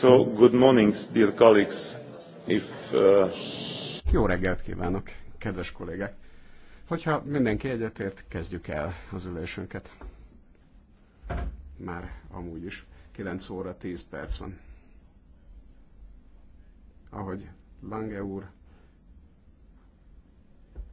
So, good morning, dear colleagues. If, uh... Jó reggelt kívánok, kedves kollégák! Hogyha mindenki egyetért, kezdjük el az ülésünket. Már amúgy is 9 óra 10 perc van. Ahogy Lange úr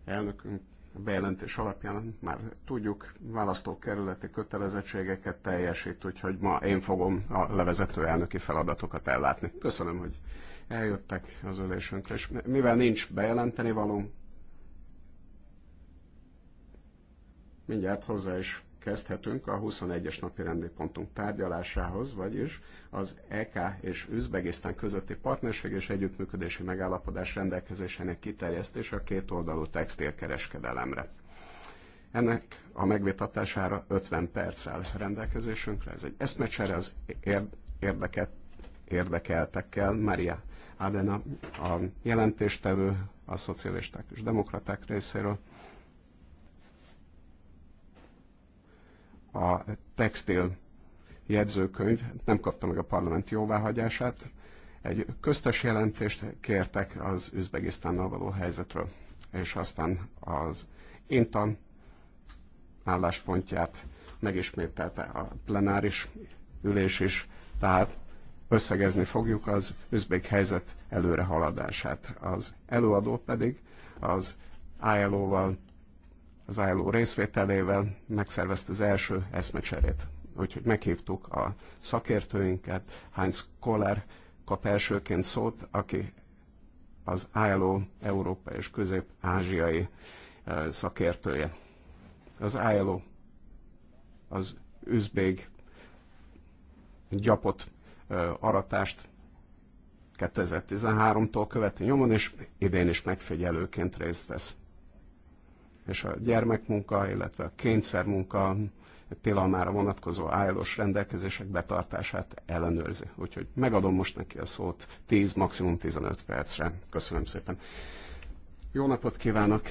elnökünk bejelentés alapján már tudjuk, választókerületi kötelezettségeket teljesít, úgyhogy ma én fogom a levezető elnöki feladatokat ellátni. Köszönöm, hogy eljöttek az ülésünkre, és mivel nincs bejelenteni való, mindjárt hozzá is kezdhetünk a 21-es napi rendi pontunk tárgyalásához, vagyis az EK és Üzbegisztán közötti partnerség és együttműködési megállapodás rendelkezésének kiterjesztése a két oldalú textilkereskedelemre. Ennek a megvitatására 50 perc áll rendelkezésünkre. Ez egy eszmecsere az érdeket, érdekeltekkel. Maria Adena a jelentéstevő a szocialisták és demokraták részéről a textil jegyzőkönyv nem kapta meg a parlament jóváhagyását. Egy köztes jelentést kértek az Üzbegisztánnal való helyzetről, és aztán az Intan álláspontját megismételte a plenáris ülés is, tehát összegezni fogjuk az üzbék helyzet előrehaladását. Az előadó pedig az ILO-val az álló részvételével megszervezte az első eszmecserét. Úgyhogy meghívtuk a szakértőinket, Heinz Koller kap elsőként szót, aki az ILO Európa és Közép-Ázsiai szakértője. Az ILO az üzbég gyapot aratást 2013-tól követi nyomon, és idén is megfigyelőként részt vesz és a gyermekmunka, illetve a kényszermunka tilalmára vonatkozó állós rendelkezések betartását ellenőrzi. Úgyhogy megadom most neki a szót 10, maximum 15 percre. Köszönöm szépen. Jó napot kívánok!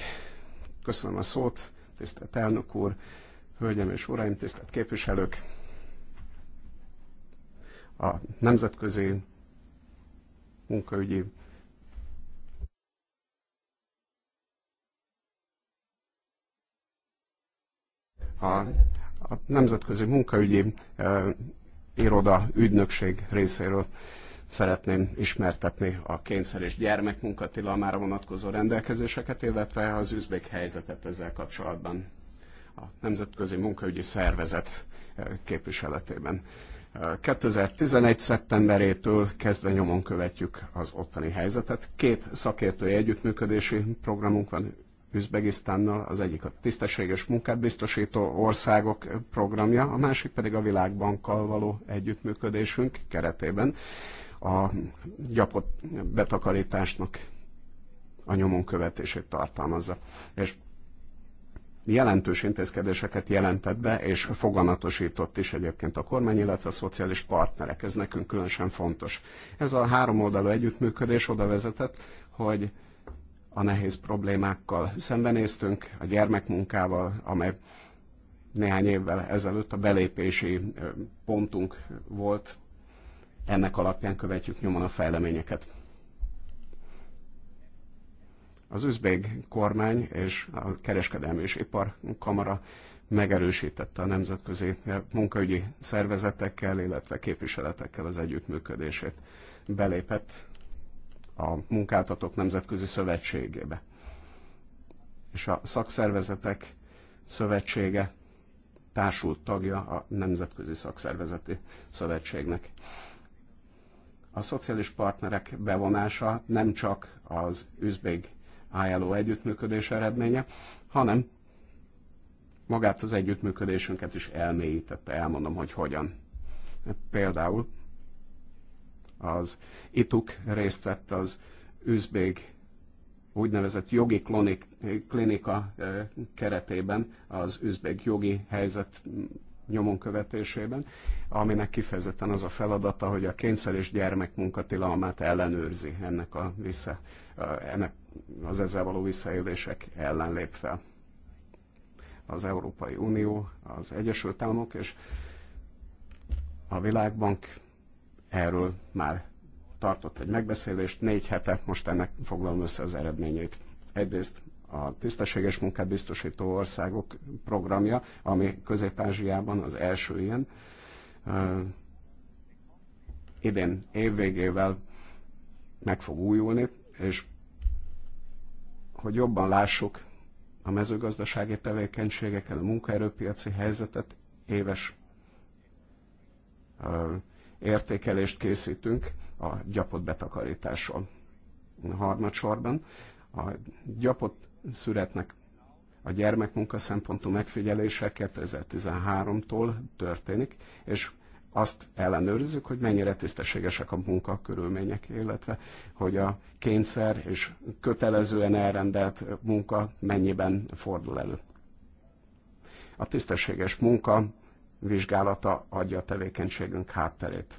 Köszönöm a szót, tisztelt elnök úr, hölgyem és uraim, tisztelt képviselők! A Nemzetközi Munkaügyi a, a Nemzetközi Munkaügyi e, Iroda Ügynökség részéről szeretném ismertetni a kényszer és gyermekmunkatilalmára vonatkozó rendelkezéseket, illetve az üzbék helyzetet ezzel kapcsolatban a Nemzetközi Munkaügyi Szervezet képviseletében. 2011. szeptemberétől kezdve nyomon követjük az ottani helyzetet. Két szakértői együttműködési programunk van Üzbegisztánnal, az egyik a tisztességes munkát biztosító országok programja, a másik pedig a Világbankkal való együttműködésünk keretében a gyapott betakarításnak a nyomon követését tartalmazza. És jelentős intézkedéseket jelentett be, és foganatosított is egyébként a kormány, illetve a szociális partnerek. Ez nekünk különösen fontos. Ez a három oldalú együttműködés oda vezetett, hogy a nehéz problémákkal szembenéztünk, a gyermekmunkával, amely néhány évvel ezelőtt a belépési pontunk volt. Ennek alapján követjük nyomon a fejleményeket. Az üzbég kormány és a kereskedelmi és iparkamara megerősítette a nemzetközi munkaügyi szervezetekkel, illetve képviseletekkel az együttműködését. Belépett a Munkáltatók Nemzetközi Szövetségébe. És a Szakszervezetek Szövetsége társult tagja a Nemzetközi Szakszervezeti Szövetségnek. A szociális partnerek bevonása nem csak az üzbég ILO együttműködés eredménye, hanem magát az együttműködésünket is elmélyítette, elmondom, hogy hogyan. Például az ITUK részt vett az üzbég úgynevezett jogi klonik, klinika keretében, az üzbég jogi helyzet nyomon követésében, aminek kifejezetten az a feladata, hogy a kényszer és gyermekmunka tilalmát ellenőrzi ennek, a vissza, ennek az ezzel való visszaélések ellen lép fel. Az Európai Unió, az Egyesült Államok és a Világbank Erről már tartott egy megbeszélést, négy hete, most ennek foglalom össze az eredményét. Egyrészt a tisztességes munkát biztosító országok programja, ami Közép-Ázsiában az első ilyen. Uh, idén évvégével meg fog újulni, és hogy jobban lássuk a mezőgazdasági tevékenységeket, a munkaerőpiaci helyzetet, éves uh, értékelést készítünk a gyapott betakarításról. Harmadsorban a gyapott születnek a gyermekmunka szempontú megfigyelése 2013-tól történik, és azt ellenőrizzük, hogy mennyire tisztességesek a munkakörülmények, illetve hogy a kényszer és kötelezően elrendelt munka mennyiben fordul elő. A tisztességes munka vizsgálata adja a tevékenységünk hátterét.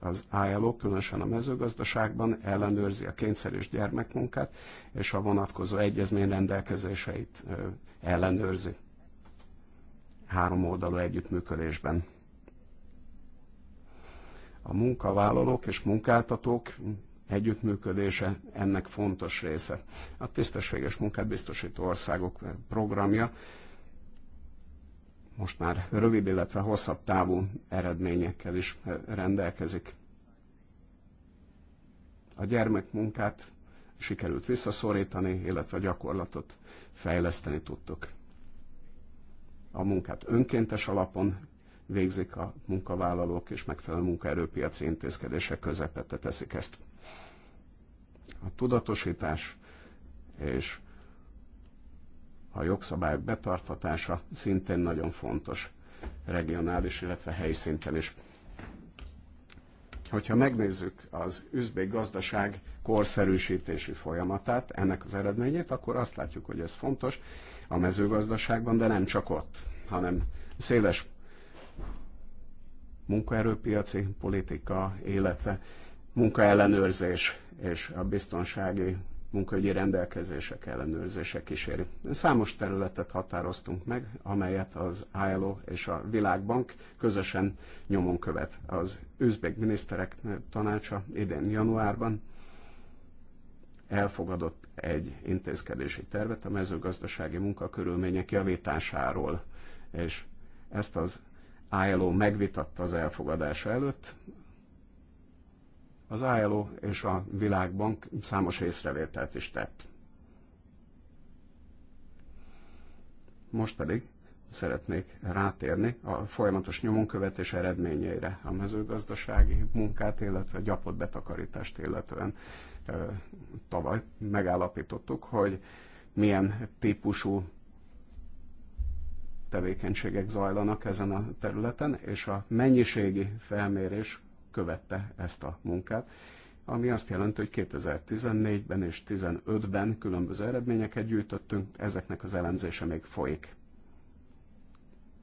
Az ILO különösen a mezőgazdaságban ellenőrzi a kényszer és gyermekmunkát, és a vonatkozó egyezmény rendelkezéseit ellenőrzi három oldalú együttműködésben. A munkavállalók és munkáltatók együttműködése ennek fontos része. A tisztességes munkát biztosító országok programja most már rövid, illetve hosszabb távú eredményekkel is eh, rendelkezik. A gyermekmunkát sikerült visszaszorítani, illetve a gyakorlatot fejleszteni tudtuk. A munkát önkéntes alapon végzik a munkavállalók, és megfelelő munkaerőpiaci intézkedések közepette teszik ezt. A tudatosítás és a jogszabályok betartatása szintén nagyon fontos regionális, illetve helyszinten is. Hogyha megnézzük az üzbék gazdaság korszerűsítési folyamatát, ennek az eredményét, akkor azt látjuk, hogy ez fontos a mezőgazdaságban, de nem csak ott, hanem széles munkaerőpiaci politika, illetve munkaellenőrzés és a biztonsági munkaügyi rendelkezések ellenőrzése kíséri. Számos területet határoztunk meg, amelyet az ILO és a Világbank közösen nyomon követ. Az üzbek miniszterek tanácsa idén januárban elfogadott egy intézkedési tervet a mezőgazdasági munkakörülmények javításáról, és ezt az ILO megvitatta az elfogadása előtt, az ILO és a Világbank számos észrevételt is tett. Most pedig szeretnék rátérni a folyamatos nyomonkövetés eredményeire, a mezőgazdasági munkát, illetve gyapott betakarítást illetően tavaly megállapítottuk, hogy milyen típusú tevékenységek zajlanak ezen a területen, és a mennyiségi felmérés követte ezt a munkát, ami azt jelenti, hogy 2014-ben és 2015-ben különböző eredményeket gyűjtöttünk, ezeknek az elemzése még folyik.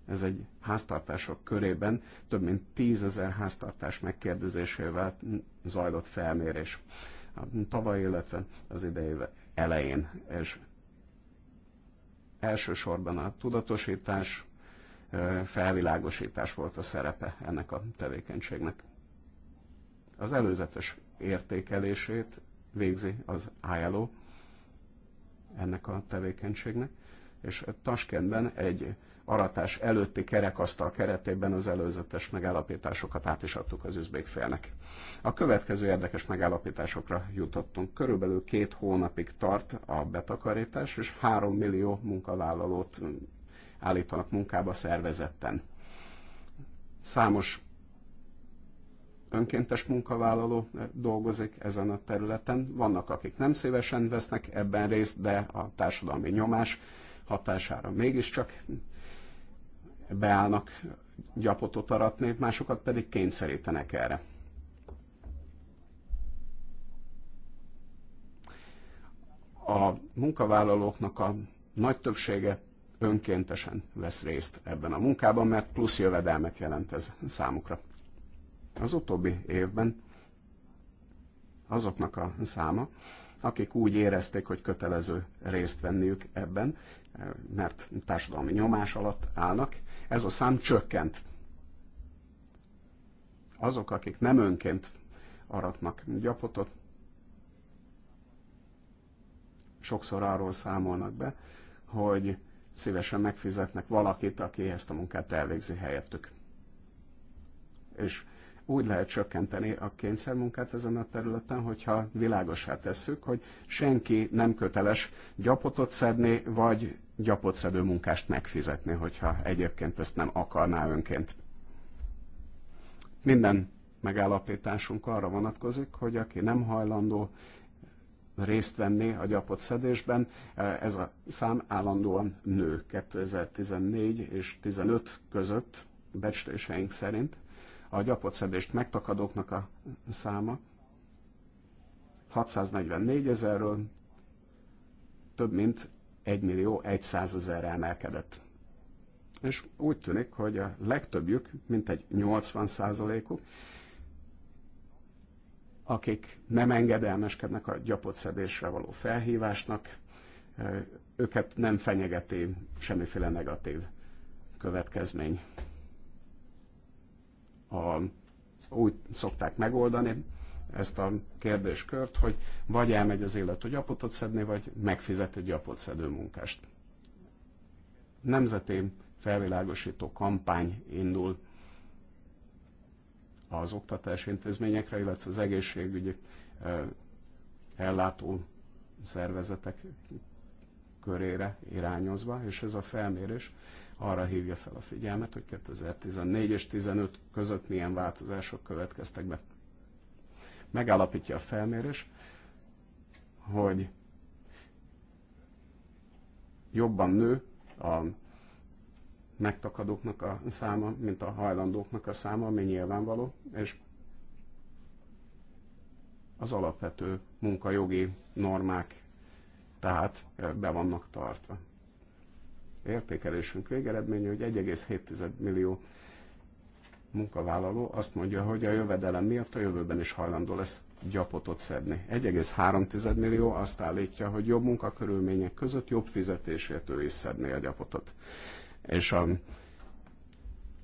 Ez egy háztartások körében több mint tízezer háztartás megkérdezésével zajlott felmérés a tavaly, illetve az idei elején. És elsősorban a tudatosítás, felvilágosítás volt a szerepe ennek a tevékenységnek. Az előzetes értékelését végzi az ILO ennek a tevékenységnek, és Taskentben egy aratás előtti kerekasztal keretében az előzetes megállapításokat át is adtuk az üzbék félnek. A következő érdekes megállapításokra jutottunk. Körülbelül két hónapig tart a betakarítás, és három millió munkavállalót állítanak munkába szervezetten. Számos önkéntes munkavállaló eh, dolgozik ezen a területen. Vannak, akik nem szívesen vesznek ebben részt, de a társadalmi nyomás hatására mégiscsak beállnak gyapotot aratni, másokat pedig kényszerítenek erre. A munkavállalóknak a nagy többsége önkéntesen vesz részt ebben a munkában, mert plusz jövedelmet jelent ez számukra. Az utóbbi évben azoknak a száma, akik úgy érezték, hogy kötelező részt venniük ebben, mert társadalmi nyomás alatt állnak, ez a szám csökkent. Azok, akik nem önként aratnak gyapotot, sokszor arról számolnak be, hogy szívesen megfizetnek valakit, aki ezt a munkát elvégzi helyettük. És úgy lehet csökkenteni a kényszermunkát ezen a területen, hogyha világosá tesszük, hogy senki nem köteles gyapotot szedni, vagy szedő munkást megfizetni, hogyha egyébként ezt nem akarná önként. Minden megállapításunk arra vonatkozik, hogy aki nem hajlandó részt venni a gyapot szedésben. Ez a szám állandóan nő 2014 és 15 között becsléseink szerint a gyapotszedést megtakadóknak a száma 644 ezerről több mint 1 millió 100 ezerre emelkedett. És úgy tűnik, hogy a legtöbbjük, mint egy 80 százalékuk, akik nem engedelmeskednek a gyapotszedésre való felhívásnak, őket nem fenyegeti semmiféle negatív következmény a, úgy szokták megoldani ezt a kérdéskört, hogy vagy elmegy az élet, hogy apotot szedni, vagy megfizet egy szedő munkást. Nemzeti felvilágosító kampány indul az oktatási intézményekre, illetve az egészségügyi ellátó szervezetek körére irányozva, és ez a felmérés arra hívja fel a figyelmet, hogy 2014 és 15 között milyen változások következtek be. Megállapítja a felmérés, hogy jobban nő a megtakadóknak a száma, mint a hajlandóknak a száma, ami nyilvánvaló, és az alapvető munkajogi normák tehát be vannak tartva értékelésünk végeredménye, hogy 1,7 millió munkavállaló azt mondja, hogy a jövedelem miatt a jövőben is hajlandó lesz gyapotot szedni. 1,3 millió azt állítja, hogy jobb munkakörülmények között jobb fizetésért ő is szedné a gyapotot. És a,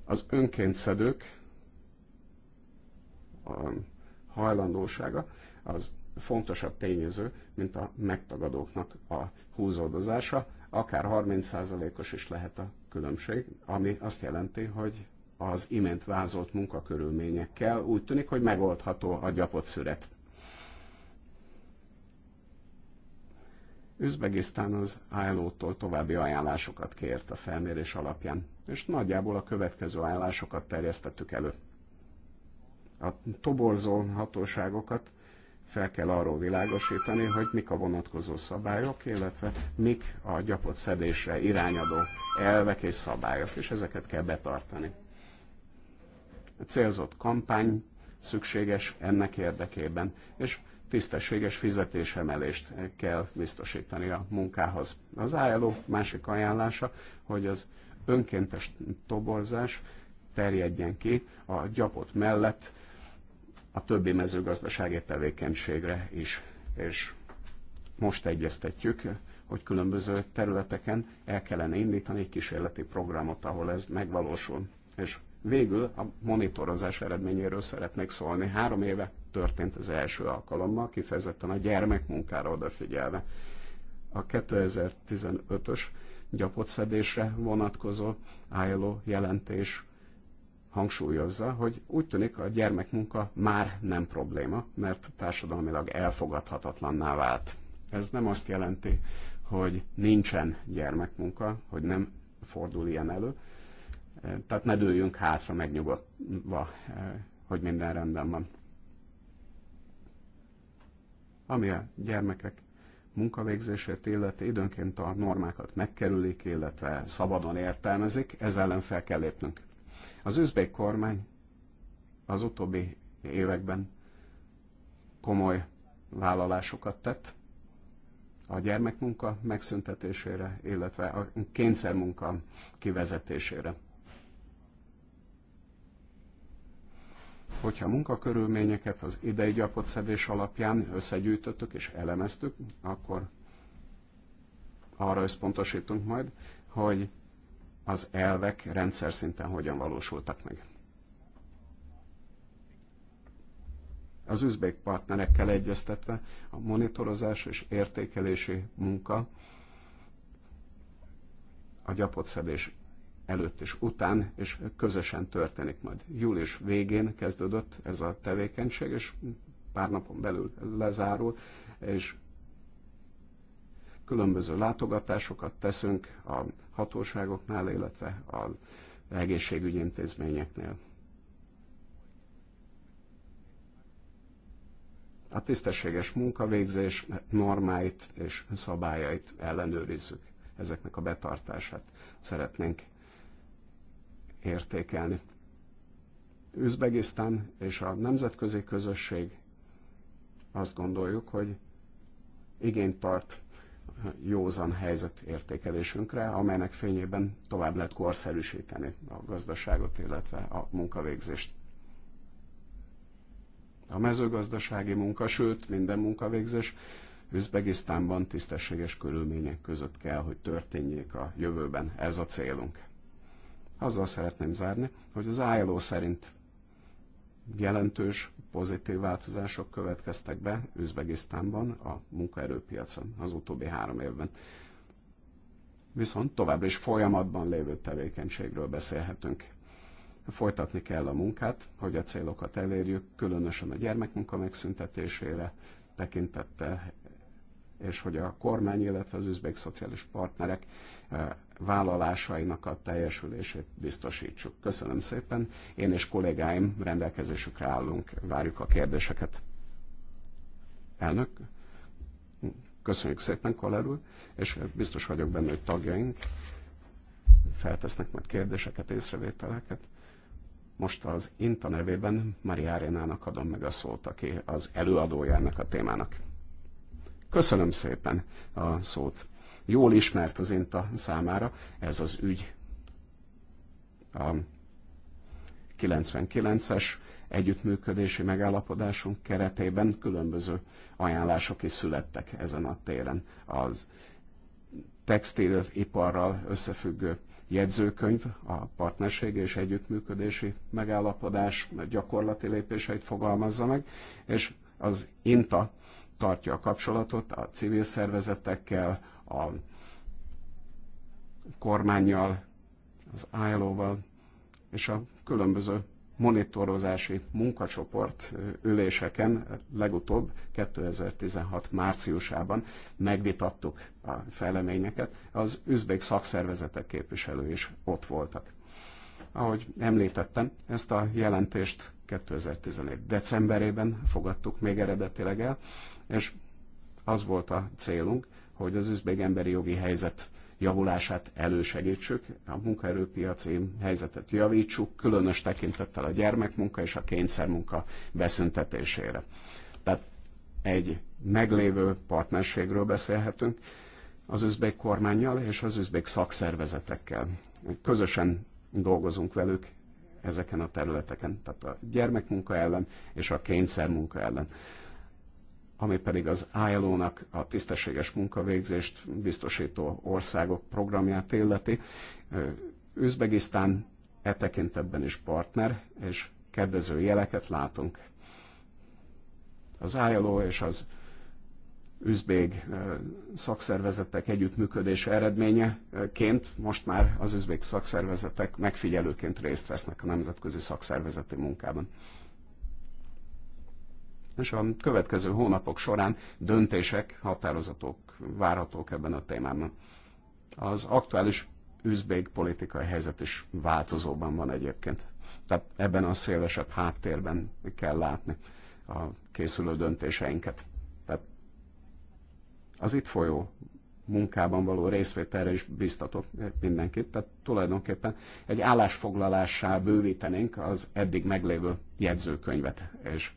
az önként szedők a hajlandósága az fontosabb tényező, mint a megtagadóknak a húzódozása akár 30%-os is lehet a különbség, ami azt jelenti, hogy az imént vázolt munkakörülményekkel úgy tűnik, hogy megoldható a gyapott szüret. Üzbegisztán az ILO-tól további ajánlásokat kért a felmérés alapján, és nagyjából a következő ajánlásokat terjesztettük elő. A toborzó hatóságokat fel kell arról világosítani, hogy mik a vonatkozó szabályok, illetve mik a gyapot szedésre irányadó elvek és szabályok, és ezeket kell betartani. A célzott kampány szükséges ennek érdekében, és tisztességes fizetésemelést kell biztosítani a munkához. Az ILO másik ajánlása, hogy az önkéntes toborzás terjedjen ki a gyapot mellett a többi mezőgazdasági tevékenységre is. És most egyeztetjük, hogy különböző területeken el kellene indítani egy kísérleti programot, ahol ez megvalósul. És végül a monitorozás eredményéről szeretnék szólni. Három éve történt az első alkalommal, kifejezetten a gyermekmunkára odafigyelve. A 2015-ös gyapotszedésre vonatkozó ILO jelentés hangsúlyozza, hogy úgy tűnik a gyermekmunka már nem probléma, mert társadalmilag elfogadhatatlanná vált. Ez nem azt jelenti, hogy nincsen gyermekmunka, hogy nem fordul ilyen elő, e, tehát ne dőljünk hátra megnyugodva, e, hogy minden rendben van. Ami a gyermekek munkavégzését illeti, időnként a normákat megkerülik, illetve szabadon értelmezik, ez ellen fel kell lépnünk. Az üzbék kormány az utóbbi években komoly vállalásokat tett a gyermekmunka megszüntetésére, illetve a kényszermunka kivezetésére. Hogyha a munkakörülményeket az idei szedés alapján összegyűjtöttük és elemeztük, akkor arra összpontosítunk majd, hogy az elvek rendszer szinten hogyan valósultak meg. Az üzbék partnerekkel egyeztetve a monitorozás és értékelési munka a gyapotszedés előtt és után, és közösen történik majd. Július végén kezdődött ez a tevékenység, és pár napon belül lezárul, és különböző látogatásokat teszünk a hatóságoknál, illetve az egészségügyi intézményeknél. A tisztességes munkavégzés normáit és szabályait ellenőrizzük, ezeknek a betartását szeretnénk értékelni. Üzbegisztán és a nemzetközi közösség azt gondoljuk, hogy igényt tart józan helyzet értékelésünkre, amelynek fényében tovább lehet korszerűsíteni a gazdaságot, illetve a munkavégzést. A mezőgazdasági munka, sőt minden munkavégzés Üzbegisztánban tisztességes körülmények között kell, hogy történjék a jövőben. Ez a célunk. Azzal szeretném zárni, hogy az ILO szerint jelentős pozitív változások következtek be Üzbegisztánban a munkaerőpiacon az utóbbi három évben. Viszont továbbra is folyamatban lévő tevékenységről beszélhetünk. Folytatni kell a munkát, hogy a célokat elérjük, különösen a gyermekmunka megszüntetésére tekintettel és hogy a kormány, illetve az üzbék szociális partnerek eh, vállalásainak a teljesülését biztosítsuk. Köszönöm szépen, én és kollégáim rendelkezésükre állunk, várjuk a kérdéseket. Elnök, köszönjük szépen, Koller úr, és biztos vagyok benne, hogy tagjaink feltesznek majd kérdéseket, észrevételeket. Most az Inta nevében Mari Árénának adom meg a szót, aki az előadója ennek a témának. Köszönöm szépen a szót. Jól ismert az INTA számára ez az ügy. A 99-es együttműködési megállapodásunk keretében különböző ajánlások is születtek ezen a téren. Az textiliparral összefüggő jegyzőkönyv, a partnerség és együttműködési megállapodás gyakorlati lépéseit fogalmazza meg, és az INTA tartja a kapcsolatot a civil szervezetekkel, a kormányjal, az ILO-val, és a különböző monitorozási munkacsoport üléseken legutóbb 2016 márciusában megvitattuk a fejleményeket. Az üzbék szakszervezetek képviselő is ott voltak. Ahogy említettem, ezt a jelentést 2014 decemberében fogadtuk még eredetileg el, és az volt a célunk, hogy az üzbeg emberi jogi helyzet javulását elősegítsük, a munkaerőpiaci helyzetet javítsuk, különös tekintettel a gyermekmunka és a kényszermunka beszüntetésére. Tehát egy meglévő partnerségről beszélhetünk az üzbeg kormányjal és az üzbeg szakszervezetekkel. Közösen dolgozunk velük ezeken a területeken, tehát a gyermekmunka ellen és a kényszermunka ellen ami pedig az ILO-nak a tisztességes munkavégzést biztosító országok programját illeti. Üzbegisztán e tekintetben is partner, és kedvező jeleket látunk. Az ILO és az üzbég szakszervezetek együttműködése eredményeként most már az üzbég szakszervezetek megfigyelőként részt vesznek a nemzetközi szakszervezeti munkában és a következő hónapok során döntések, határozatok várhatók ebben a témában. Az aktuális üzbék politikai helyzet is változóban van egyébként. Tehát ebben a szélesebb háttérben kell látni a készülő döntéseinket. Tehát az itt folyó munkában való részvételre is biztatok mindenkit. Tehát tulajdonképpen egy állásfoglalássá bővítenénk az eddig meglévő jegyzőkönyvet, és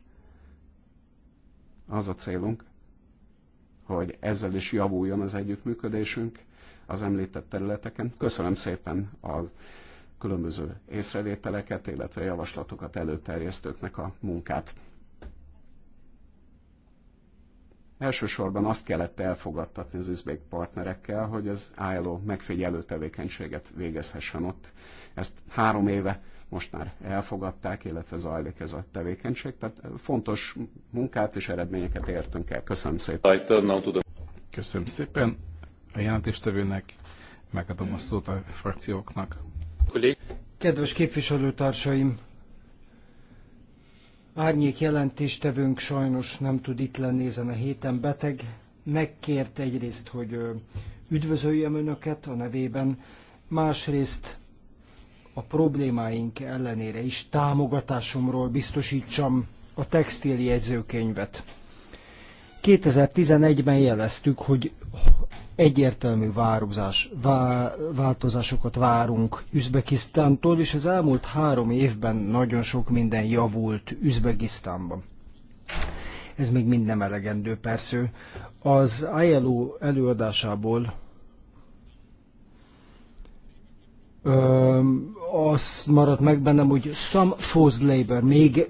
az a célunk, hogy ezzel is javuljon az együttműködésünk az említett területeken. Köszönöm szépen a különböző észrevételeket, illetve javaslatokat előterjesztőknek a munkát. Elsősorban azt kellett elfogadtatni az üzbék partnerekkel, hogy az ILO megfigyelő tevékenységet végezhessen ott. Ezt három éve most már elfogadták, illetve zajlik ez a tevékenység. Tehát fontos munkát és eredményeket értünk el. Köszönöm szépen. Köszönöm szépen a jelentéstevőnek, megadom a szót a frakcióknak. Kedves képviselőtársaim, árnyék jelentéstevőnk sajnos nem tud itt lenni ezen a héten beteg. Megkért egyrészt, hogy üdvözöljem Önöket a nevében, másrészt a problémáink ellenére is támogatásomról biztosítsam a textil jegyzőkönyvet. 2011-ben jeleztük, hogy egyértelmű vá, változásokat várunk Üzbegisztántól, és az elmúlt három évben nagyon sok minden javult Üzbegisztánban. Ez még mind nem elegendő persze. Az ILO előadásából az maradt meg bennem, hogy some forced labor, még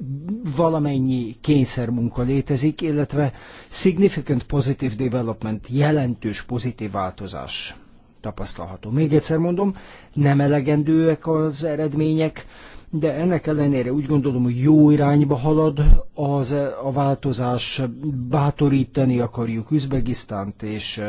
valamennyi kényszermunka létezik, illetve significant positive development, jelentős pozitív változás tapasztalható. Még egyszer mondom, nem elegendőek az eredmények, de ennek ellenére úgy gondolom, hogy jó irányba halad az, a változás, bátorítani akarjuk Üzbegisztánt, és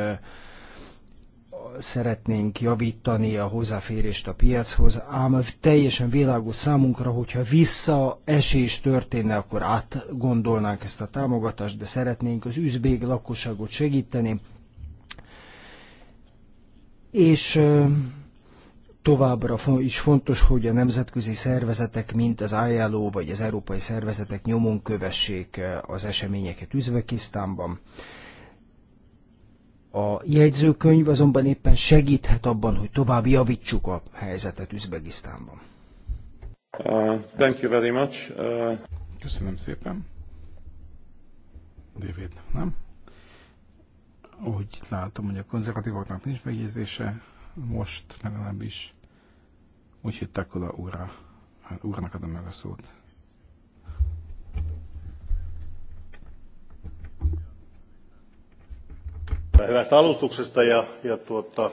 szeretnénk javítani a hozzáférést a piachoz, ám teljesen világos számunkra, hogyha visszaesés történne, akkor átgondolnánk ezt a támogatást, de szeretnénk az üzbég lakosságot segíteni. És Továbbra is fontos, hogy a nemzetközi szervezetek, mint az ILO vagy az európai szervezetek nyomon kövessék az eseményeket Üzbekisztánban. A jegyzőkönyv azonban éppen segíthet abban, hogy tovább javítsuk a helyzetet Üzbegisztánban. Uh, thank you very much. Uh... Köszönöm szépen. David, nem? Úgy látom, hogy a konzervatívoknak nincs megjegyzése, most legalábbis. Úgyhogy Takula úrra, úrnak adom meg a szót. Hyvästä alustuksesta ja, ja tuotta,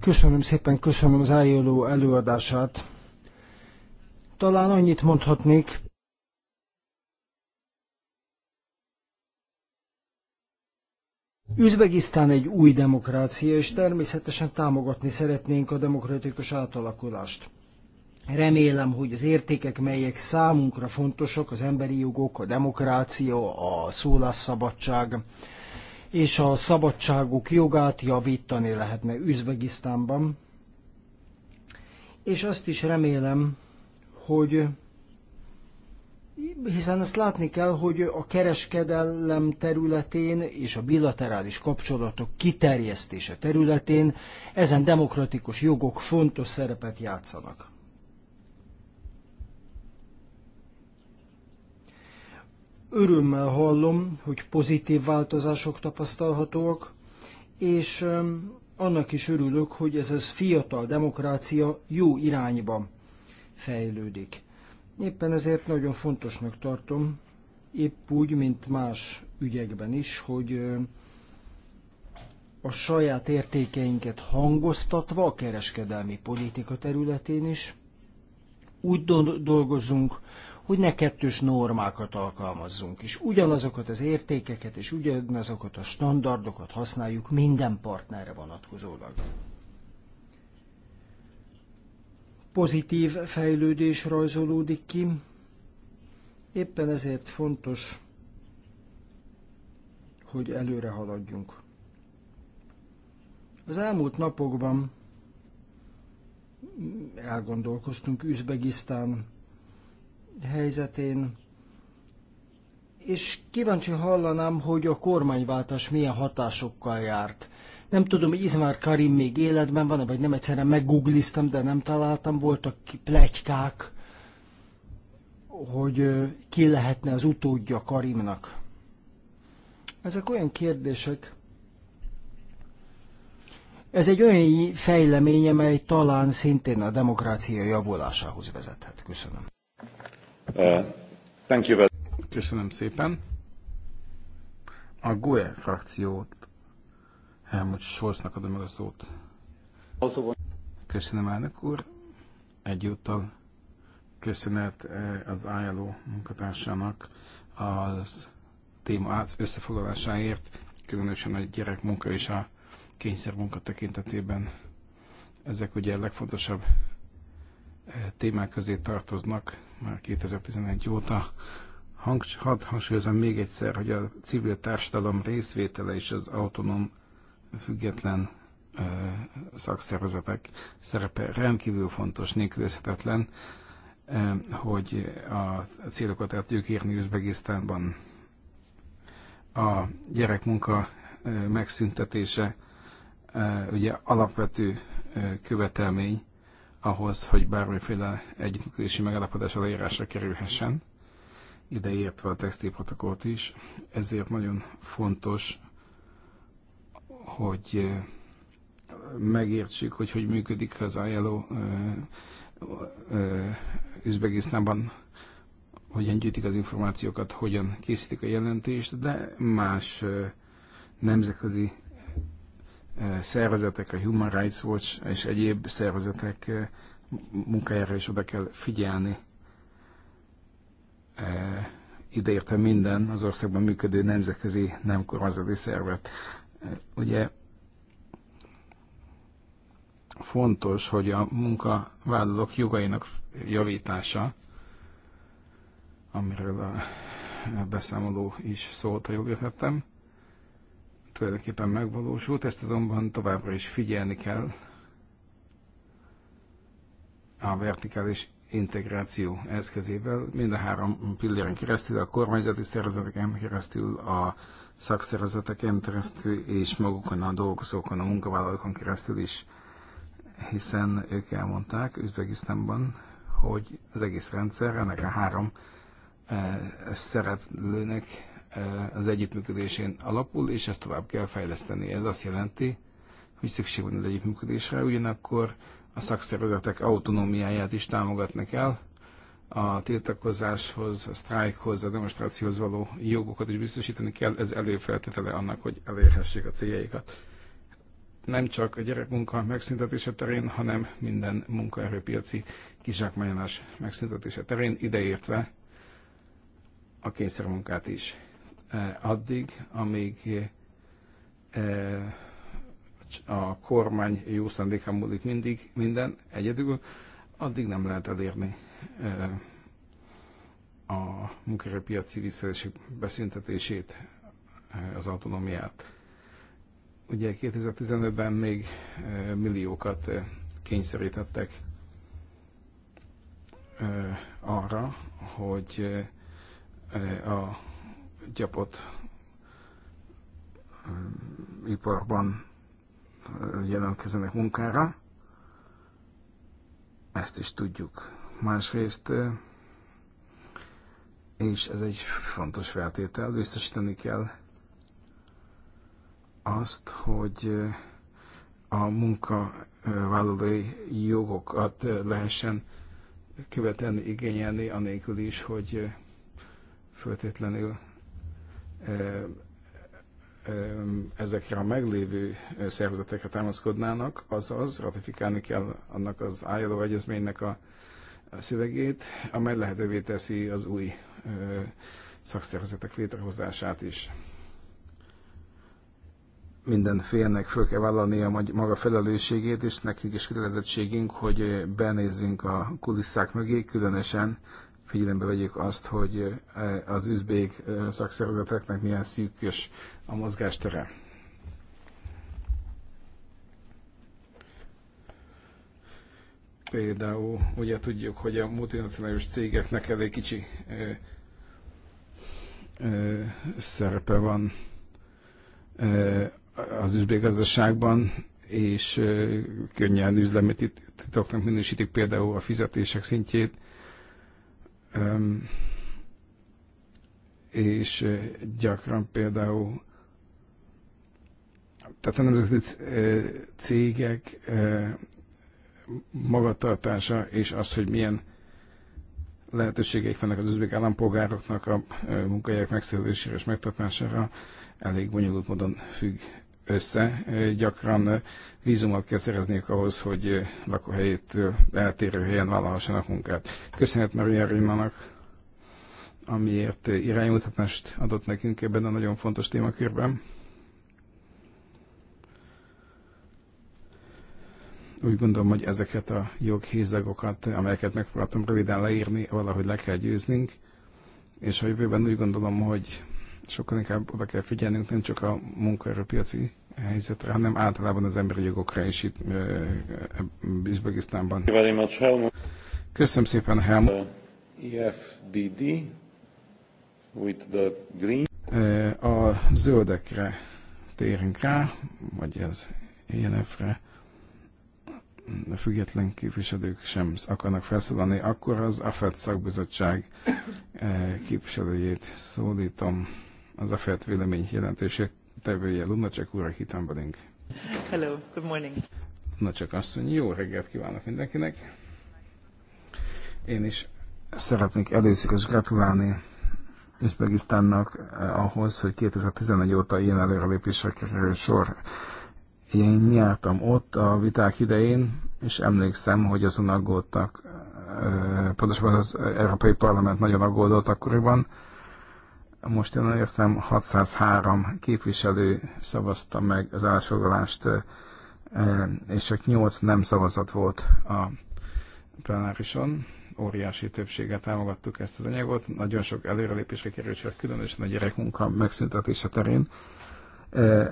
Köszönöm szépen, köszönöm az ILO előadását. Talán annyit mondhatnék, Üzbegisztán egy új demokrácia, és természetesen támogatni szeretnénk a demokratikus átalakulást. Remélem, hogy az értékek, melyek számunkra fontosak, az emberi jogok, a demokrácia, a szólásszabadság, és a szabadságuk jogát javítani lehetne Üzbegisztánban. És azt is remélem, hogy hiszen ezt látni kell, hogy a kereskedelem területén és a bilaterális kapcsolatok kiterjesztése területén ezen demokratikus jogok fontos szerepet játszanak. Örömmel hallom, hogy pozitív változások tapasztalhatóak, és um, annak is örülök, hogy ez az fiatal demokrácia jó irányba fejlődik. Éppen ezért nagyon fontosnak tartom, épp úgy, mint más ügyekben is, hogy um, a saját értékeinket hangoztatva a kereskedelmi politika területén is úgy dolgozunk, hogy ne kettős normákat alkalmazzunk, és ugyanazokat az értékeket és ugyanazokat a standardokat használjuk minden partnerre vonatkozólag. Pozitív fejlődés rajzolódik ki, éppen ezért fontos, hogy előre haladjunk. Az elmúlt napokban elgondolkoztunk Üzbegisztán helyzetén, és kíváncsi hallanám, hogy a kormányváltás milyen hatásokkal járt. Nem tudom, hogy Izmár Karim még életben van-e, vagy nem egyszerűen meggoogliztam, de nem találtam. Voltak plegykák, hogy ki lehetne az utódja Karimnak. Ezek olyan kérdések. Ez egy olyan fejlemény, amely talán szintén a demokrácia javulásához vezethet. Köszönöm thank you very Köszönöm szépen. A GUE frakciót Helmut Scholznak adom meg a szót. Köszönöm, elnök úr. Egyúttal köszönet eh, az ILO munkatársának az téma összefoglalásáért, különösen a gyerek munka és a munka tekintetében. Ezek ugye a legfontosabb témák közé tartoznak már 2011 óta. Hangs, hadd hangsúlyozom még egyszer, hogy a civil társadalom részvétele és az autonóm független ö, szakszervezetek szerepe rendkívül fontos, nélkülözhetetlen, ö, hogy a célokat el tudjuk érni Üzbegisztánban. A gyerekmunka ö, megszüntetése ö, ugye alapvető ö, követelmény, ahhoz, hogy bármiféle együttműködési megállapodás aláírásra kerülhessen, ideértve a textilprotokollt is, ezért nagyon fontos, hogy megértsük, hogy hogy működik az ILO Üzbegisztánban, hogyan gyűjtik az információkat, hogyan készítik a jelentést, de más nemzetközi szervezetek, a Human Rights Watch és egyéb szervezetek munkájára is oda kell figyelni. Ideértve minden az országban működő nemzetközi nem kormányzati szervet. Ugye fontos, hogy a munkavállalók jogainak javítása, amiről a beszámoló is szólt, ha jól értettem, tulajdonképpen megvalósult, ezt azonban továbbra is figyelni kell a vertikális integráció eszközével, mind a három pilléren keresztül, a kormányzati szervezeteken keresztül, a szakszervezeteken keresztül, és magukon a dolgozókon, a munkavállalókon keresztül is, hiszen ők elmondták Üzbegisztánban, hogy az egész rendszer ennek a három eh, szereplőnek Eh, az együttműködésén alapul, és ezt tovább kell fejleszteni. Ez azt jelenti, hogy szükség van az együttműködésre, ugyanakkor a szakszervezetek autonómiáját is támogatni kell, a tiltakozáshoz, a sztrájkhoz, a demonstrációhoz való jogokat is biztosítani kell, ez előfeltétele annak, hogy elérhessék a céljaikat. Nem csak a gyerekmunka megszüntetése terén, hanem minden munkaerőpiaci kizsákmányolás megszüntetése terén, ideértve a kényszermunkát is addig, amíg a kormány jó szándékán múlik mindig, minden egyedül, addig nem lehet elérni a munkerőpiaci visszaesés beszüntetését, az autonómiát. Ugye 2015-ben még milliókat kényszerítettek arra, hogy a gyapott iparban jelentkezenek munkára. Ezt is tudjuk. Másrészt, és ez egy fontos feltétel, biztosítani kell azt, hogy a munkavállalói jogokat lehessen követelni, igényelni, anélkül is, hogy feltétlenül ezekre a meglévő szervezetekre támaszkodnának, azaz ratifikálni kell annak az ILO egyezménynek a szövegét, amely lehetővé teszi az új szakszervezetek létrehozását is. Minden félnek föl kell vállalni a maga felelősségét, és nekünk is kötelezettségünk, hogy benézzünk a kulisszák mögé, különösen figyelembe vegyük azt, hogy e, az üzbék e, szakszervezeteknek milyen szűkös a mozgástere. Például ugye tudjuk, hogy a multinacionális cégeknek elég kicsi ö, e, ö, szerepe van ö, az üzbék gazdaságban, és ö, könnyen üzlemi titoknak minősítik például a fizetések szintjét, és gyakran például tehát a nemzetközi cégek magatartása és az, hogy milyen lehetőségeik vannak az üzbék állampolgároknak a munkahelyek megszerzésére és megtartására elég bonyolult módon függ össze, gyakran vízumot kell szerezniük ahhoz, hogy lakóhelyétől eltérő helyen vállalhassanak munkát. Köszönet Maria Rimanak, amiért iránymutatást adott nekünk ebben a nagyon fontos témakörben. Úgy gondolom, hogy ezeket a joghézagokat, amelyeket megpróbáltam röviden leírni, valahogy le kell győznünk, és a jövőben úgy gondolom, hogy sokkal inkább oda kell figyelnünk nem csak a munkaerőpiaci helyzetre, hanem általában az emberi jogokra is itt Üzbegisztánban. Köszönöm szépen, Helmut. Uh, EFDD with the green. A zöldekre térünk rá, vagy az ENF-re a független képviselők sem akarnak felszólalni, akkor az AFED szakbizottság képviselőjét szólítom az a felt vélemény jelentését tevője Lunacek úr, akit velünk. Hello, good morning. Lunacek asszony, jó reggelt kívánok mindenkinek. Én is szeretnék először is gratulálni Üzbegisztánnak eh, ahhoz, hogy 2011 óta ilyen előrelépésre került sor. Én nyertem ott a viták idején, és emlékszem, hogy azon aggódtak, eh, pontosabban az Európai Parlament nagyon aggódott akkoriban, most én értem 603 képviselő szavazta meg az állásfoglalást, és csak 8 nem szavazat volt a plenárison. Óriási többséggel támogattuk ezt az anyagot. Nagyon sok előrelépésre került, különösen a gyerekmunka megszüntetése terén.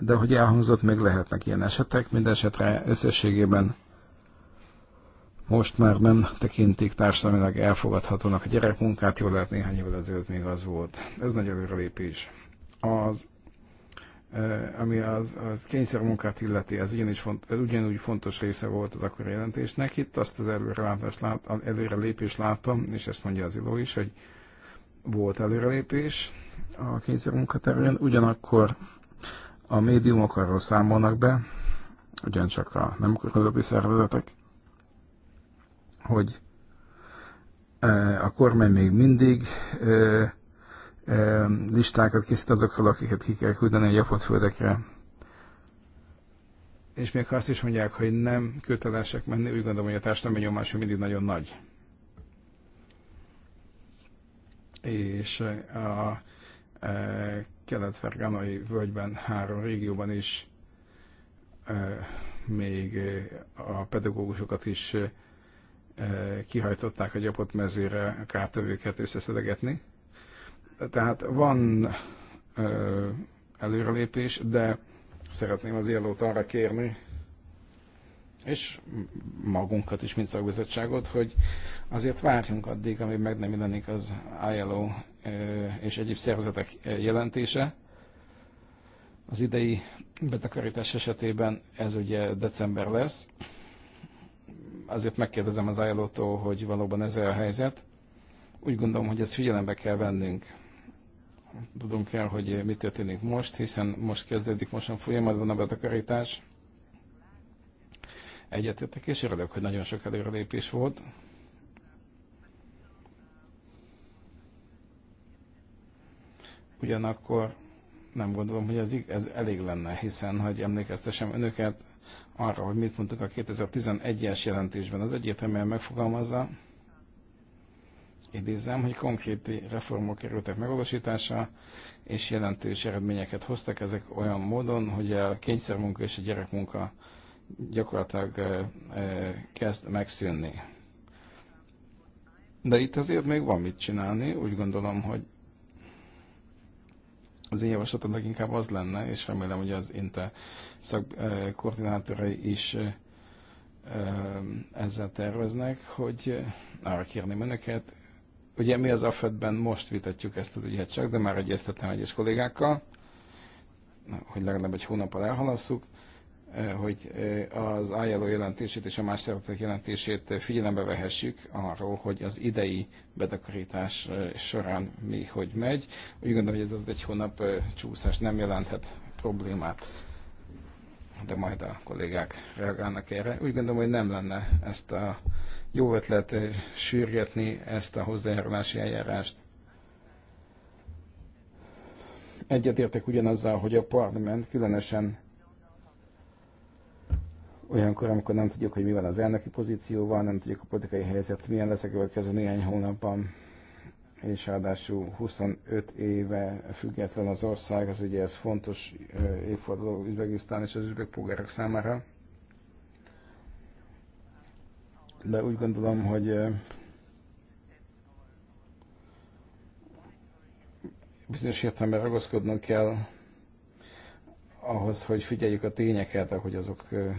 De hogy elhangzott, még lehetnek ilyen esetek. Minden összességében most már nem tekintik társadalmilag elfogadhatónak a gyerekmunkát, jól lehet néhány évvel ezelőtt még az volt. Ez nagy előrelépés. Az ami az, az kényszermunkát illeti, ez, ugyanis font, ez ugyanúgy fontos része volt az akkori jelentésnek. Itt azt az előrelépést lát, előrelépést láttam, és ezt mondja az Iló is, hogy volt előrelépés a kényszermunka terén, ugyanakkor a médiumok arról számolnak be, ugyancsak a nem kormányzati szervezetek, hogy a kormány még mindig listákat készít azokról, akiket ki kell küldeni a japott földekre. És még ha azt is mondják, hogy nem kötelesek menni, úgy gondolom, hogy a társadalmi nyomás mindig nagyon nagy. És a kelet-verganai völgyben, három régióban is még a pedagógusokat is kihajtották a gyapott mezőre a kártevőket összeszedegetni. Tehát van előrelépés, de szeretném az ilo arra kérni, és magunkat is, mint szakbizottságot, hogy azért várjunk addig, amíg meg nem jelenik az ILO és egyéb szervezetek jelentése. Az idei betakarítás esetében ez ugye december lesz, azért megkérdezem az ilo hogy valóban ez -e a helyzet. Úgy gondolom, hogy ezt figyelembe kell vennünk. Tudunk kell, hogy mi történik most, hiszen most kezdődik, mostan folyamatban a betakarítás. Egyetértek, és örülök, hogy nagyon sok előrelépés volt. Ugyanakkor nem gondolom, hogy ez, ez elég lenne, hiszen, hogy emlékeztessem önöket, arra, hogy mit mondtuk a 2011-es jelentésben. Az egyértelműen megfogalmazza, idézem, hogy konkrét reformok kerültek megvalósításra, és jelentős eredményeket hoztak ezek olyan módon, hogy a kényszermunka és a gyerekmunka gyakorlatilag kezd megszűnni. De itt azért még van mit csinálni, úgy gondolom, hogy az én javaslatom leginkább az lenne, és remélem, hogy az INTE szakkoordinátorai is ezzel terveznek, hogy arra kérném önöket, ugye mi az AFED-ben most vitatjuk ezt az ügyet csak, de már egyeztettem egyes kollégákkal, hogy legalább egy hónappal elhalasszuk, Eh, hogy eh, az ILO jelentését és a más szervezetek jelentését eh, figyelembe vehessük arról, hogy az idei betakarítás során mi hogy megy. Úgy gondolom, hogy ez az egy hónap csúszás nem jelenthet problémát, de majd a kollégák reagálnak erre. Úgy gondolom, hogy nem lenne ezt a jó ötlet sürgetni ezt a hozzájárulási eljárást. Egyetértek ugyanazzal, hogy a parlament különösen olyankor, amikor nem tudjuk, hogy mi van az elnöki pozícióval, nem tudjuk a politikai helyzet, milyen lesz a következő néhány hónapban, és ráadásul 25 éve független az ország, az ugye ez fontos eh, évforduló Üzbegisztán és az üzbek polgárok számára. De úgy gondolom, hogy eh, bizonyos értelemben ragaszkodnunk kell ahhoz, hogy figyeljük a tényeket, ahogy azok eh,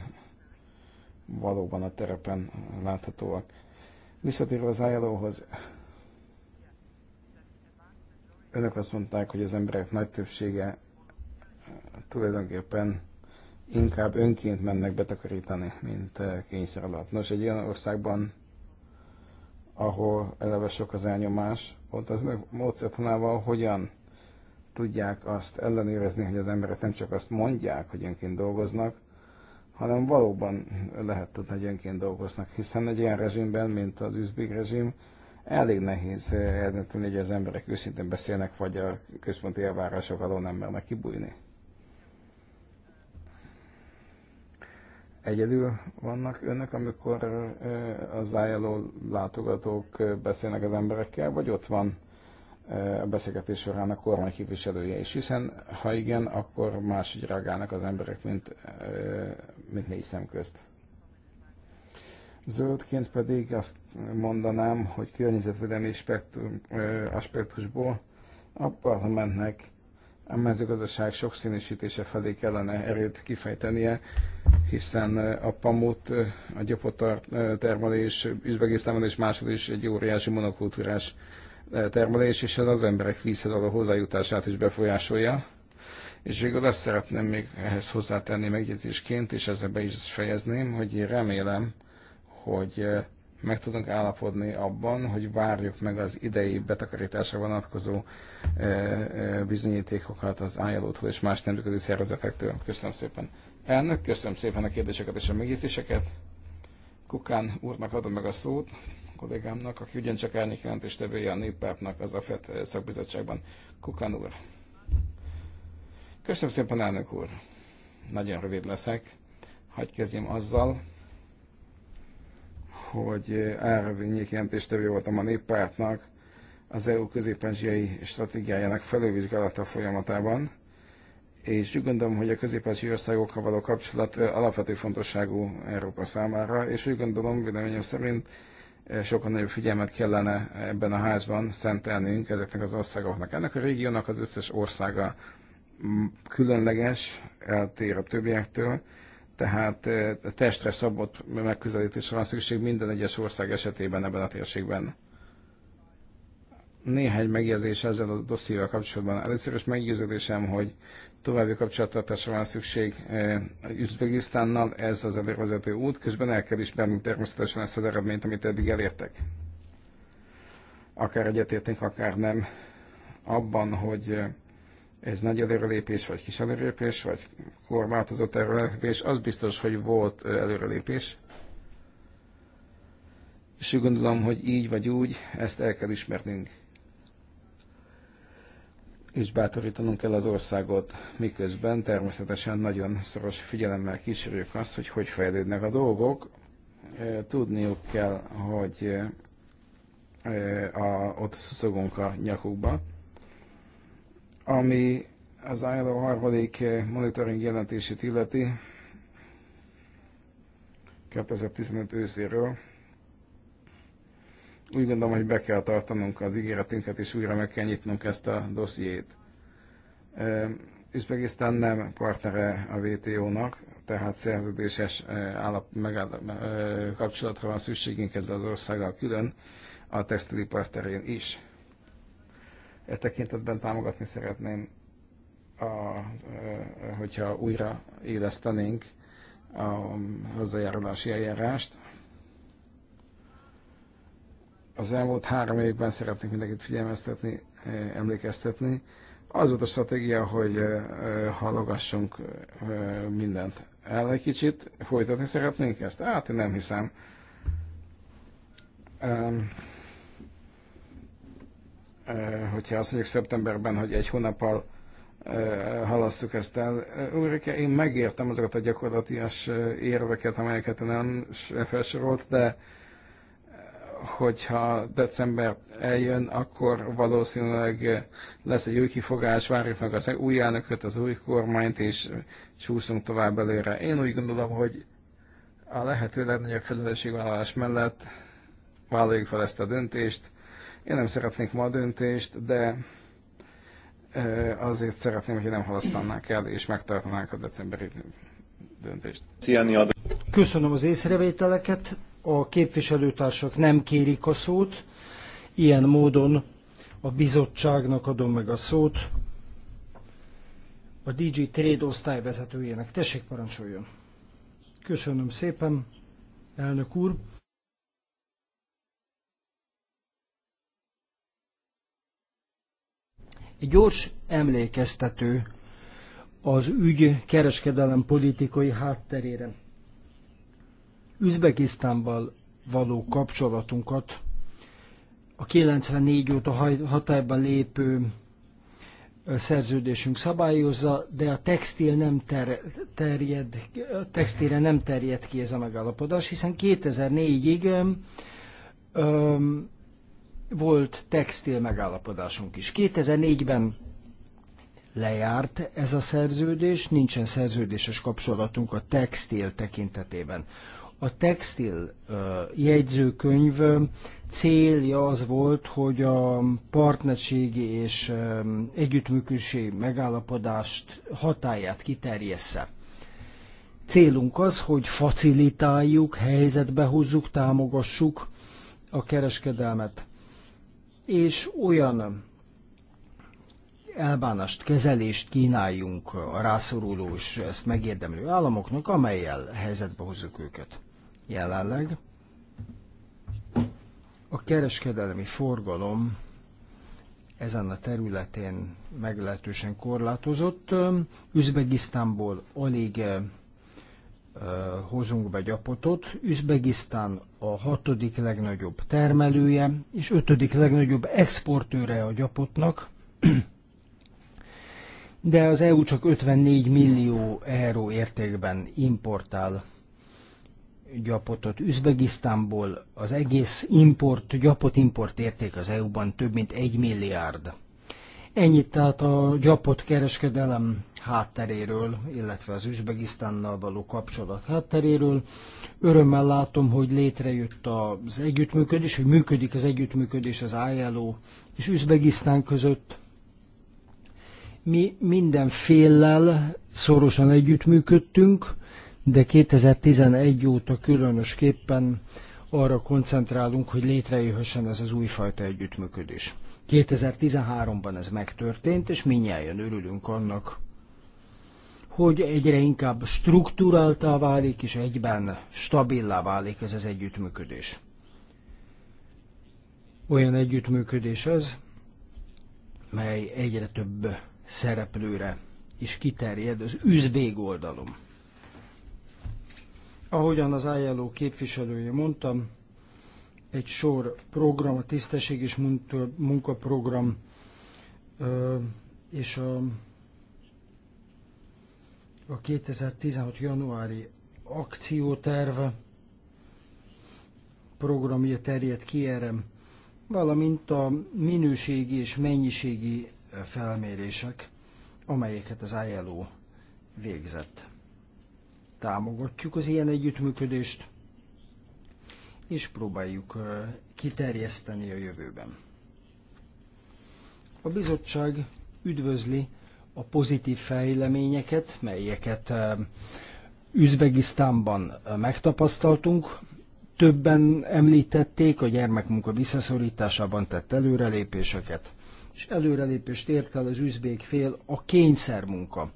valóban a terepen láthatóak. Visszatérve az ILO-hoz, önök azt mondták, hogy az emberek nagy többsége tulajdonképpen inkább önként mennek betakarítani, mint eh, kényszer alatt. Nos, egy ilyen országban, ahol eleve sok az elnyomás, ott az önök módszertanával hogyan tudják azt ellenőrizni, hogy az emberek nem csak azt mondják, hogy önként dolgoznak, hanem valóban lehet tudni, hogy önként dolgoznak, hiszen egy ilyen rezsimben, mint az üzbék rezsim, elég nehéz eh, eldönteni, hogy az emberek őszintén beszélnek, vagy a központi elvárások alól nem mernek kibújni. Egyedül vannak önök, amikor eh, az álló látogatók eh, beszélnek az emberekkel, vagy ott van a beszélgetés során a kormány képviselője is, hiszen ha igen, akkor máshogy reagálnak az emberek, mint, mint négy szem közt. Zöldként pedig azt mondanám, hogy környezetvédelmi spektrum, aspektusból a parlamentnek a mezőgazdaság sokszínűsítése felé kellene erőt kifejtenie, hiszen a pamut, a gyopotar termelés üzbegész termelés másod is egy óriási monokultúrás termelés, és ez az emberek vízhez való hozzájutását is befolyásolja. És végül azt szeretném még ehhez hozzátenni megjegyzésként, és ezzel be is fejezném, hogy én remélem, hogy eh, meg tudunk állapodni abban, hogy várjuk meg az idei betakarításra vonatkozó eh, eh, bizonyítékokat az ilo és más nemzetközi szervezetektől. Köszönöm szépen. Elnök, köszönöm szépen a kérdéseket és a megjegyzéseket. Kukán úrnak adom meg a szót kollégámnak, aki ugyancsak elnök jelentéstevője a néppártnak az AFET szakbizottságban. Kukan úr. Köszönöm szépen, elnök úr. Nagyon rövid leszek. Hagy kezdjem azzal, hogy árvényék jelentéstevő voltam a néppártnak az EU közép stratégiájának felővizsgálata folyamatában és úgy gondolom, hogy a közép országokkal való kapcsolat alapvető fontosságú Európa számára, és úgy gondolom, véleményem szerint sokkal nagyobb figyelmet kellene ebben a házban szentelnünk ezeknek az országoknak. Ennek a régiónak az összes országa különleges, eltér a többiektől, tehát testre szabott megközelítésre van szükség minden egyes ország esetében ebben a térségben. Néhány megjegyzés ezzel a dossziéval kapcsolatban. Először is meggyőződésem, hogy további kapcsolattartásra van szükség eh, Üzbegisztánnal, ez az elővezető út, közben el kell ismernünk természetesen ezt az eredményt, amit eddig elértek. Akár egyetértünk, akár nem abban, hogy eh, ez nagy előrelépés, vagy kis előrelépés, vagy korlátozott előrelépés, az biztos, hogy volt eh, előrelépés. És úgy gondolom, hogy így vagy úgy, ezt el kell ismernünk és bátorítanunk kell az országot, miközben természetesen nagyon szoros figyelemmel kísérjük azt, hogy hogy fejlődnek a dolgok. Tudniuk kell, hogy a, ott szuszogunk a nyakukba. Ami az ILO harmadik monitoring jelentését illeti, 2015 őszéről, úgy gondolom, hogy be kell tartanunk az ígéretünket, és újra meg kell nyitnunk ezt a dossziét. Üzbegisztán nem partnere a WTO-nak, tehát szerződéses állap, megáll, kapcsolatra van szükségünk ezzel az országgal külön, a textilipar terén is. E tekintetben támogatni szeretném, a, hogyha újra élesztenénk a hozzájárulási eljárást, az elmúlt három évben szeretnék mindenkit figyelmeztetni, eh, emlékeztetni. Az volt a stratégia, hogy eh, eh, halogassunk mindent el egy kicsit. Folytatni szeretnénk ezt? Hát én nem hiszem. Hogyha azt mondjuk szeptemberben, hogy egy hónappal halasztuk ezt el. Ulrike, én megértem azokat a gyakorlatias érveket, amelyeket nem felsorolt, de hogyha december eljön, akkor valószínűleg lesz egy új kifogás, várjuk meg az új elnököt, az új kormányt, és csúszunk tovább előre. Én úgy gondolom, hogy a lehető legnagyobb felelősségvállalás mellett vállaljuk fel ezt a döntést. Én nem szeretnék ma a döntést, de azért szeretném, hogy nem halasztanák el, és megtartanák a decemberi döntést. Köszönöm az észrevételeket a képviselőtársak nem kérik a szót, ilyen módon a bizottságnak adom meg a szót, a DG Trade osztályvezetőjének. Tessék, parancsoljon! Köszönöm szépen, elnök úr! Egy gyors emlékeztető az ügy kereskedelem politikai hátterére. Üzbegisztánban való kapcsolatunkat a 94 óta hatályban lépő szerződésünk szabályozza, de a textil nem ter, terjed, textilre nem terjed ki ez a megállapodás, hiszen 2004-ig volt textil megállapodásunk is. 2004-ben lejárt ez a szerződés, nincsen szerződéses kapcsolatunk a textil tekintetében. A textil jegyzőkönyv célja az volt, hogy a partnerségi és együttműködési megállapodást hatáját kiterjessze. Célunk az, hogy facilitáljuk, helyzetbe hozzuk, támogassuk a kereskedelmet, és olyan elbánást, kezelést kínáljunk a rászoruló és ezt megérdemlő államoknak, amelyel helyzetbe hozzuk őket jelenleg. A kereskedelmi forgalom ezen a területén meglehetősen korlátozott. Üzbegisztánból alig hozunk be gyapotot. Üzbegisztán a hatodik legnagyobb termelője és ötödik legnagyobb exportőre a gyapotnak, de az EU csak 54 millió euró értékben importál gyapotot Üzbegisztánból, az egész import, gyapot-import érték az EU-ban több mint egy milliárd. Ennyit tehát a gyapot kereskedelem hátteréről, illetve az Üzbegisztánnal való kapcsolat hátteréről. Örömmel látom, hogy létrejött az együttműködés, hogy működik az együttműködés az ILO és Üzbegisztán között. Mi mindenféllel szorosan együttműködtünk, de 2011 óta különösképpen arra koncentrálunk, hogy létrejöhessen ez az újfajta együttműködés. 2013-ban ez megtörtént, és minnyáján örülünk annak, hogy egyre inkább struktúráltá válik, és egyben stabilá válik ez az együttműködés. Olyan együttműködés ez, mely egyre több szereplőre is kiterjed az üzbég oldalom. Ahogyan az ILO képviselője mondtam, egy sor program, a tisztesség és munkaprogram és a, a 2016. januári akcióterv programja terjed ki erre, valamint a minőségi és mennyiségi felmérések, amelyeket az ILO végzett támogatjuk az ilyen együttműködést, és próbáljuk kiterjeszteni a jövőben. A bizottság üdvözli a pozitív fejleményeket, melyeket Üzbegisztánban megtapasztaltunk. Többen említették, a gyermekmunka visszaszorításában tett előrelépéseket, és előrelépést ért el az üzbék fél a kényszermunka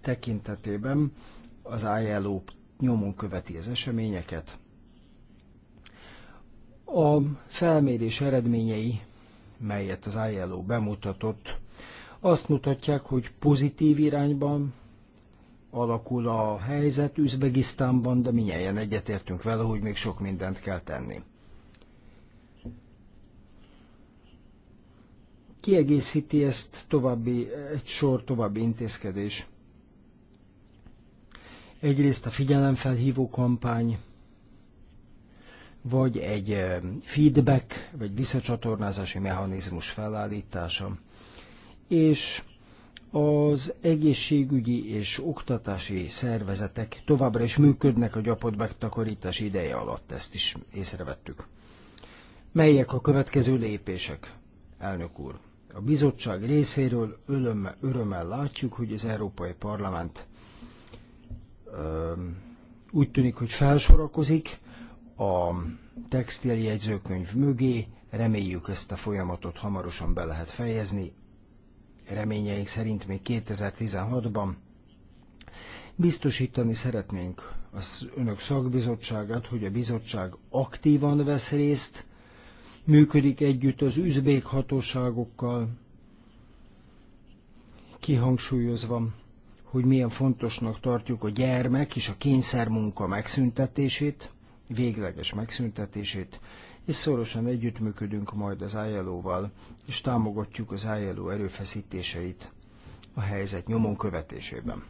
tekintetében, az ILO nyomon követi az eseményeket. A felmérés eredményei, melyet az ILO bemutatott, azt mutatják, hogy pozitív irányban alakul a helyzet Üzbegisztánban, de minnyáján egyetértünk vele, hogy még sok mindent kell tenni. Kiegészíti ezt további, egy sor további intézkedés, Egyrészt a figyelemfelhívó kampány, vagy egy feedback, vagy visszacsatornázási mechanizmus felállítása, és az egészségügyi és oktatási szervezetek továbbra is működnek a gyapott megtakarítás ideje alatt, ezt is észrevettük. Melyek a következő lépések, elnök úr? A bizottság részéről örömmel, örömmel látjuk, hogy az Európai Parlament úgy tűnik, hogy felsorakozik a textiljegyzőkönyv mögé, reméljük ezt a folyamatot hamarosan be lehet fejezni, reményeink szerint még 2016-ban. Biztosítani szeretnénk az önök szakbizottságát, hogy a bizottság aktívan vesz részt, működik együtt az üzbék hatóságokkal, kihangsúlyozva, hogy milyen fontosnak tartjuk a gyermek és a kényszermunka megszüntetését, végleges megszüntetését, és szorosan együttműködünk majd az ájelóval, és támogatjuk az ájeló erőfeszítéseit a helyzet nyomon követésében.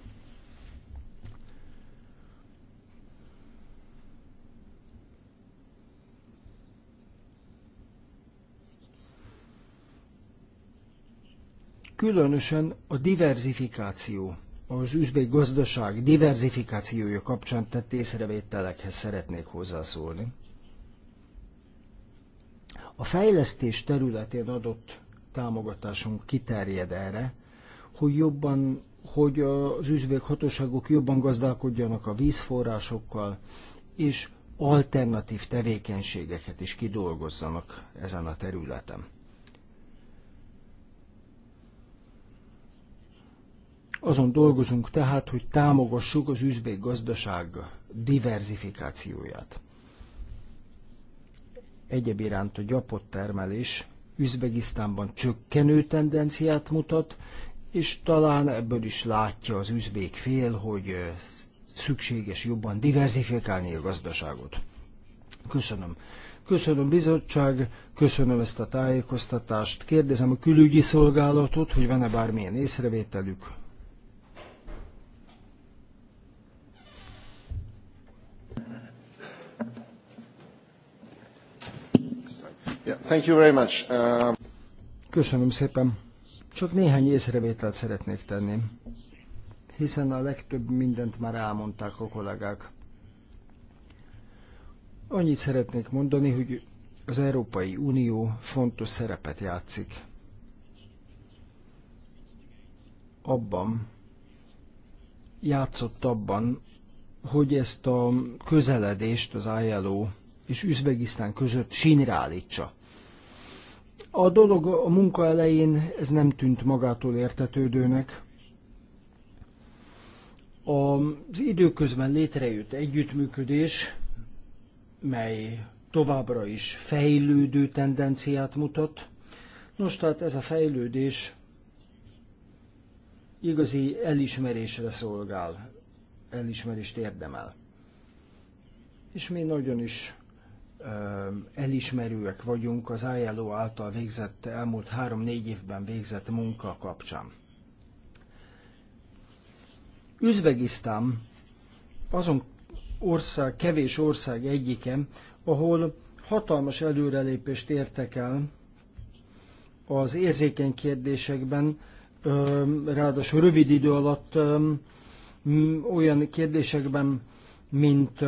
Különösen a diversifikáció az üzbék gazdaság diversifikációja kapcsán tett észrevételekhez szeretnék hozzászólni. A fejlesztés területén adott támogatásunk kiterjed erre, hogy jobban, hogy az üzbék hatóságok jobban gazdálkodjanak a vízforrásokkal, és alternatív tevékenységeket is kidolgozzanak ezen a területen. Azon dolgozunk tehát, hogy támogassuk az üzbék gazdaság diverzifikációját. Egyéb iránt a gyapott termelés Üzbegisztánban csökkenő tendenciát mutat, és talán ebből is látja az üzbék fél, hogy szükséges jobban diverzifikálni a gazdaságot. Köszönöm. Köszönöm bizottság, köszönöm ezt a tájékoztatást. Kérdezem a külügyi szolgálatot, hogy van-e bármilyen észrevételük. Um, Köszönöm szépen. Csak néhány észrevételt szeretnék tenni, hiszen a legtöbb mindent már elmondták a kollégák. Annyit szeretnék mondani, hogy az Európai Unió fontos szerepet játszik abban, játszott abban, hogy ezt a közeledést az ILO és Üzbegisztán között sinreállítsa. A dolog a munka elején ez nem tűnt magától értetődőnek. Az időközben létrejött együttműködés, mely továbbra is fejlődő tendenciát mutat. Nos, tehát ez a fejlődés igazi elismerésre szolgál, elismerést érdemel. És mi nagyon is elismerőek vagyunk az ILO által végzett, elmúlt három-négy évben végzett munka kapcsán. Üzbegisztán azon ország, kevés ország egyike, ahol hatalmas előrelépést értek el az érzékeny kérdésekben, ráadásul rövid idő alatt olyan kérdésekben, mint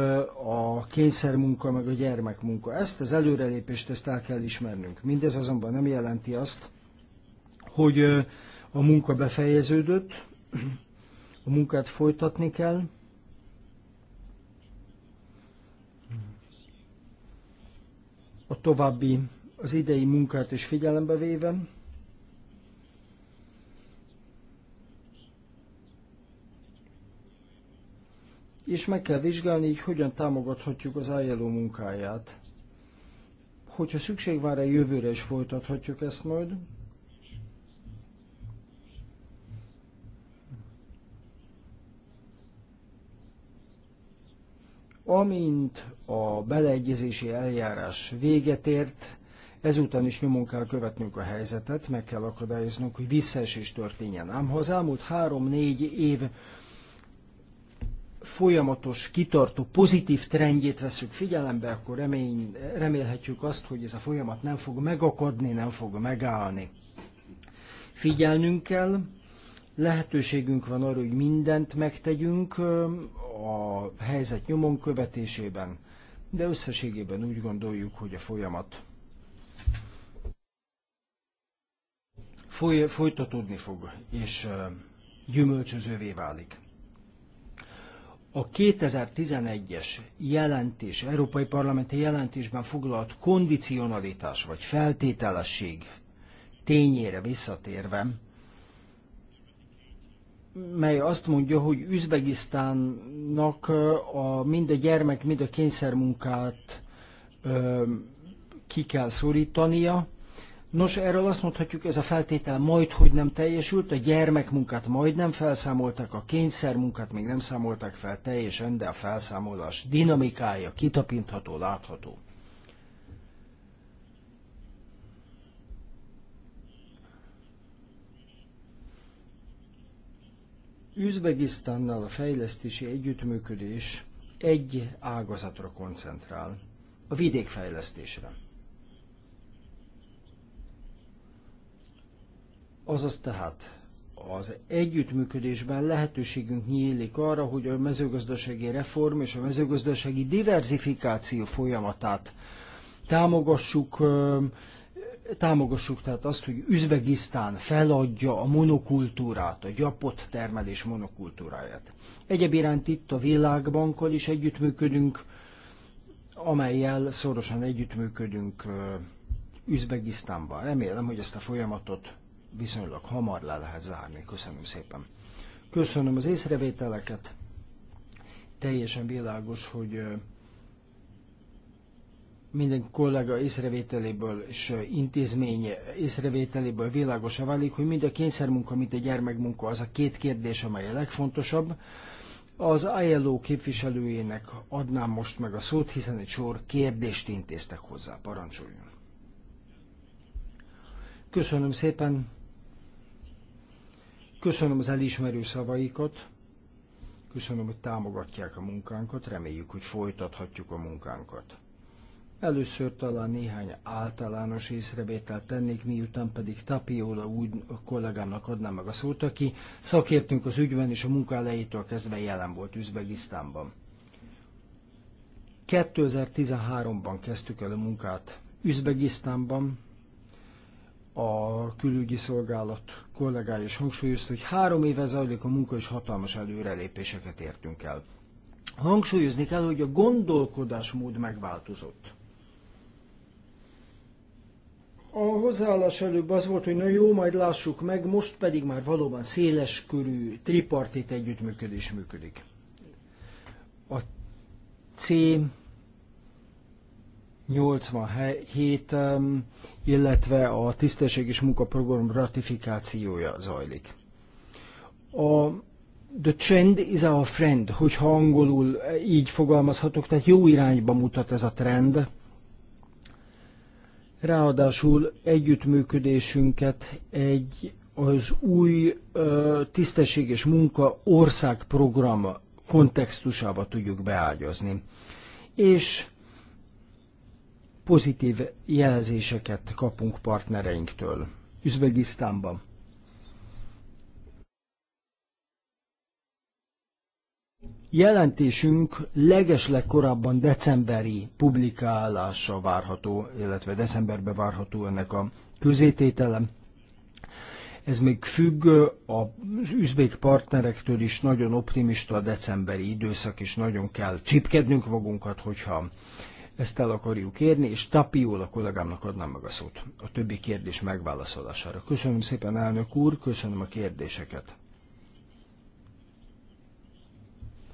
a kényszermunka meg a gyermekmunka. Ezt az előrelépést ezt el kell ismernünk. Mindez azonban nem jelenti azt, hogy a munka befejeződött, a munkát folytatni kell, a további, az idei munkát is figyelembe véve, és meg kell vizsgálni, hogy hogyan támogathatjuk az ILO munkáját. Hogyha szükség van rá, jövőre is folytathatjuk ezt majd. Amint a beleegyezési eljárás véget ért, Ezután is nyomon kell követnünk a helyzetet, meg kell akadályoznunk, hogy visszaesés történjen. Ám ha az elmúlt három-négy év folyamatos, kitartó, pozitív trendjét veszük figyelembe, akkor remény, remélhetjük azt, hogy ez a folyamat nem fog megakadni, nem fog megállni. Figyelnünk kell, lehetőségünk van arra, hogy mindent megtegyünk a helyzet nyomon követésében, de összességében úgy gondoljuk, hogy a folyamat foly, folytatódni fog, és gyümölcsözővé válik a 2011-es jelentés, Európai Parlamenti jelentésben foglalt kondicionalitás vagy feltételesség tényére visszatérve, mely azt mondja, hogy Üzbegisztánnak a, mind a gyermek, mind a kényszermunkát ö, ki kell szorítania, Nos, erről azt mondhatjuk, ez a feltétel majd, hogy nem teljesült, a gyermekmunkát majd nem felszámolták, a kényszermunkát még nem számolták fel teljesen, de a felszámolás dinamikája kitapintható, látható. Üzbegisztánnal a fejlesztési együttműködés egy ágazatra koncentrál, a vidékfejlesztésre. Azaz tehát az együttműködésben lehetőségünk nyílik arra, hogy a mezőgazdasági reform és a mezőgazdasági diversifikáció folyamatát támogassuk, támogassuk tehát azt, hogy Üzbegisztán feladja a monokultúrát, a gyapott termelés monokultúráját. Egyéb iránt itt a Világbankkal is együttműködünk, amelyel szorosan együttműködünk Üzbegisztánban. Remélem, hogy ezt a folyamatot viszonylag hamar le lehet zárni. Köszönöm szépen. Köszönöm az észrevételeket. Teljesen világos, hogy minden kollega észrevételéből és intézmény észrevételéből világosá válik, hogy mind a kényszermunka, mint a gyermekmunka az a két kérdés, amely a legfontosabb. Az ILO képviselőjének adnám most meg a szót, hiszen egy sor kérdést intéztek hozzá. Parancsoljon! Köszönöm szépen! Köszönöm az elismerő szavaikat, köszönöm, hogy támogatják a munkánkat, reméljük, hogy folytathatjuk a munkánkat. Először talán néhány általános észrevételt tennék, miután pedig Tapióla úgy kollégámnak adnám meg a szót, aki szakértünk az ügyben, és a munka elejétől kezdve jelen volt Üzbegisztánban. 2013-ban kezdtük el a munkát Üzbegisztánban, a külügyi szolgálat kollégája is hangsúlyozta, hogy három éve zajlik a munka, és hatalmas előrelépéseket értünk el. Hangsúlyozni kell, hogy a gondolkodásmód megváltozott. A hozzáállás előbb az volt, hogy na jó, majd lássuk meg, most pedig már valóban széles körű tripartit együttműködés működik. A cím 87, illetve a tisztességes munkaprogram ratifikációja zajlik. A The trend is our friend, hogyha angolul eh, így fogalmazhatok, tehát jó irányba mutat ez a trend. Ráadásul együttműködésünket egy az új tisztesség tisztességes munka országprogram kontextusába tudjuk beágyazni. És pozitív jelzéseket kapunk partnereinktől. Üzbegisztánban. Jelentésünk legesleg korábban decemberi publikálása várható, illetve decemberbe várható ennek a közététele. Ez még függ az üzbék partnerektől is, nagyon optimista a decemberi időszak, és nagyon kell csipkednünk magunkat, hogyha ezt el akarjuk érni, és Tapióla kollégámnak adnám meg a szót a többi kérdés megválaszolására. Köszönöm szépen, elnök úr, köszönöm a kérdéseket.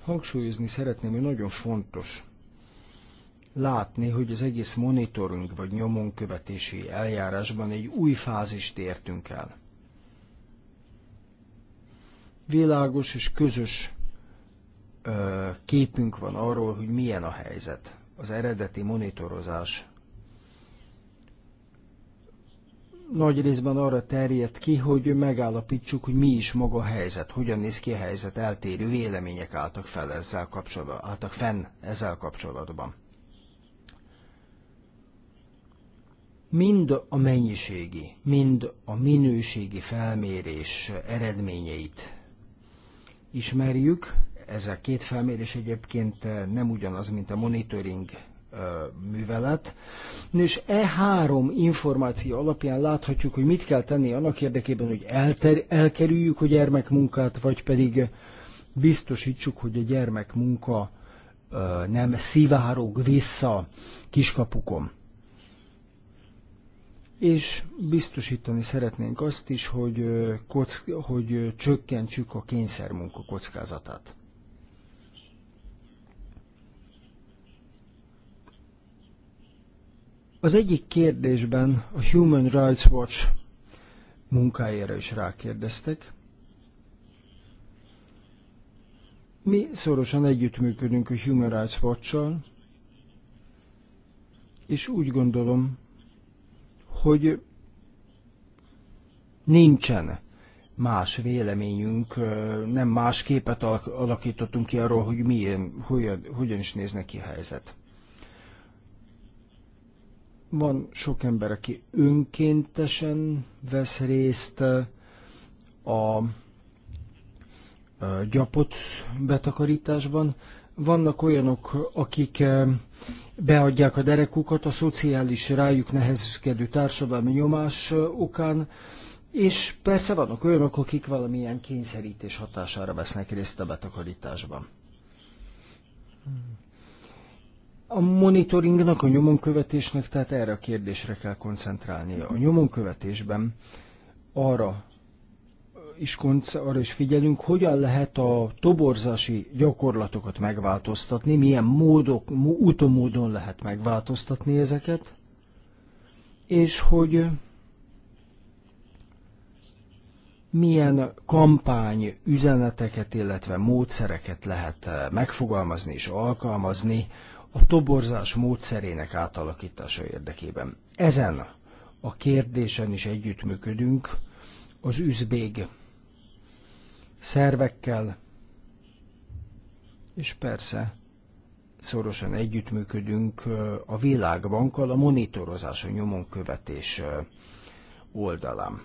Hangsúlyozni szeretném, hogy nagyon fontos látni, hogy az egész monitoring vagy nyomonkövetési eljárásban egy új fázist értünk el. Világos és közös képünk van arról, hogy milyen a helyzet az eredeti monitorozás nagy részben arra terjedt ki, hogy megállapítsuk, hogy mi is maga a helyzet, hogyan néz ki a helyzet, eltérő vélemények álltak, fel ezzel kapcsolatban, álltak fenn ezzel kapcsolatban. Mind a mennyiségi, mind a minőségi felmérés eredményeit ismerjük, ez a két felmérés egyébként eh, nem ugyanaz, mint a monitoring eh, művelet. És e három információ alapján láthatjuk, hogy mit kell tenni annak érdekében, hogy elter- elkerüljük a gyermekmunkát, vagy pedig biztosítsuk, hogy a gyermekmunka eh, nem szivárog vissza kiskapukon. És biztosítani szeretnénk azt is, hogy, kock- hogy csökkentsük a kényszermunka kockázatát. Az egyik kérdésben a Human Rights Watch munkájára is rákérdeztek. Mi szorosan együttműködünk a Human Rights Watch-sal, és úgy gondolom, hogy nincsen más véleményünk, nem más képet alakítottunk ki arról, hogy milyen, hogyan, hogyan is néznek ki a helyzet. Van sok ember, aki önkéntesen vesz részt a gyapot betakarításban. Vannak olyanok, akik e, beadják a derekukat a szociális rájuk nehezkedő társadalmi nyomás e, okán, és persze vannak olyanok, akik valamilyen kényszerítés hatására vesznek részt a betakarításban a monitoringnak, a nyomonkövetésnek, tehát erre a kérdésre kell koncentrálnia. A nyomonkövetésben arra is, arra is figyelünk, hogyan lehet a toborzási gyakorlatokat megváltoztatni, milyen módok, utomódon lehet megváltoztatni ezeket, és hogy milyen kampány üzeneteket, illetve módszereket lehet eh, megfogalmazni és alkalmazni a toborzás módszerének átalakítása érdekében. Ezen a kérdésen is együttműködünk az üzbég szervekkel, és persze szorosan együttműködünk a Világbankkal a monitorozás, a nyomon követés oldalán,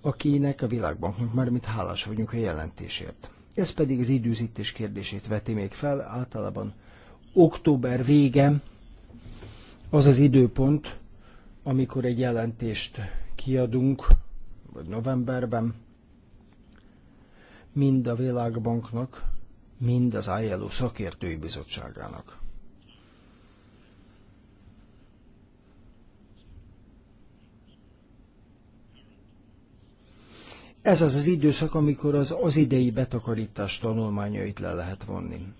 akinek a Világbanknak már mint hálás vagyunk a jelentésért. Ez pedig az időzítés kérdését veti még fel, általában október vége az az időpont, amikor egy jelentést kiadunk, vagy novemberben, mind a Világbanknak, mind az ILO szakértői bizottságának. Ez az az időszak, amikor az az idei betakarítás tanulmányait le lehet vonni.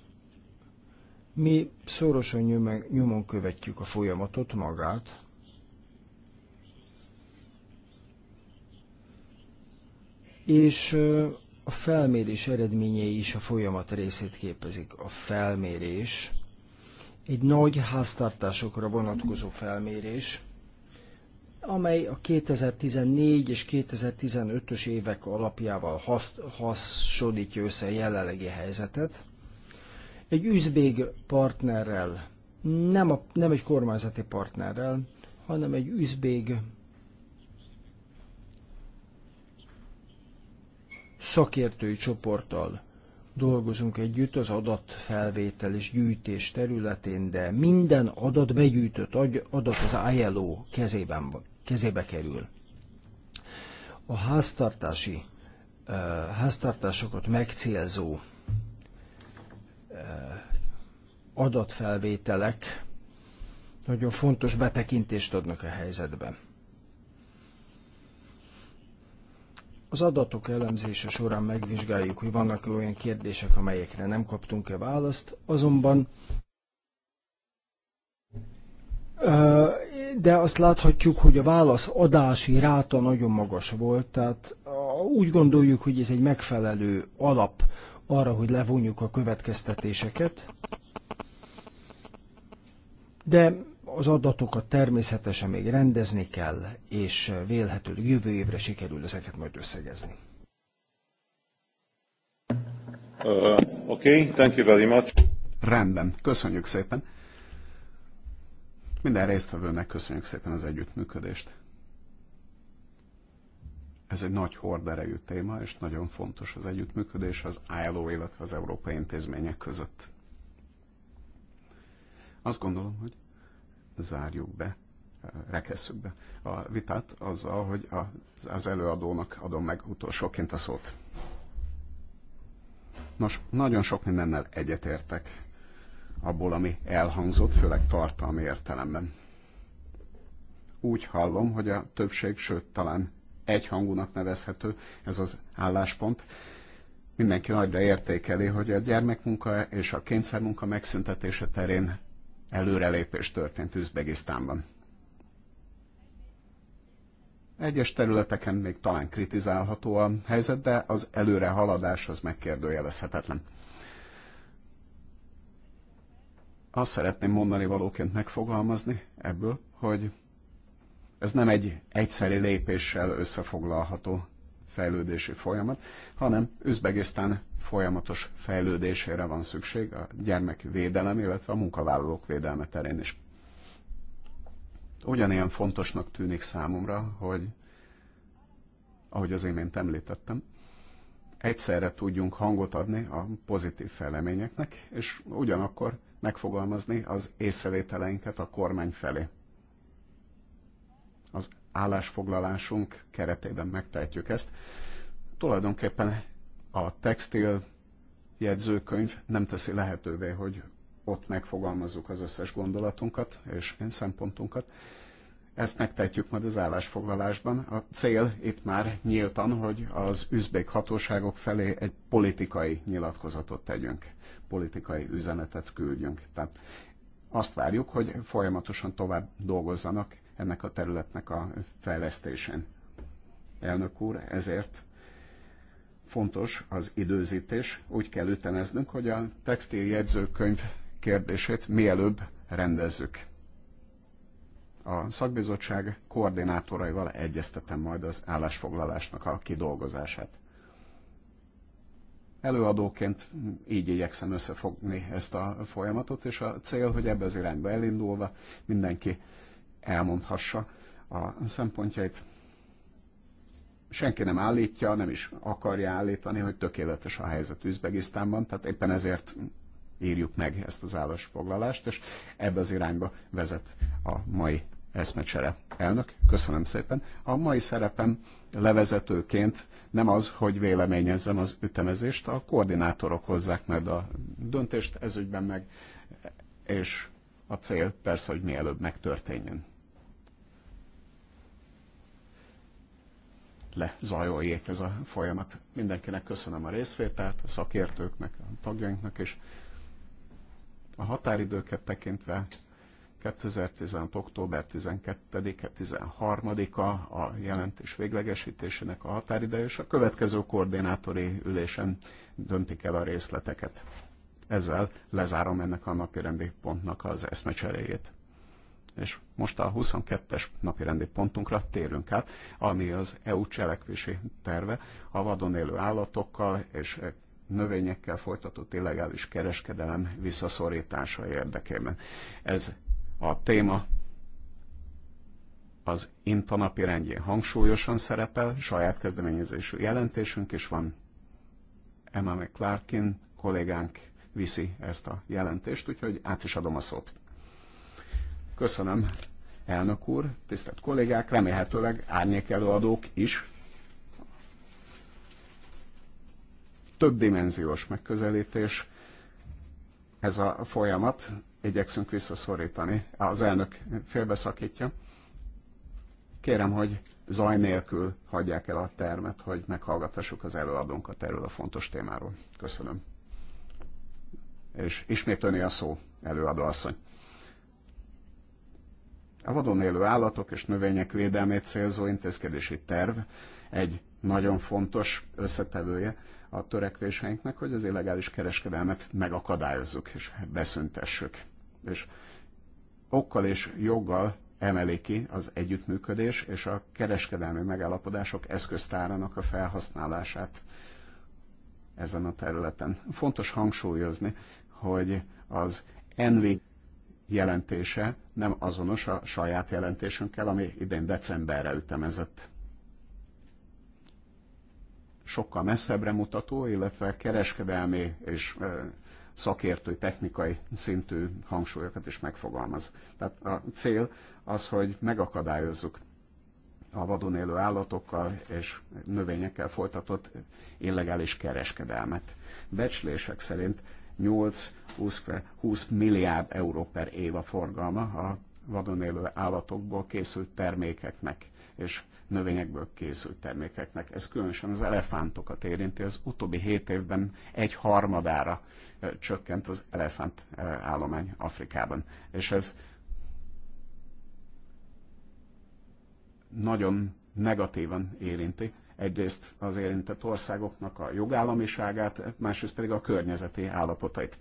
Mi szorosan nyomon követjük a folyamatot magát, és a felmérés eredményei is a folyamat részét képezik. A felmérés egy nagy háztartásokra vonatkozó felmérés, amely a 2014 és 2015-ös évek alapjával hasonlítja össze a jelenlegi helyzetet, egy üzbég partnerrel, nem, a, nem egy kormányzati partnerrel, hanem egy üzbég szakértői csoporttal dolgozunk együtt az adatfelvétel és gyűjtés területén, de minden adat begyűjtött adat az ILO kezében, kezébe kerül. A háztartási eh, háztartásokat megcélzó Eh, adatfelvételek nagyon fontos betekintést adnak a helyzetben. Az adatok elemzése során megvizsgáljuk, hogy vannak e olyan kérdések, amelyekre nem kaptunk-e választ, azonban de azt láthatjuk, hogy a válasz adási ráta nagyon magas volt, tehát úgy gondoljuk, hogy ez egy megfelelő alap arra, hogy levonjuk a következtetéseket, de az adatokat természetesen még rendezni kell, és vélhetőleg jövő évre sikerül ezeket majd összegezni. Uh, okay, thank you very much. Rendben, köszönjük szépen. Minden résztvevőnek köszönjük szépen az együttműködést. Ez egy nagy horderejű téma, és nagyon fontos az együttműködés az ILO, illetve az európai intézmények között. Azt gondolom, hogy zárjuk be, eh, rekesszük be a vitát azzal, hogy az előadónak adom meg utolsóként a szót. Nos, nagyon sok mindennel egyetértek abból, ami elhangzott, főleg tartalmi értelemben. Úgy hallom, hogy a többség, sőt talán egyhangúnak nevezhető ez az álláspont. Mindenki nagyra értékeli, hogy a gyermekmunka és a kényszermunka megszüntetése terén előrelépés történt Üzbegisztánban. Egyes területeken még talán kritizálható a helyzet, de az előre haladás az megkérdőjelezhetetlen. Azt szeretném mondani valóként megfogalmazni ebből, hogy ez nem egy egyszeri lépéssel összefoglalható fejlődési folyamat, hanem Üzbegisztán folyamatos fejlődésére van szükség a gyermek védelem, illetve a munkavállalók védelme terén is. Ugyanilyen fontosnak tűnik számomra, hogy ahogy az imént említettem, egyszerre tudjunk hangot adni a pozitív fejleményeknek, és ugyanakkor megfogalmazni az észrevételeinket a kormány felé az állásfoglalásunk keretében megtehetjük ezt. Tulajdonképpen a textil jegyzőkönyv nem teszi lehetővé, hogy ott megfogalmazzuk az összes gondolatunkat és szempontunkat. Ezt megtehetjük majd az állásfoglalásban. A cél itt már nyíltan, hogy az üzbék hatóságok felé egy politikai nyilatkozatot tegyünk, politikai üzenetet küldjünk. Tehát azt várjuk, hogy folyamatosan tovább dolgozzanak ennek a területnek a fejlesztésén. Elnök úr, ezért fontos az időzítés. Úgy kell üteneznünk, hogy a textil jegyzőkönyv kérdését mielőbb rendezzük. A szakbizottság koordinátoraival egyeztetem majd az állásfoglalásnak a kidolgozását. Előadóként így igyekszem összefogni ezt a folyamatot, és a cél, hogy ebbe az irányba elindulva mindenki elmondhassa a szempontjait. Senki nem állítja, nem is akarja állítani, hogy tökéletes a helyzet Üzbegisztánban, tehát éppen ezért írjuk meg ezt az állásfoglalást, és ebbe az irányba vezet a mai eszmecsere. Elnök, köszönöm szépen. A mai szerepem levezetőként nem az, hogy véleményezzem az ütemezést, a koordinátorok hozzák meg a döntést ezügyben meg, és a cél persze, hogy mielőbb megtörténjen. Lezajoljék ez a folyamat. Mindenkinek köszönöm a részvételt, a szakértőknek, a tagjainknak, és a határidőket tekintve 2016. október 12-e, 13-a a jelentés véglegesítésének a határideje, és a következő koordinátori ülésen döntik el a részleteket ezzel lezárom ennek a napirendi pontnak az eszmecseréjét. És most a 22-es napirendi pontunkra térünk át, ami az EU cselekvési terve a vadon élő állatokkal és növényekkel folytatott illegális kereskedelem visszaszorítása érdekében. Ez a téma az INTA napirendjén hangsúlyosan szerepel, saját kezdeményezésű jelentésünk is van. Emma McClarkin kollégánk viszi ezt a jelentést, úgyhogy át is adom a szót. Köszönöm, elnök úr, tisztelt kollégák, remélhetőleg árnyékelőadók is. Több dimenziós megközelítés ez a folyamat, igyekszünk visszaszorítani. Az elnök félbeszakítja. Kérem, hogy zaj nélkül hagyják el a termet, hogy meghallgathassuk az előadónkat erről a fontos témáról. Köszönöm és ismét öné a szó, asszony. A vadon élő állatok és növények védelmét célzó intézkedési terv egy nagyon fontos összetevője a törekvéseinknek, hogy az illegális kereskedelmet megakadályozzuk és beszüntessük. És okkal és joggal emeli ki az együttműködés és a kereskedelmi megállapodások eszköztárának a felhasználását ezen a területen. Fontos hangsúlyozni hogy az NV jelentése nem azonos a saját jelentésünkkel, ami idén decemberre ütemezett. Sokkal messzebbre mutató, illetve kereskedelmi és szakértői, technikai szintű hangsúlyokat is megfogalmaz. Tehát a cél az, hogy megakadályozzuk a vadon élő állatokkal és növényekkel folytatott illegális kereskedelmet. Becslések szerint 8-20 milliárd euró per év a forgalma a vadon élő állatokból készült termékeknek, és növényekből készült termékeknek. Ez különösen az elefántokat érinti. Az utóbbi hét évben egy harmadára csökkent az elefánt állomány Afrikában. És ez nagyon negatívan érinti Egyrészt az érintett országoknak a jogállamiságát, másrészt pedig a környezeti állapotait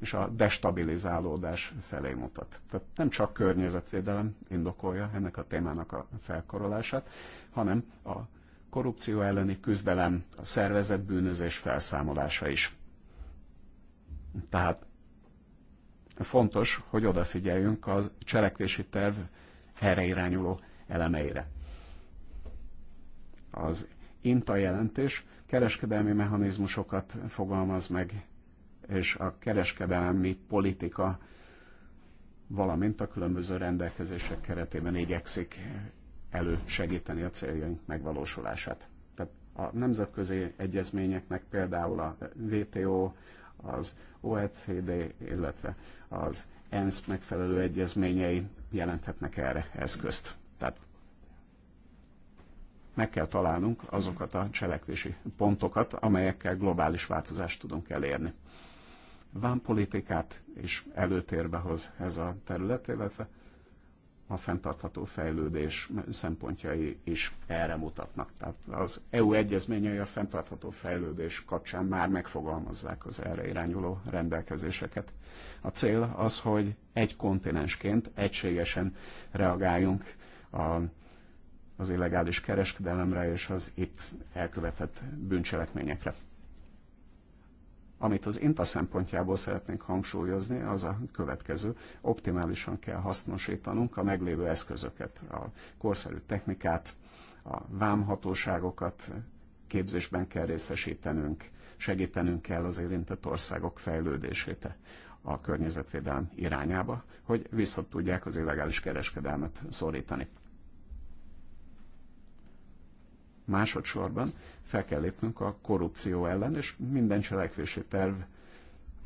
és a destabilizálódás felé mutat. Tehát nem csak környezetvédelem indokolja ennek a témának a felkorolását, hanem a korrupció elleni küzdelem, a szervezett bűnözés felszámolása is. Tehát fontos, hogy odafigyeljünk a cselekvési terv erre irányuló elemeire. Az INTA jelentés kereskedelmi mechanizmusokat fogalmaz meg, és a kereskedelmi politika, valamint a különböző rendelkezések keretében igyekszik elősegíteni a céljaink megvalósulását. Tehát a nemzetközi egyezményeknek például a WTO, az OECD, illetve az ENSZ megfelelő egyezményei jelenthetnek erre eszközt meg kell találnunk azokat a cselekvési pontokat, amelyekkel globális változást tudunk elérni. politikát is előtérbe hoz ez a terület, illetve a fenntartható fejlődés szempontjai is erre mutatnak. Tehát az EU egyezményei a fenntartható fejlődés kapcsán már megfogalmazzák az erre irányuló rendelkezéseket. A cél az, hogy egy kontinensként egységesen reagáljunk a az illegális kereskedelemre és az itt elkövetett bűncselekményekre. Amit az INTA szempontjából szeretnénk hangsúlyozni, az a következő. Optimálisan kell hasznosítanunk a meglévő eszközöket, a korszerű technikát, a vámhatóságokat képzésben kell részesítenünk, segítenünk kell az érintett országok fejlődését a környezetvédelem irányába, hogy vissza tudják az illegális kereskedelmet szorítani. Másodszorban fel kell lépnünk a korrupció ellen, és minden cselekvési terv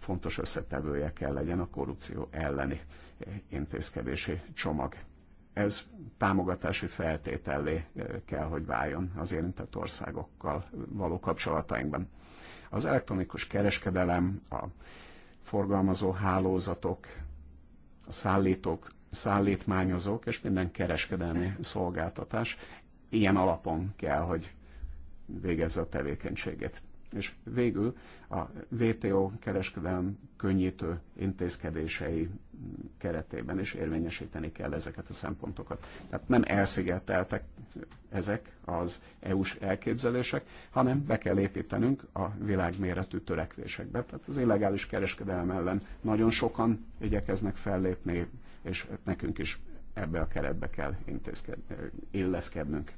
fontos összetevője kell legyen a korrupció elleni intézkedési csomag. Ez támogatási feltétellé eh, kell, hogy váljon az érintett országokkal való kapcsolatainkban. Az elektronikus kereskedelem, a forgalmazó hálózatok, a szállítók, szállítmányozók és minden kereskedelmi szolgáltatás ilyen alapon kell, hogy végezze a tevékenységét. És végül a WTO kereskedelem könnyítő intézkedései keretében is érvényesíteni kell ezeket a szempontokat. Tehát nem elszigeteltek ezek az EU-s elképzelések, hanem be kell építenünk a világméretű törekvésekbe. Tehát az illegális kereskedelem ellen nagyon sokan igyekeznek fellépni, és nekünk is ebbe a keretbe kell illeszkednünk.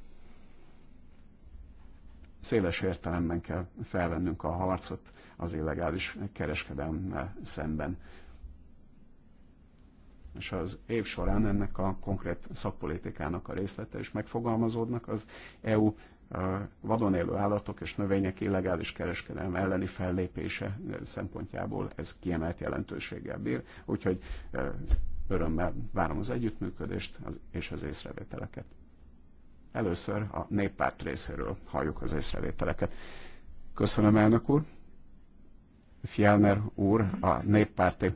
Széles értelemben kell felvennünk a harcot az illegális kereskedelmmel szemben. És az év során ennek a konkrét szakpolitikának a részlete is megfogalmazódnak az EU uh, vadon élő állatok és növények illegális kereskedelem elleni fellépése szempontjából ez kiemelt jelentőséggel bír. Úgyhogy uh, Örömmel várom az együttműködést és az észrevételeket. Először a néppárt részéről halljuk az észrevételeket. Köszönöm, elnök úr. Fjellner úr, a néppárti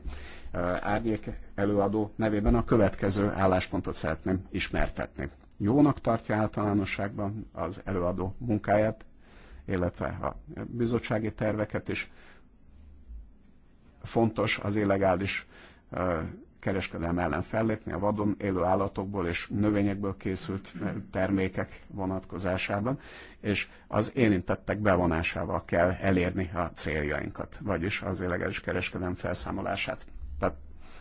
árnyék előadó nevében a következő álláspontot szeretném ismertetni. Jónak tartja általánosságban az előadó munkáját, illetve a bizottsági terveket is. Fontos az illegális kereskedelem ellen fellépni a vadon élő állatokból és növényekből készült eh, termékek vonatkozásában, és az érintettek bevonásával kell elérni a céljainkat, vagyis az illegális kereskedelem felszámolását. Tehát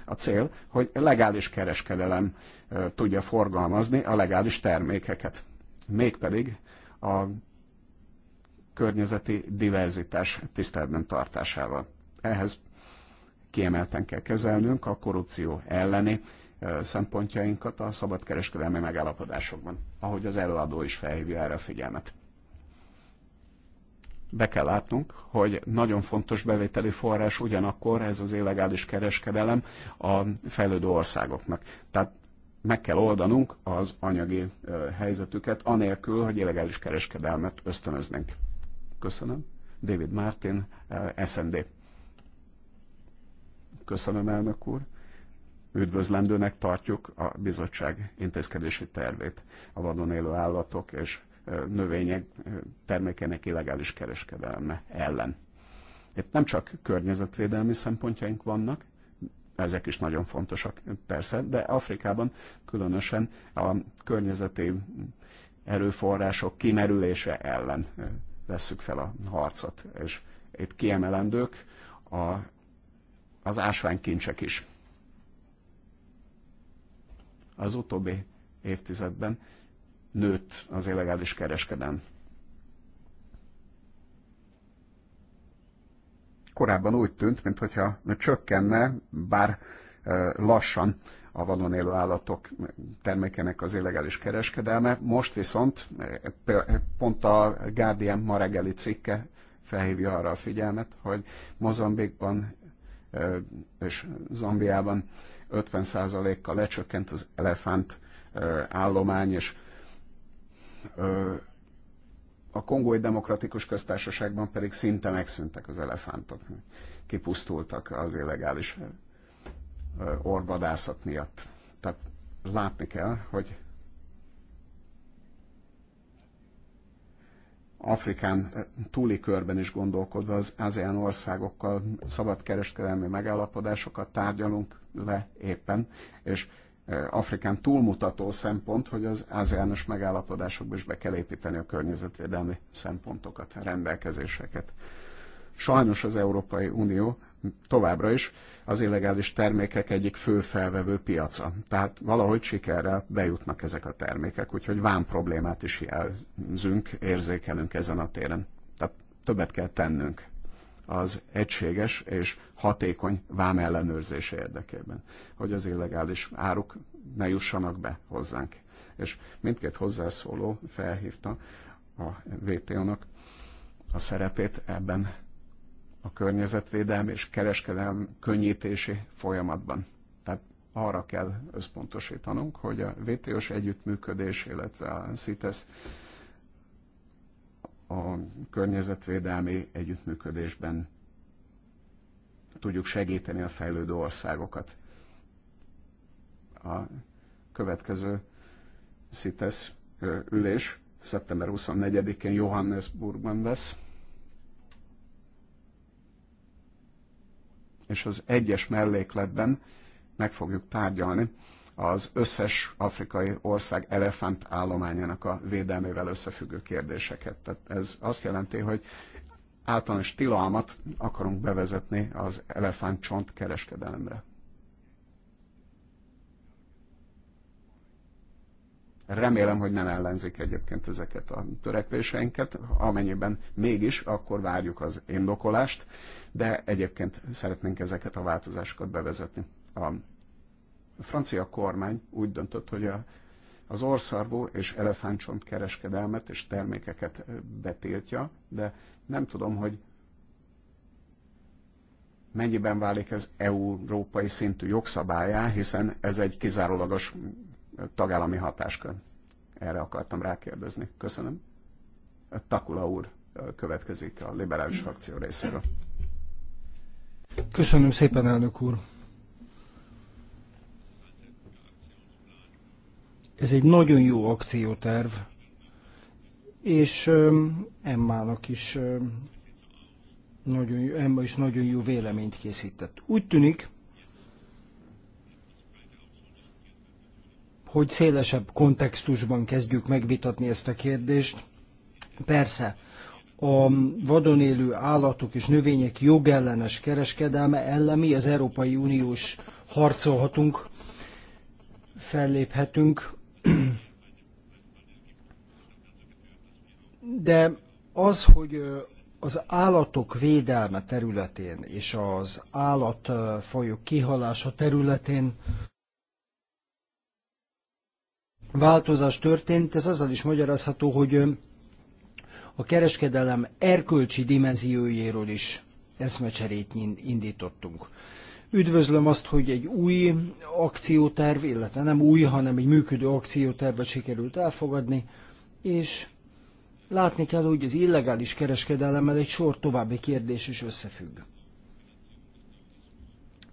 a cél, hogy legális kereskedelem eh, tudja forgalmazni a legális termékeket. Mégpedig a környezeti diverzitás tiszteletben tartásával. Ehhez kiemelten kell kezelnünk a korrupció elleni szempontjainkat a szabadkereskedelmi megállapodásokban, ahogy az előadó is felhívja erre a figyelmet. Be kell látnunk, hogy nagyon fontos bevételi forrás ugyanakkor ez az illegális kereskedelem a fejlődő országoknak. Tehát meg kell oldanunk az anyagi helyzetüket, anélkül, hogy illegális kereskedelmet ösztönöznénk. Köszönöm. David Martin, SND. Köszönöm, elnök úr. Üdvözlendőnek tartjuk a bizottság intézkedési tervét a vadon élő állatok és növények termékenek illegális kereskedelme ellen. Itt nem csak környezetvédelmi szempontjaink vannak, ezek is nagyon fontosak persze, de Afrikában különösen a környezeti erőforrások kimerülése ellen vesszük fel a harcot. És itt kiemelendők a, az ásványkincsek is. Az utóbbi évtizedben nőtt az illegális kereskedelem. Korábban úgy tűnt, mintha csökkenne, bár lassan a vadon élő állatok termékenek az illegális kereskedelme. Most viszont pont a Guardian ma reggeli cikke felhívja arra a figyelmet, hogy Mozambikban és Zambiában 50%-kal lecsökkent az elefánt állomány, és a Kongói Demokratikus Köztársaságban pedig szinte megszűntek az elefántok. Kipusztultak az illegális orvadászat miatt. Tehát látni kell, hogy Afrikán túli körben is gondolkodva az ASEAN országokkal kereskedelmi megállapodásokat tárgyalunk le éppen, és e, Afrikán túlmutató szempont, hogy az ASEAN-os megállapodásokba is be kell építeni a környezetvédelmi szempontokat, rendelkezéseket. Sajnos az Európai Unió továbbra is az illegális termékek egyik fő felvevő piaca. Tehát valahogy sikerrel bejutnak ezek a termékek, úgyhogy vám problémát is jelzünk, érzékelünk ezen a téren. Tehát többet kell tennünk az egységes és hatékony vám ellenőrzése érdekében, hogy az illegális áruk ne jussanak be hozzánk. És mindkét hozzászóló felhívta a vto nak a szerepét ebben a környezetvédelmi és kereskedelem könnyítési folyamatban. Tehát arra kell összpontosítanunk, hogy a vto s együttműködés, illetve a CITES a környezetvédelmi együttműködésben tudjuk segíteni a fejlődő országokat. A következő CITES ülés szeptember 24-én Johannesburgban lesz és az egyes mellékletben meg fogjuk tárgyalni az összes afrikai ország elefánt állományának a védelmével összefüggő kérdéseket. Tehát ez azt jelenti, hogy általános tilalmat akarunk bevezetni az elefántcsont kereskedelemre. Remélem, hogy nem ellenzik egyébként ezeket a törekvéseinket, amennyiben mégis, akkor várjuk az indokolást, de egyébként szeretnénk ezeket a változásokat bevezetni. A francia kormány úgy döntött, hogy a, az orszarvó és elefántcsont kereskedelmet és termékeket betiltja, de nem tudom, hogy mennyiben válik ez európai szintű jogszabályá, hiszen ez egy kizárólagos tagállami hatáskör. Erre akartam rákérdezni. Köszönöm. Takula úr következik a liberális frakció részéről. Köszönöm szépen, elnök úr. Ez egy nagyon jó akcióterv, és Emmának is nagyon jó, Emma is nagyon jó véleményt készített. Úgy tűnik, hogy szélesebb kontextusban kezdjük megvitatni ezt a kérdést. Persze, a vadon élő állatok és növények jogellenes kereskedelme ellen mi az Európai Uniós harcolhatunk, felléphetünk, de az, hogy az állatok védelme területén és az állatfajok kihalása területén változás történt, ez azzal is magyarázható, hogy a kereskedelem erkölcsi dimenziójéről is eszmecserét indítottunk. Üdvözlöm azt, hogy egy új akcióterv, illetve nem új, hanem egy működő akciótervet sikerült elfogadni, és látni kell, hogy az illegális kereskedelemmel egy sor további kérdés is összefügg.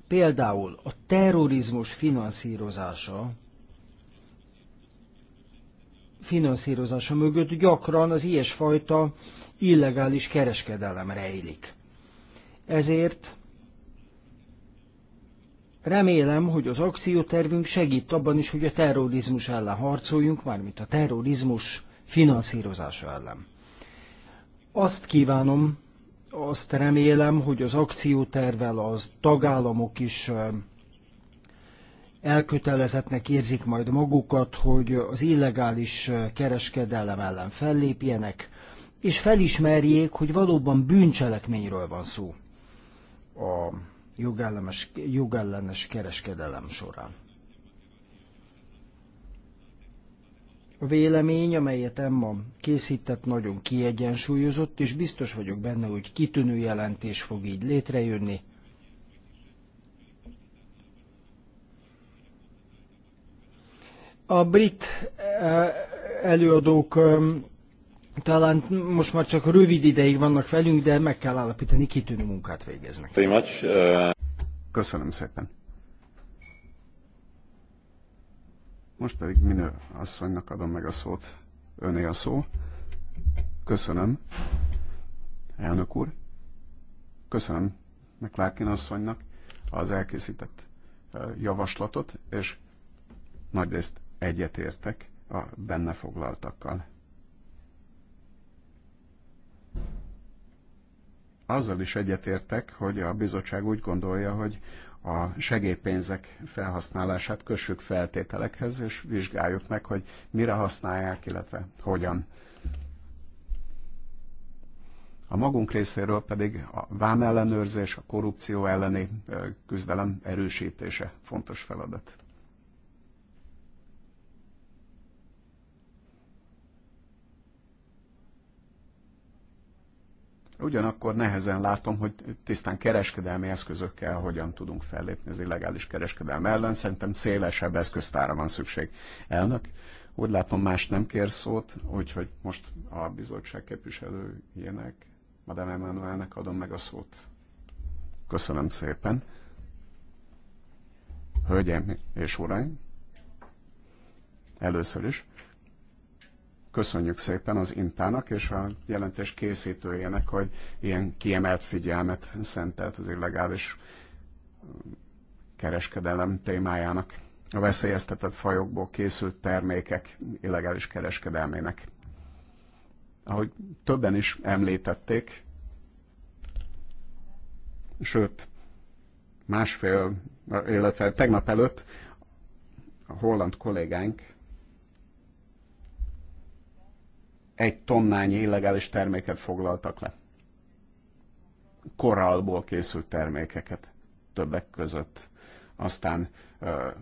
Például a terrorizmus finanszírozása finanszírozása mögött gyakran az ilyesfajta illegális kereskedelem rejlik. Ezért remélem, hogy az akciótervünk segít abban is, hogy a terrorizmus ellen harcoljunk, mármint a terrorizmus finanszírozása ellen. Azt kívánom, azt remélem, hogy az akciótervel az tagállamok is elkötelezettnek érzik majd magukat, hogy az illegális kereskedelem ellen fellépjenek, és felismerjék, hogy valóban bűncselekményről van szó a jogellenes, jogellenes kereskedelem során. A vélemény, amelyet Emma készített, nagyon kiegyensúlyozott, és biztos vagyok benne, hogy kitűnő jelentés fog így létrejönni, A brit eh, előadók eh, talán most már csak rövid ideig vannak velünk, de meg kell állapítani, kitűnő munkát végeznek. Eh. Köszönöm szépen. Most pedig Minő asszonynak adom meg a szót. Öné a szó. Köszönöm, elnök úr. Köszönöm McLarkin asszonynak az elkészített javaslatot, és nagyrészt egyetértek a benne foglaltakkal. Azzal is egyetértek, hogy a bizottság úgy gondolja, hogy a segélypénzek felhasználását kössük feltételekhez, és vizsgáljuk meg, hogy mire használják, illetve hogyan. A magunk részéről pedig a vámellenőrzés, a korrupció elleni küzdelem erősítése fontos feladat. Ugyanakkor nehezen látom, hogy tisztán kereskedelmi eszközökkel hogyan tudunk fellépni az illegális kereskedelm ellen. Szerintem szélesebb eszköztára van szükség. Elnök, úgy látom más nem kér szót, úgyhogy most a bizottság képviselőjének, Madame Emmanuelnek adom meg a szót. Köszönöm szépen. Hölgyeim és uraim, először is Köszönjük szépen az Intának és a jelentés készítőjének, hogy ilyen kiemelt figyelmet szentelt az illegális um, kereskedelem témájának. A veszélyeztetett fajokból készült termékek illegális kereskedelmének. Ahogy többen is említették, sőt, másfél, illetve tegnap előtt a holland kollégánk egy tonnányi illegális terméket foglaltak le. Korallból készült termékeket többek között. Aztán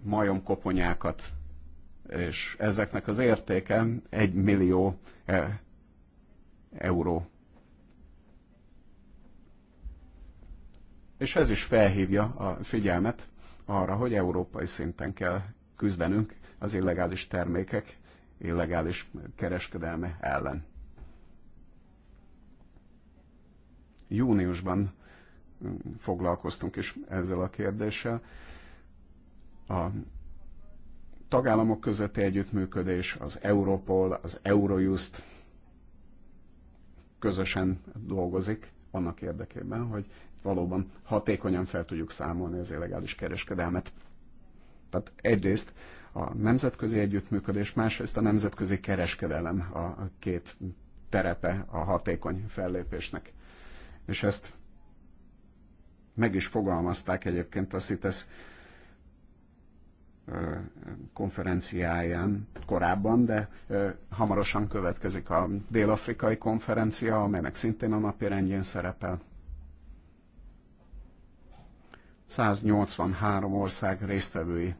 majomkoponyákat, és ezeknek az értéke egy millió euró. És ez is felhívja a figyelmet arra, hogy európai szinten kell küzdenünk az illegális termékek illegális kereskedelme ellen. Júniusban mm, foglalkoztunk is ezzel a kérdéssel. A tagállamok közötti együttműködés, az Europol, az Eurojust közösen dolgozik annak érdekében, hogy valóban hatékonyan fel tudjuk számolni az illegális kereskedelmet. Tehát egyrészt a nemzetközi együttműködés, másrészt a nemzetközi kereskedelem a két terepe a hatékony fellépésnek. És ezt meg is fogalmazták egyébként a CITES konferenciáján korábban, de hamarosan következik a dél-afrikai konferencia, amelynek szintén a napi rendjén szerepel. 183 ország résztvevői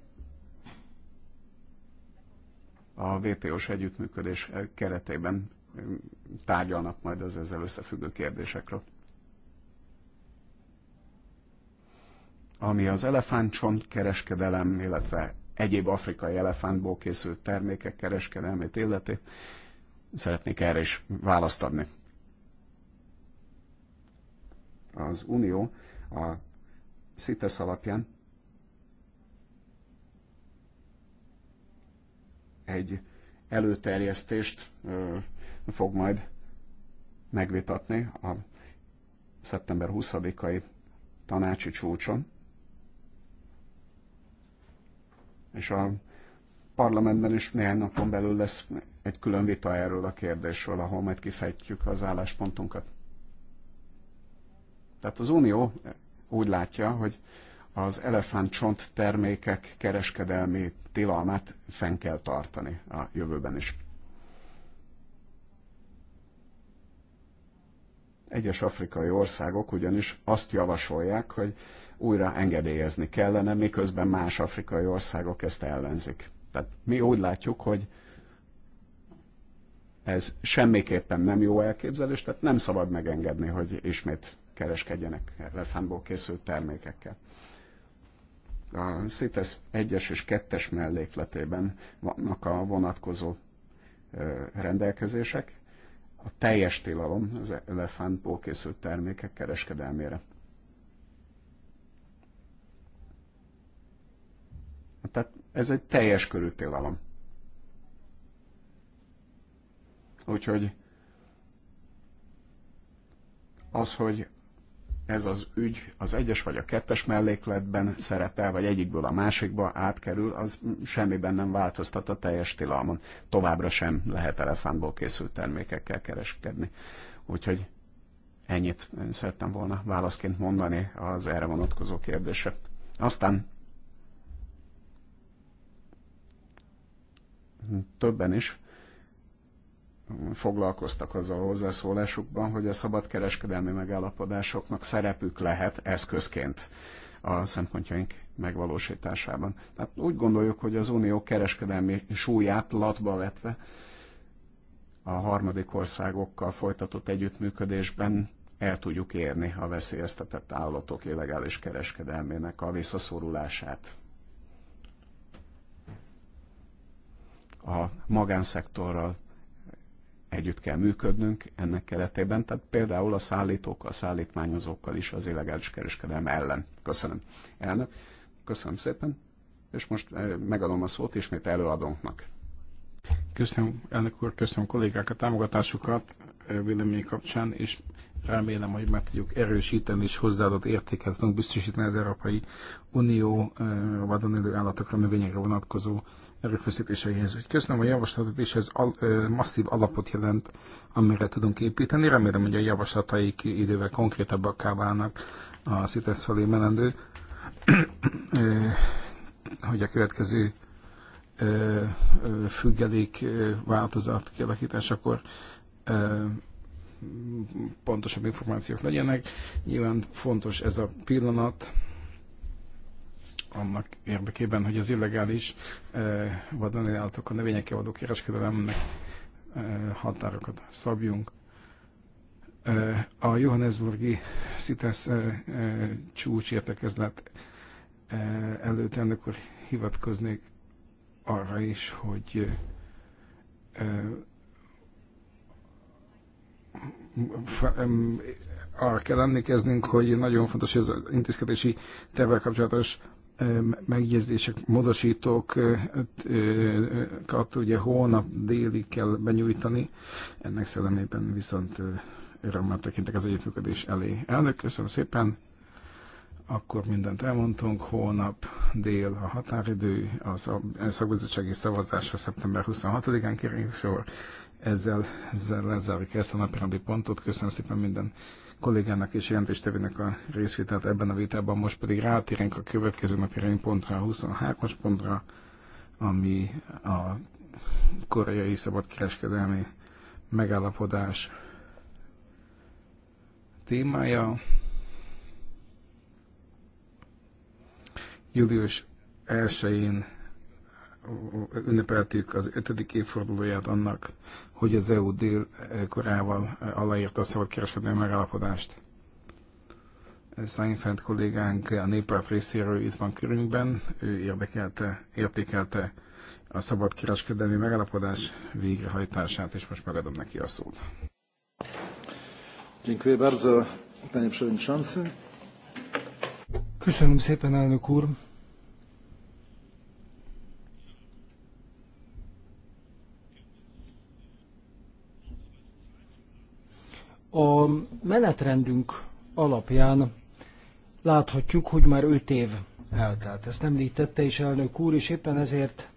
a vto s együttműködés keretében um, tárgyalnak majd az ezzel összefüggő kérdésekről. Ami az elefántcsont kereskedelem, illetve egyéb afrikai elefántból készült termékek kereskedelmét illeti, szeretnék erre is választ adni. Az Unió a CITES alapján egy előterjesztést fog majd megvitatni a szeptember 20-ai tanácsi csúcson. És a parlamentben is néhány napon belül lesz egy külön vita erről a kérdésről, ahol majd kifejtjük az álláspontunkat. Tehát az Unió úgy látja, hogy az elefántcsont termékek kereskedelmi tilalmát fenn kell tartani a jövőben is. Egyes afrikai országok ugyanis azt javasolják, hogy újra engedélyezni kellene, miközben más afrikai országok ezt ellenzik. Tehát mi úgy látjuk, hogy ez semmiképpen nem jó elképzelés, tehát nem szabad megengedni, hogy ismét kereskedjenek elefántból készült termékekkel a CITES 1-es és 2-es mellékletében vannak a vonatkozó rendelkezések, a teljes tilalom az elefántból készült termékek kereskedelmére. Tehát ez egy teljes körű tilalom. Úgyhogy az, hogy ez az ügy az egyes vagy a kettes mellékletben szerepel, vagy egyikből a másikba átkerül, az semmiben nem változtat a teljes tilalmon. Továbbra sem lehet elefántból készült termékekkel kereskedni. Úgyhogy ennyit szerettem volna válaszként mondani az erre vonatkozó kérdése. Aztán többen is foglalkoztak azzal a hozzászólásukban, hogy a szabadkereskedelmi megállapodásoknak szerepük lehet eszközként a szempontjaink megvalósításában. Hát úgy gondoljuk, hogy az unió kereskedelmi súlyát latba vetve a harmadik országokkal folytatott együttműködésben el tudjuk érni a veszélyeztetett állatok illegális kereskedelmének a visszaszorulását. A magánszektorral együtt kell működnünk ennek keretében, tehát például a szállítókkal, szállítmányozókkal is az illegális kereskedelem ellen. Köszönöm. Elnök, köszönöm szépen, és most eh, megadom a szót ismét előadónknak. Köszönöm, elnök úr, köszönöm kollégák a támogatásukat eh, vélemény kapcsán, és remélem, hogy meg tudjuk erősíteni és hozzáadott értéket tudunk biztosítani az Európai Unió eh, vadon élő állatokra, növényekre vonatkozó erőfeszítéseihez. Köszönöm a javaslatot, és ez al, ö, masszív alapot jelent, amire tudunk építeni. Remélem, hogy a javaslataik idővel konkrétabbakká válnak a CITES felé menendő, hogy a következő ö, ö, függelék ö, változat kialakításakor ö, pontosabb információk legyenek. Nyilván fontos ez a pillanat, annak érdekében, hogy az illegális eh, vadon állatok a növényekkel való kereskedelemnek eh, határokat szabjunk. Eh, a Johannesburgi CITES csúcs értekezlet előtt ennek úr hivatkoznék arra is, hogy arra kell emlékeznünk, hogy nagyon fontos, hogy az intézkedési tervvel kapcsolatos megjegyzések, módosítókat ugye hónap délig kell benyújtani, ennek szellemében viszont örömmel tekintek az együttműködés elé. Elnök, köszönöm szépen! Akkor mindent elmondtunk, hónap dél a határidő, a szakbizottsági szavazásra szeptember 26-án kerül sor. Ezzel, ezzel lezárjuk ezt a napirendi pontot. Köszönöm szépen minden kollégának és jelentéstevének a részvételt ebben a vitában. Most pedig rátérünk a következő napi pontra, a 23-as pontra, ami a koreai szabadkereskedelmi megállapodás témája. Július 1-én ünnepeltük az ötödik évfordulóját annak, hogy az EU dél-korával e, e, aláírta a szabadkereskedelmi megállapodást. Seinfeld kollégánk a néppárt részéről itt van körünkben, ő érdekelte, értékelte a szabadkereskedelmi megállapodás végrehajtását, és most megadom neki a szót. Köszönöm szépen, elnök úr. A menetrendünk alapján láthatjuk, hogy már öt év eltelt. Ezt említette is elnök úr, és éppen ezért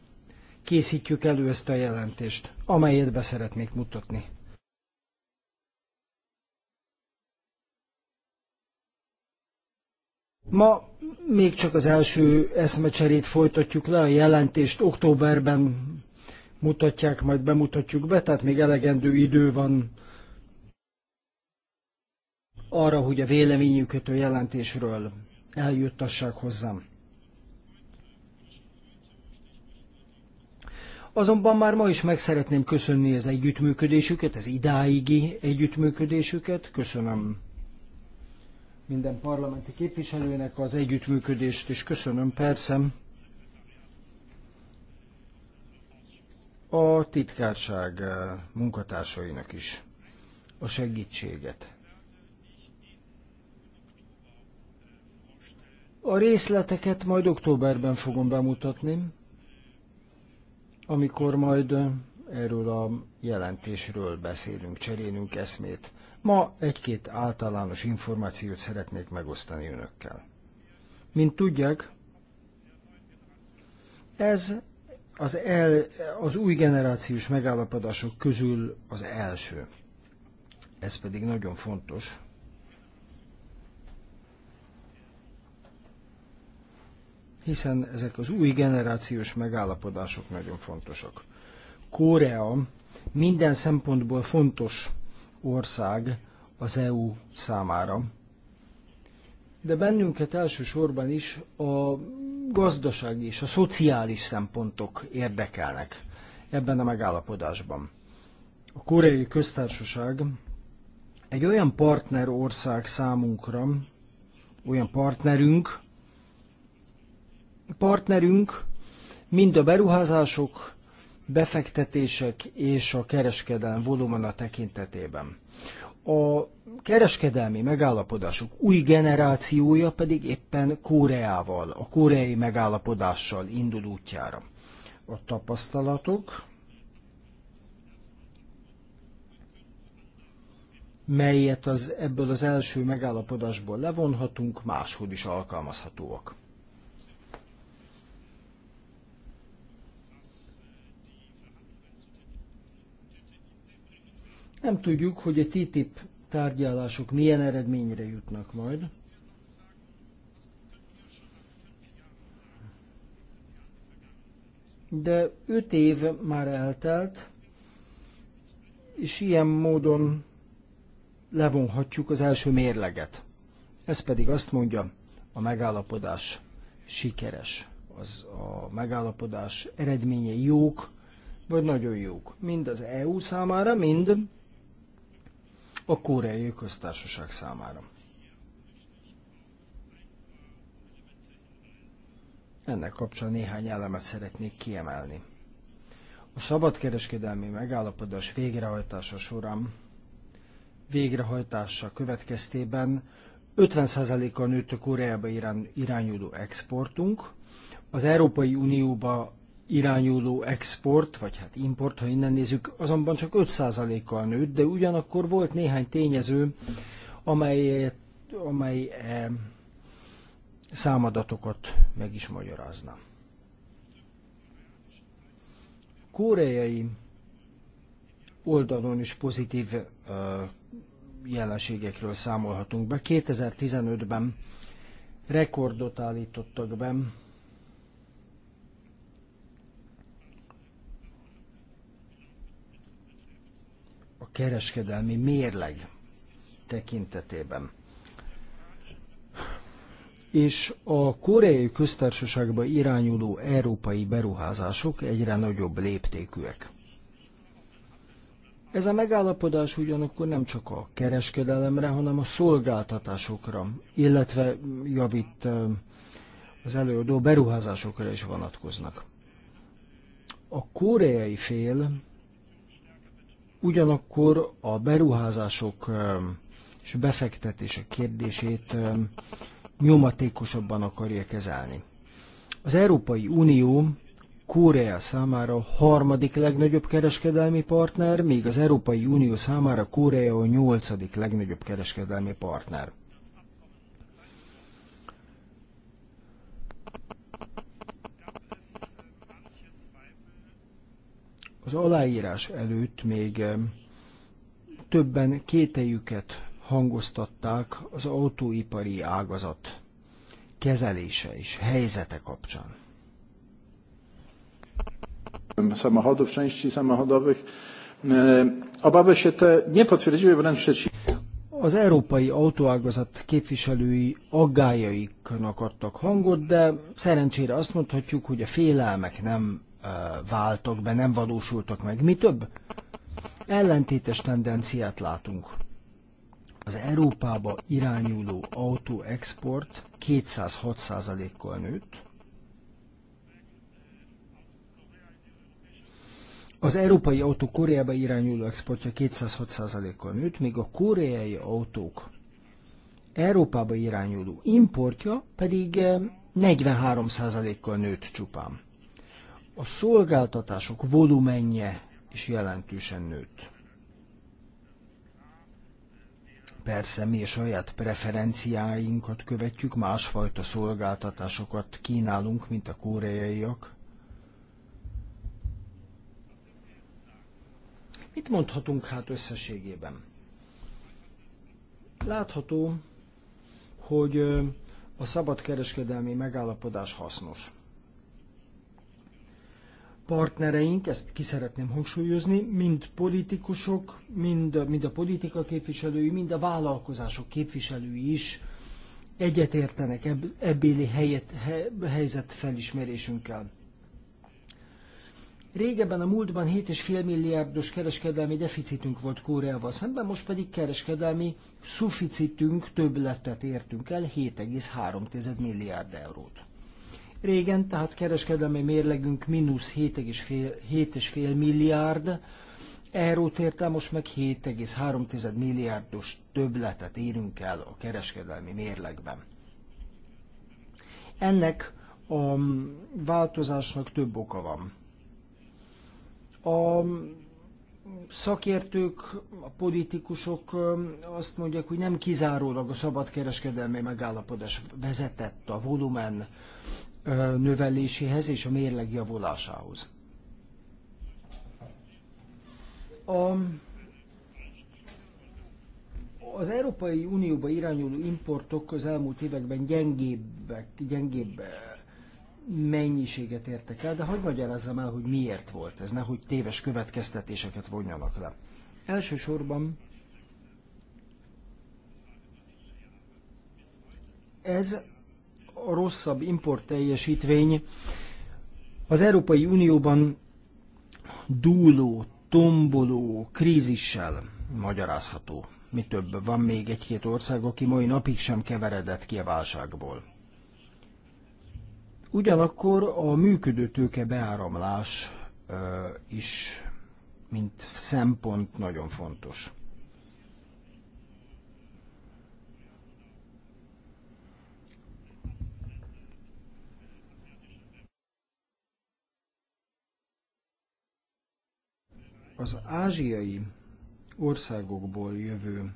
készítjük elő ezt a jelentést, amelyet be szeretnék mutatni. Ma még csak az első eszmecserét folytatjuk le, a jelentést októberben mutatják, majd bemutatjuk be, tehát még elegendő idő van arra, hogy a véleményüket a jelentésről eljuttassák hozzám. Azonban már ma is meg szeretném köszönni az együttműködésüket, az idáigi együttműködésüket. Köszönöm minden parlamenti képviselőnek az együttműködést, és köszönöm persze a titkárság munkatársainak is a segítséget. A részleteket majd októberben fogom bemutatni, amikor majd erről a jelentésről beszélünk, cserélünk eszmét. Ma egy-két általános információt szeretnék megosztani önökkel. Mint tudják, ez az, el, az új generációs megállapodások közül az első. Ez pedig nagyon fontos, hiszen ezek az új generációs megállapodások nagyon fontosak. Korea minden szempontból fontos ország az EU számára, de bennünket elsősorban is a gazdasági és a szociális szempontok érdekelnek ebben a megállapodásban. A koreai köztársaság egy olyan partner ország számunkra, olyan partnerünk, partnerünk, mind a beruházások, befektetések és a kereskedelm a tekintetében. A kereskedelmi megállapodások új generációja pedig éppen Koreával, a koreai megállapodással indul útjára. A tapasztalatok, melyet az, ebből az első megállapodásból levonhatunk, máshol is alkalmazhatóak. Nem tudjuk, hogy a TTIP tárgyalások milyen eredményre jutnak majd. De öt év már eltelt, és ilyen módon levonhatjuk az első mérleget. Ez pedig azt mondja, a megállapodás sikeres, az a megállapodás eredményei jók, vagy nagyon jók, mind az EU számára, mind a koreai köztársaság számára. Ennek kapcsán néhány elemet szeretnék kiemelni. A szabadkereskedelmi megállapodás végrehajtása során végrehajtása következtében 50%-kal nőtt a Koreába irányuló exportunk, az Európai Unióba irányuló export, vagy hát import, ha innen nézzük, azonban csak 5%-kal nőtt, de ugyanakkor volt néhány tényező, amely, amely eh, számadatokat meg is magyarázna. Koreai oldalon is pozitív eh, jelenségekről számolhatunk be. 2015-ben rekordot állítottak be a kereskedelmi mérleg tekintetében. És a koreai köztársaságba irányuló európai beruházások egyre nagyobb léptékűek. Ez a megállapodás ugyanakkor nem csak a kereskedelemre, hanem a szolgáltatásokra, illetve javít az előadó beruházásokra is vonatkoznak. A koreai fél Ugyanakkor a beruházások és befektetések kérdését nyomatékosabban akarja kezelni. Az Európai Unió Kórea számára a harmadik legnagyobb kereskedelmi partner, míg az Európai Unió számára Kórea a nyolcadik legnagyobb kereskedelmi partner. Az aláírás előtt még többen kételjüket hangoztatták az autóipari ágazat kezelése és helyzete kapcsán. E, az európai autóágazat képviselői aggájaiknak adtak hangot, de szerencsére azt mondhatjuk, hogy a félelmek nem váltak be, nem valósultak meg. Mi több, ellentétes tendenciát látunk. Az Európába irányuló autóexport 206%-kal nőtt, Az európai autó Koreába irányuló exportja 206%-kal nőtt, míg a koreai autók Európába irányuló importja pedig 43%-kal nőtt csupán a szolgáltatások volumenje is jelentősen nőtt. Persze mi a saját preferenciáinkat követjük, másfajta szolgáltatásokat kínálunk, mint a koreaiak. Mit mondhatunk hát összességében? Látható, hogy a szabadkereskedelmi megállapodás hasznos partnereink, ezt ki szeretném hangsúlyozni, mind politikusok, mind, mind a politika képviselői, mind a vállalkozások képviselői is egyetértenek eb- ebbéli helyet, he, helyzet felismerésünkkel. Régebben a múltban 7,5 milliárdos kereskedelmi deficitünk volt Kóreával szemben, most pedig kereskedelmi szuficitünk többletet értünk el, 7,3 milliárd eurót. Régen tehát kereskedelmi mérlegünk mínusz 7,5 milliárd, eurót értem, most meg 7,3 milliárdos többletet érünk el a kereskedelmi mérlegben. Ennek a változásnak több oka van. A szakértők, a politikusok azt mondják, hogy nem kizárólag a szabadkereskedelmi megállapodás vezetett a volumen növeléséhez és a mérleg javulásához. A, az Európai Unióba irányuló importok az elmúlt években gyengébbek, gyengébb mennyiséget értek el, de hogy magyarázzam el, hogy miért volt ez, nehogy téves következtetéseket vonjanak le. Elsősorban ez a rosszabb import teljesítvény az Európai Unióban dúló, tomboló krízissel magyarázható. Mi több, van még egy-két ország, aki mai napig sem keveredett ki a válságból. Ugyanakkor a működő tőke beáramlás ö, is, mint szempont nagyon fontos. az ázsiai országokból jövő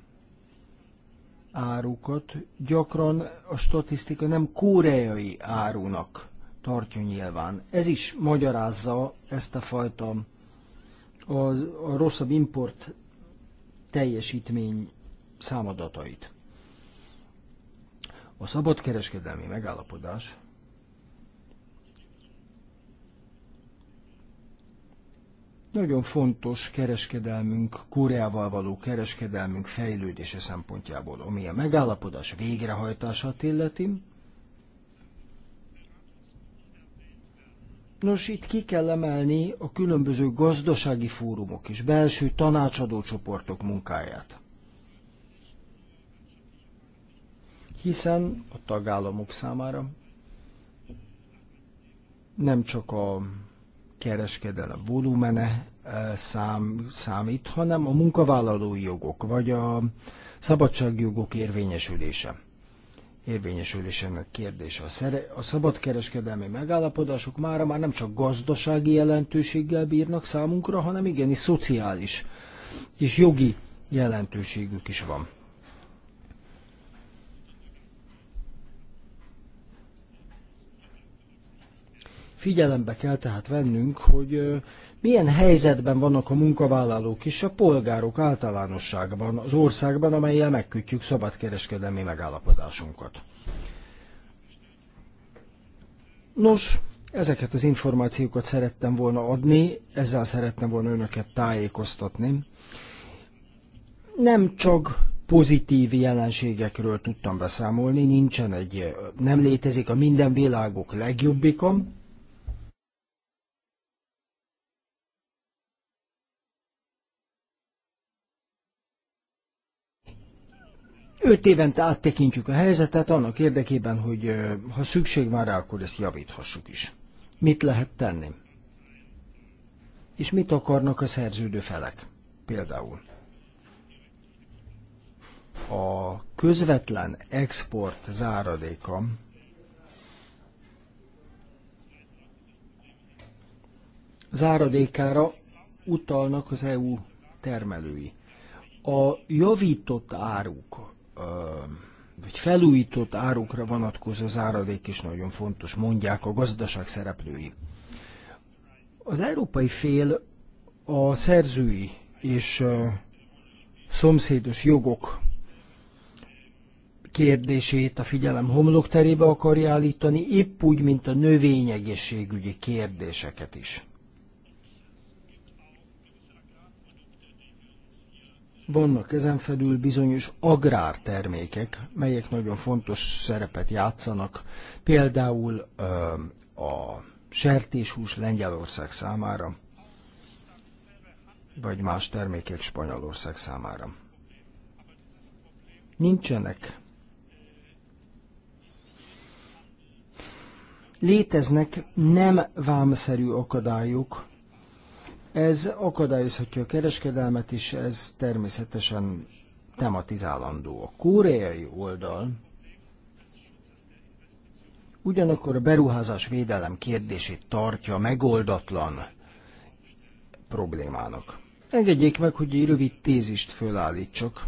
árukat gyakran a statisztika nem koreai árunak tartja nyilván. Ez is magyarázza ezt a fajta az, a rosszabb import teljesítmény számadatait. A szabadkereskedelmi megállapodás Nagyon fontos kereskedelmünk, Koreával való kereskedelmünk fejlődése szempontjából, ami a megállapodás végrehajtását illeti. Nos, itt ki kell emelni a különböző gazdasági fórumok és belső tanácsadó csoportok munkáját. Hiszen a tagállamok számára nem csak a kereskedelem volumene eh, szám, számít, hanem a munkavállalói jogok, vagy a szabadságjogok érvényesülése. Érvényesülésének kérdése. A, szere, a szabadkereskedelmi megállapodások mára már nem csak gazdasági jelentőséggel bírnak számunkra, hanem igenis szociális és jogi jelentőségük is van. Figyelembe kell tehát vennünk, hogy milyen helyzetben vannak a munkavállalók és a polgárok általánosságban az országban, amelyel megkötjük szabadkereskedelmi megállapodásunkat. Nos, ezeket az információkat szerettem volna adni, ezzel szerettem volna önöket tájékoztatni. Nem csak pozitív jelenségekről tudtam beszámolni, nincsen egy, nem létezik a minden világok legjobbika, öt évente áttekintjük a helyzetet annak érdekében, hogy ha szükség van rá, akkor ezt javíthassuk is. Mit lehet tenni? És mit akarnak a szerződő felek? Például a közvetlen export záradéka záradékára utalnak az EU termelői. A javított áruk vagy felújított árukra vonatkozó záradék is nagyon fontos, mondják a gazdaság szereplői. Az európai fél a szerzői és szomszédos jogok kérdését a figyelem homlok terébe akarja állítani, épp úgy, mint a növényegészségügyi kérdéseket is. Vannak ezen felül bizonyos agrártermékek, melyek nagyon fontos szerepet játszanak, például a sertéshús Lengyelország számára, vagy más termékek Spanyolország számára. Nincsenek. Léteznek nem vámszerű akadályok, ez akadályozhatja a kereskedelmet, is ez természetesen tematizálandó. A koreai oldal ugyanakkor a beruházás védelem kérdését tartja megoldatlan problémának. Engedjék meg, hogy egy rövid tézist fölállítsak,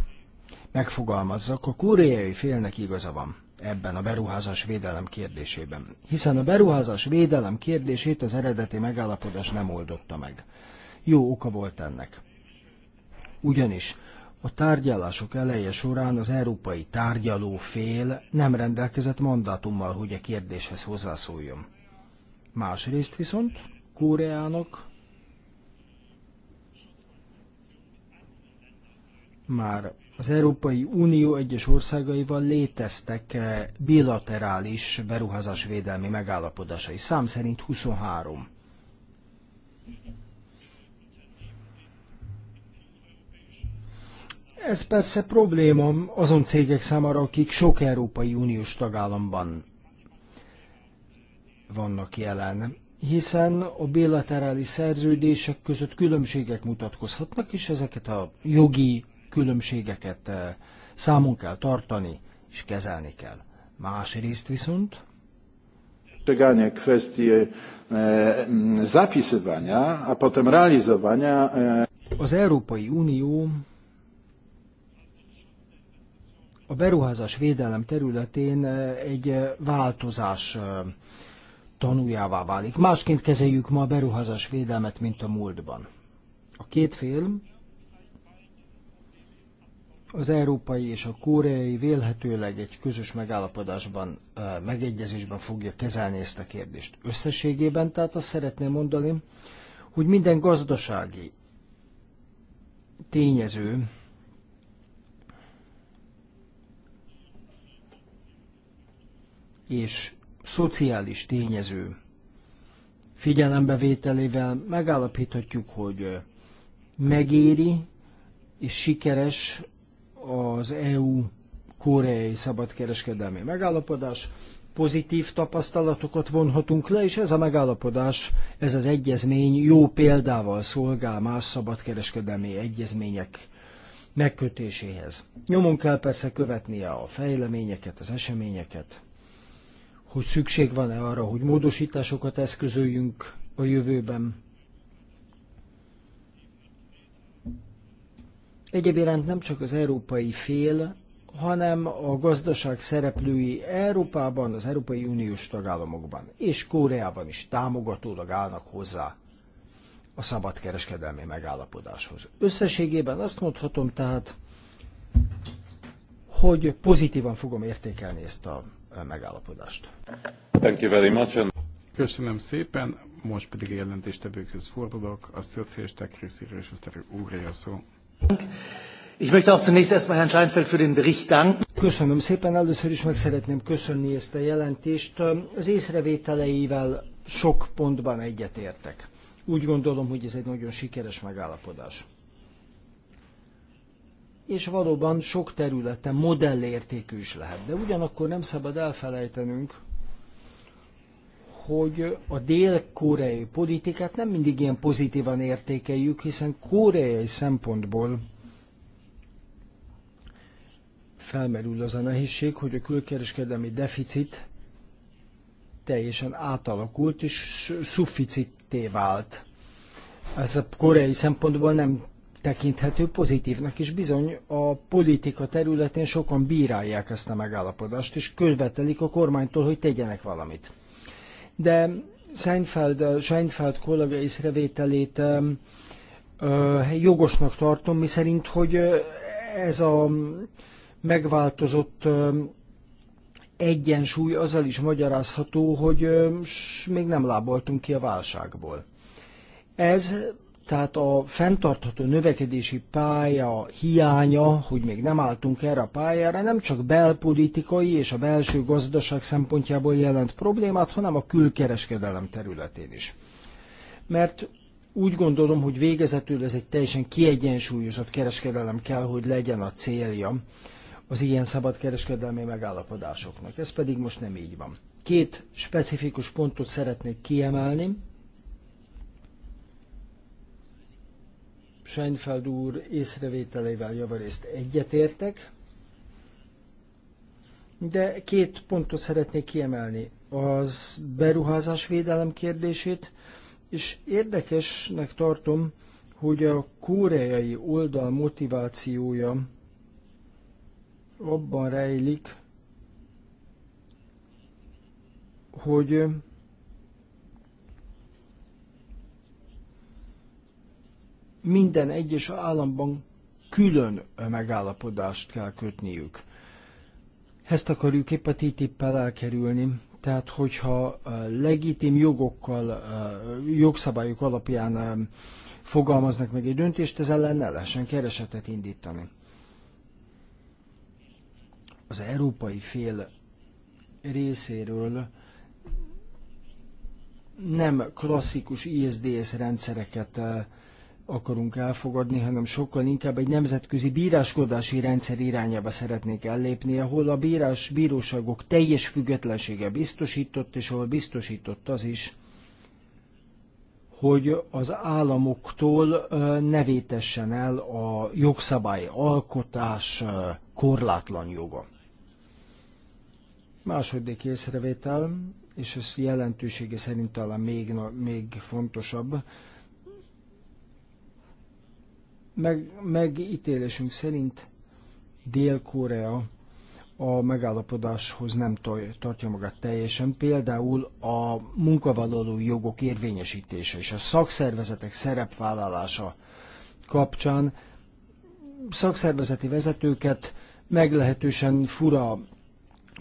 megfogalmazzak, a koreai félnek igaza van ebben a beruházás védelem kérdésében, hiszen a beruházás védelem kérdését az eredeti megállapodás nem oldotta meg. Jó oka volt ennek. Ugyanis a tárgyalások eleje során az európai tárgyaló fél nem rendelkezett mandátummal, hogy a kérdéshez hozzászóljon. Másrészt viszont Koreának már az Európai Unió egyes országaival léteztek eh, bilaterális beruházásvédelmi megállapodásai, szám szerint 23. Ez persze probléma azon cégek számára, akik sok Európai Uniós tagállamban vannak jelen, hiszen a bilaterális szerződések között különbségek mutatkozhatnak, és ezeket a jogi különbségeket eh, számon kell tartani, és kezelni kell. Másrészt viszont przestrzeganie kwestii eh, mm, zapisywania, a potem realizowania. Eh, Az Európai Unió a beruházás védelem területén eh, egy eh, változás eh, tanuljává válik. Másként kezeljük ma a beruházás védelmet, mint a múltban. A két fél, az európai és a koreai vélhetőleg egy közös megállapodásban, megegyezésben fogja kezelni ezt a kérdést. Összességében tehát azt szeretném mondani, hogy minden gazdasági tényező, és szociális tényező figyelembevételével megállapíthatjuk, hogy megéri és sikeres az EU-koreai szabadkereskedelmi megállapodás, pozitív tapasztalatokat vonhatunk le, és ez a megállapodás, ez az egyezmény jó példával szolgál más szabadkereskedelmi egyezmények megkötéséhez. Nyomon kell persze követnie a fejleményeket, az eseményeket hogy szükség van-e arra, hogy módosításokat eszközöljünk a jövőben. Egyéb nem csak az európai fél, hanem a gazdaság szereplői Európában, az Európai Uniós tagállamokban és Koreában is támogatólag állnak hozzá a szabadkereskedelmi megállapodáshoz. Összességében azt mondhatom tehát, hogy pozitívan fogom értékelni ezt a megállapodást. Thank you very much. Köszönöm szépen, most pedig a jelentéstevőkhöz fordulok, a szocialisták részéről és aztán úrja szó. Ich möchte auch zunächst erstmal Herrn Scheinfeld für den Bericht danken. Köszönöm szépen, először is meg szeretném köszönni ezt a jelentést. Az észrevételeivel sok pontban egyetértek. Úgy gondolom, hogy ez egy nagyon sikeres megállapodás és valóban sok területen modellértékű is lehet. De ugyanakkor nem szabad elfelejtenünk, hogy a dél-koreai politikát nem mindig ilyen pozitívan értékeljük, hiszen koreai szempontból felmerül az a nehézség, hogy a külkereskedelmi deficit teljesen átalakult és szufficitté vált. Ez a koreai szempontból nem tekinthető pozitívnak, és bizony a politika területén sokan bírálják ezt a megállapodást, és követelik a kormánytól, hogy tegyenek valamit. De Seinfeld, Seinfeld kollega észrevételét um, uh, jogosnak tartom, miszerint, hogy uh, ez a megváltozott um, egyensúly azzal is magyarázható, hogy um, még nem láboltunk ki a válságból. Ez tehát a fenntartható növekedési pálya hiánya, hogy még nem álltunk erre a pályára, nem csak belpolitikai és a belső gazdaság szempontjából jelent problémát, hanem a külkereskedelem területén is. Mert úgy gondolom, hogy végezetül ez egy teljesen kiegyensúlyozott kereskedelem kell, hogy legyen a célja az ilyen szabadkereskedelmi megállapodásoknak. Ez pedig most nem így van. Két specifikus pontot szeretnék kiemelni, Seinfeld úr észrevételeivel javarészt egyetértek, de két pontot szeretnék kiemelni. Az beruházás védelem kérdését, és érdekesnek tartom, hogy a koreai oldal motivációja abban rejlik, hogy minden egyes államban külön megállapodást kell kötniük. Ezt akarjuk épp a TTIP-pel elkerülni, tehát hogyha legitim jogokkal, jogszabályok alapján fogalmaznak meg egy döntést, ez ellen ne lehessen keresetet indítani. Az európai fél részéről nem klasszikus ISDS rendszereket akarunk elfogadni, hanem sokkal inkább egy nemzetközi bíráskodási rendszer irányába szeretnék ellépni, ahol a bírás bíróságok teljes függetlensége biztosított, és ahol biztosított az is, hogy az államoktól ne vétessen el a jogszabály alkotás korlátlan joga. Második észrevétel, és ez jelentősége szerint talán még, még fontosabb, meg, megítélésünk szerint Dél-Korea a megállapodáshoz nem tartja magát teljesen, például a munkavállaló jogok érvényesítése és a szakszervezetek szerepvállalása kapcsán szakszervezeti vezetőket meglehetősen fura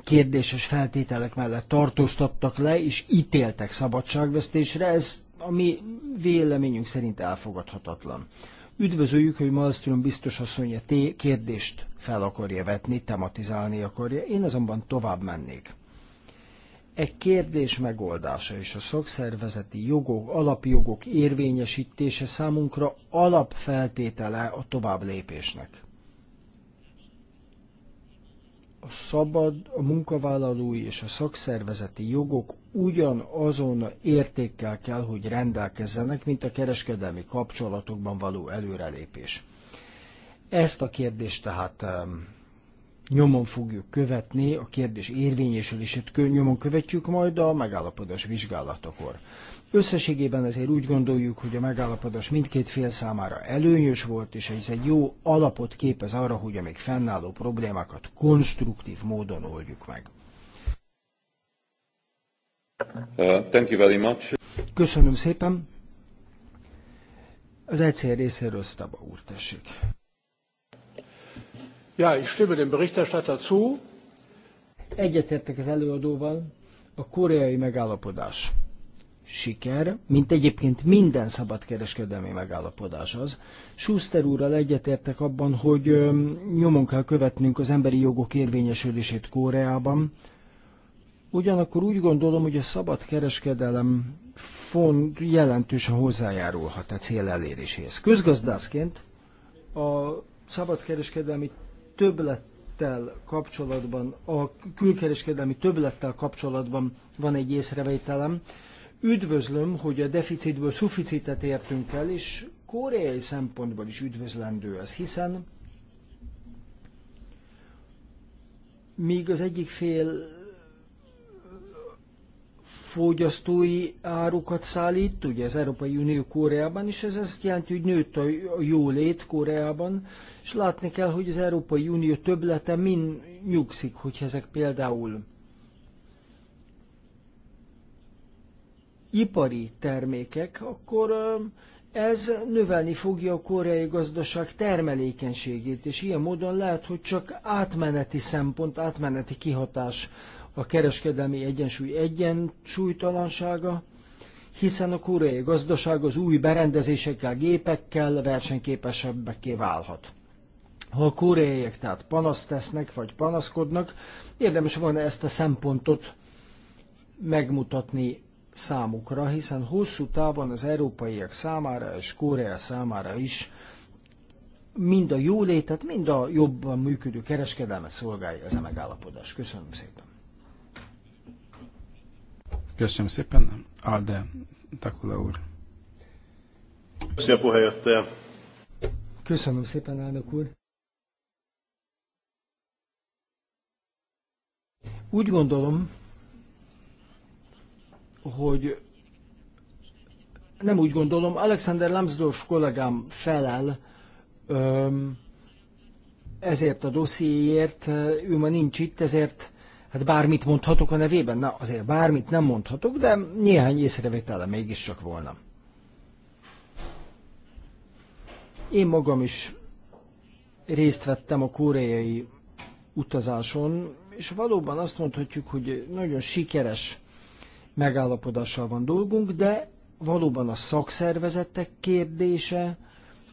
kérdéses feltételek mellett tartóztattak le és ítéltek szabadságvesztésre, ez a mi véleményünk szerint elfogadhatatlan. Üdvözöljük, hogy Malmström biztos asszony a kérdést fel akarja vetni, tematizálni akarja, én azonban tovább mennék. E kérdés megoldása és a szakszervezeti jogok, alapjogok érvényesítése számunkra alapfeltétele a tovább lépésnek a szabad, a munkavállalói és a szakszervezeti jogok ugyanazon értékkel kell, hogy rendelkezzenek, mint a kereskedelmi kapcsolatokban való előrelépés. Ezt a kérdést tehát nyomon fogjuk követni, a kérdés érvényesülését nyomon követjük majd a megállapodás vizsgálatakor. Összességében ezért úgy gondoljuk, hogy a megállapodás mindkét fél számára előnyös volt, és ez egy jó alapot képez arra, hogy a még fennálló problémákat konstruktív módon oldjuk meg. Uh, thank you very much. Köszönöm szépen. Az egyszer részéről Sztaba úr, tessék. Ja, ich stimme dem Berichterstatter zu. Egyetértek az előadóval, a koreai megállapodás siker, mint egyébként minden szabadkereskedelmi megállapodás az. Schuster úrral egyetértek abban, hogy nyomon kell követnünk az emberi jogok érvényesülését Koreában. Ugyanakkor úgy gondolom, hogy a szabadkereskedelem font jelentősen hozzájárulhat a cél eléréséhez. Közgazdászként a szabadkereskedelmi többlet kapcsolatban, a külkereskedelmi többlettel kapcsolatban van egy észrevételem. Üdvözlöm, hogy a deficitből szuficitet értünk el, és koreai szempontból is üdvözlendő ez, hiszen míg az egyik fél fogyasztói árukat szállít, ugye az Európai Unió Koreában, és ez azt jelenti, hogy nőtt a jólét Koreában, és látni kell, hogy az Európai Unió többlete min nyugszik, hogy ezek például ipari termékek, akkor ez növelni fogja a koreai gazdaság termelékenységét, és ilyen módon lehet, hogy csak átmeneti szempont, átmeneti kihatás a kereskedelmi egyensúly egyensúlytalansága, hiszen a koreai gazdaság az új berendezésekkel, gépekkel versenyképesebbeké válhat. Ha a koreaiak tehát panaszt tesznek, vagy panaszkodnak, érdemes volna ezt a szempontot megmutatni számukra, hiszen hosszú távon az európaiak számára és Korea számára is mind a jólétet, mind a jobban működő kereskedelmet szolgálja ez a megállapodás. Köszönöm szépen. Köszönöm szépen. Alde Takula úr. Köszönöm, Köszönöm szépen, elnök úr. Úgy gondolom, hogy nem úgy gondolom, Alexander Lambsdorff kollégám felel ezért a dossziéért, ő ma nincs itt, ezért hát bármit mondhatok a nevében, na azért bármit nem mondhatok, de néhány észrevétele mégiscsak volna. Én magam is részt vettem a koreai utazáson, és valóban azt mondhatjuk, hogy nagyon sikeres megállapodással van dolgunk, de valóban a szakszervezetek kérdése,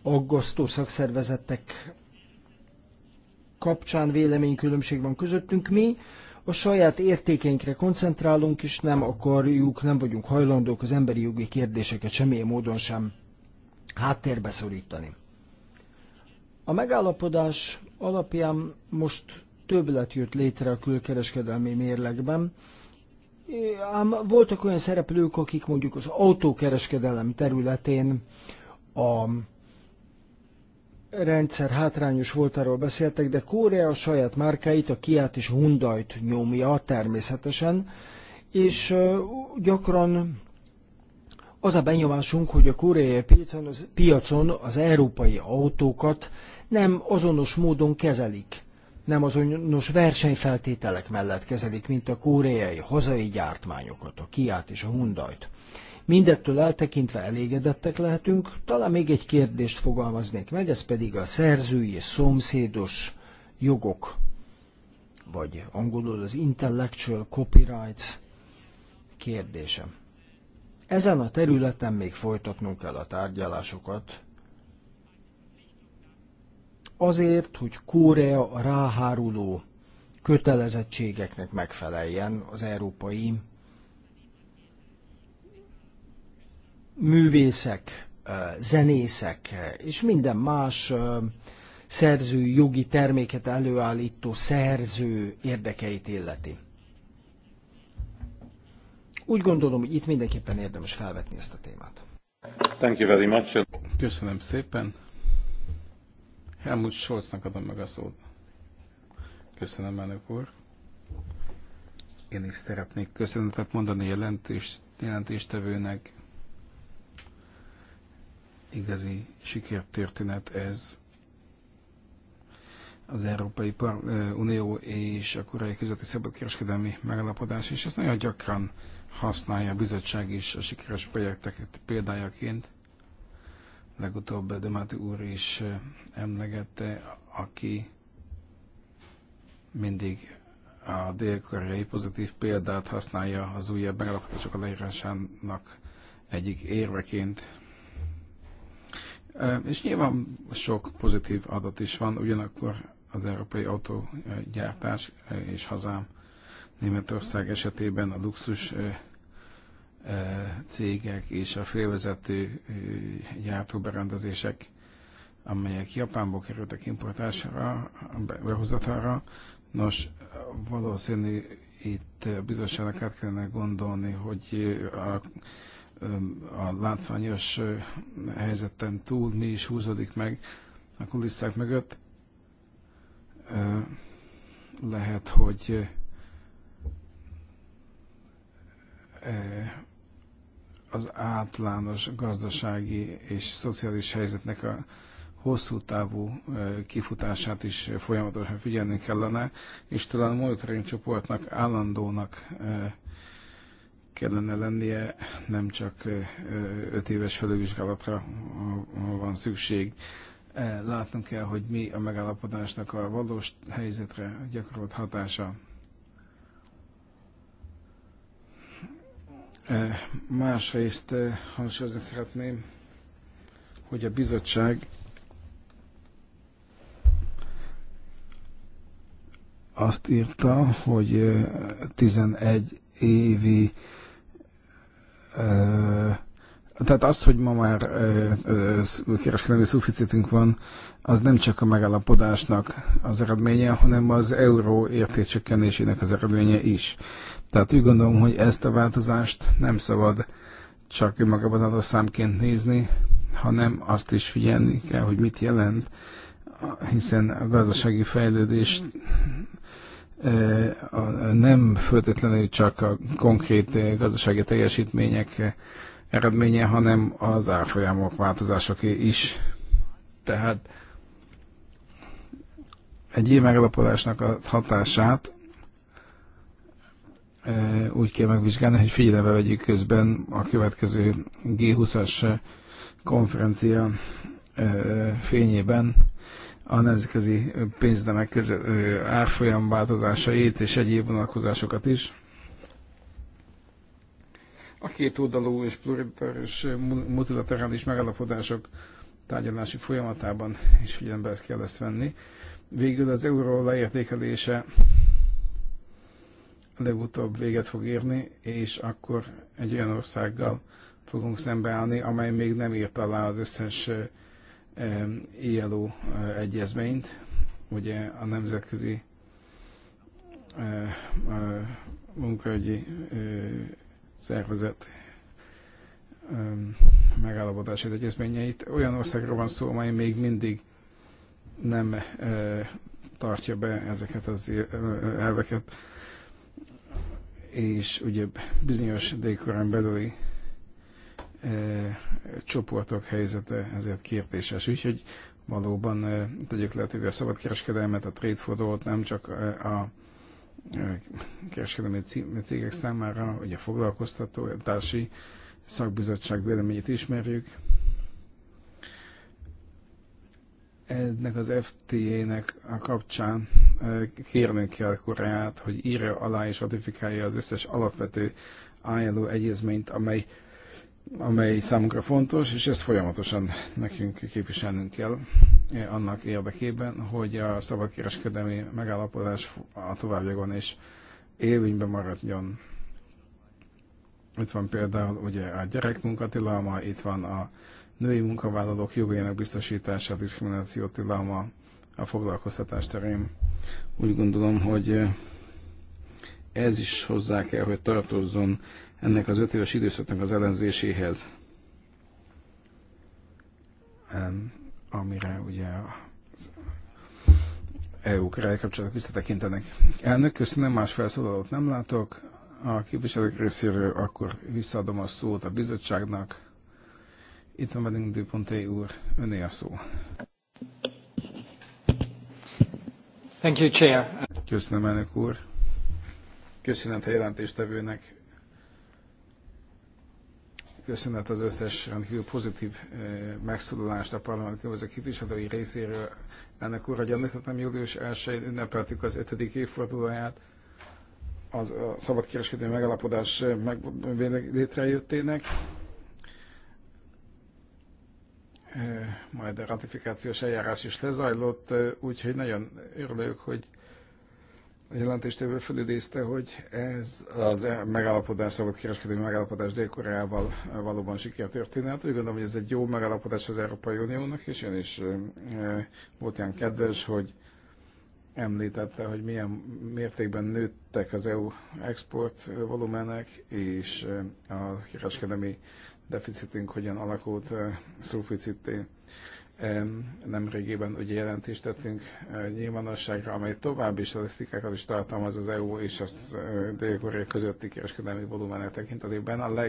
aggasztó szakszervezetek kapcsán véleménykülönbség van közöttünk. Mi a saját értékeinkre koncentrálunk, és nem akarjuk, nem vagyunk hajlandók az emberi jogi kérdéseket semmilyen módon sem háttérbe szorítani. A megállapodás alapján most többlet jött létre a külkereskedelmi mérlegben, ám voltak olyan szereplők, akik mondjuk az autókereskedelem területén a rendszer hátrányos voltáról beszéltek, de Kórea a saját márkáit, a Kiát és Hyundai-t nyomja természetesen, és gyakran az a benyomásunk, hogy a koreai piacon az, piacon az európai autókat nem azonos módon kezelik nem azonos versenyfeltételek mellett kezelik, mint a koreai hazai gyártmányokat, a Kiát és a Hundajt. Mindettől eltekintve elégedettek lehetünk, talán még egy kérdést fogalmaznék meg, ez pedig a szerzői és szomszédos jogok, vagy angolul az intellectual copyrights kérdése. Ezen a területen még folytatnunk kell a tárgyalásokat, azért, hogy Korea ráháruló kötelezettségeknek megfeleljen az európai művészek, zenészek és minden más szerző jogi terméket előállító szerző érdekeit illeti. Úgy gondolom, hogy itt mindenképpen érdemes felvetni ezt a témát. Thank you very much. Köszönöm szépen. Helmut Scholznak adom meg a szót. Köszönöm, elnök úr. Én is szeretnék köszönetet mondani jelentés, jelentéstevőnek. Igazi sikertörténet ez az Európai Par- Unió és a korai közötti szabadkereskedelmi megalapodás, és ezt nagyon gyakran használja a bizottság is a sikeres projektek példájaként legutóbb Demáti úr is emlegette, aki mindig a dél-koreai pozitív példát használja az újabb megállapodások aláírásának egyik érveként. És nyilván sok pozitív adat is van, ugyanakkor az európai autógyártás és hazám Németország esetében a luxus cégek és a félvezető gyártóberendezések, amelyek Japánból kerültek importásra, behozatára. Nos, valószínű itt a bizottságnak át kellene gondolni, hogy a, a látványos helyzeten túl mi is húzódik meg a kulisszák mögött. Lehet, hogy az általános gazdasági és szociális helyzetnek a hosszú távú kifutását is folyamatosan figyelni kellene, és talán a monitoring csoportnak állandónak kellene lennie, nem csak öt éves felülvizsgálatra van szükség. Látnunk kell, hogy mi a megállapodásnak a valós helyzetre gyakorolt hatása. Másrészt hangsúlyozni szeretném, hogy a bizottság azt írta, hogy 11 évi tehát az, hogy ma már kereskedelmi szuficitünk van, az nem csak a megállapodásnak az eredménye, hanem az euró értékcsökkenésének az eredménye is. Tehát úgy gondolom, hogy ezt a változást nem szabad csak önmagában adó számként nézni, hanem azt is figyelni kell, hogy mit jelent, hiszen a gazdasági fejlődés nem föltétlenül csak a konkrét gazdasági teljesítmények eredménye, hanem az árfolyamok változások is. Tehát egy ilyen megalapodásnak a hatását úgy kell megvizsgálni, hogy figyelembe vegyük közben a következő G20-as konferencia fényében a nemzetközi pénznemek árfolyam változásait és egyéb vonatkozásokat is. A két oldalú és pluritáris multilaterális megállapodások tárgyalási folyamatában is figyelembe kell ezt venni. Végül az euró leértékelése legutóbb véget fog érni, és akkor egy olyan országgal fogunk szembeállni, amely még nem írt alá az összes ILO egyezményt, ugye a nemzetközi munkaügyi szervezet megállapodási egyezményeit. Olyan országról van szó, amely még mindig nem tartja be ezeket az elveket és ugye bizonyos dékorán belüli e, csoportok helyzete ezért kérdéses. Úgyhogy valóban e, tegyük lehetővé a szabadkereskedelmet, a trade for nem csak e, a, a e, kereskedelmi cégek számára, ugye foglalkoztató, társi szakbizottság véleményét ismerjük, ennek az FTA-nek a kapcsán kérnünk kell Koreát, hogy írja alá és ratifikálja az összes alapvető ILO egyezményt, amely, amely számunkra fontos, és ezt folyamatosan nekünk képviselnünk kell annak érdekében, hogy a szabadkereskedelmi megállapodás a továbbiakban is élvényben maradjon. Itt van például ugye a gyerekmunkatilalma, itt van a női munkavállalók jogainak biztosítása, diszkrimináció tilalma a foglalkoztatás terén. Úgy gondolom, hogy ez is hozzá kell, hogy tartozzon ennek az öt éves időszaknak az elemzéséhez, amire ugye az EU kapcsolatok visszatekintenek. Elnök, köszönöm, más felszólalót nem látok. A képviselők részéről akkor visszaadom a szót a bizottságnak. Itt van velünk Duponté úr, öné a szó. Thank you, Chair. Köszönöm, elnök úr. Köszönet a jelentéstevőnek. Köszönet az összes rendkívül pozitív eh, megszólalást a parlament különböző képviselői részéről. Ennek úr, hogy említettem, július 1-én ünnepeltük az 5. évfordulóját az a szabadkereskedő megalapodás eh, meg létrejöttének majd a ratifikációs eljárás is lezajlott, úgyhogy nagyon örülök, hogy a jelentéstevő fölidézte, hogy ez az e- megállapodás, szabad kereskedelmi megállapodás dél valóban sikertörténet. Úgy gondolom, hogy ez egy jó megállapodás az Európai Uniónak, és én is volt ilyen kedves, hogy említette, hogy milyen mértékben nőttek az EU export volumenek, és a kereskedelmi deficitünk hogyan alakult Nem Nemrégében ugye jelentést tettünk nyilvánosságra, amely további statisztikákat is tartalmaz az EU és az dél közötti kereskedelmi volumenek tekintetében a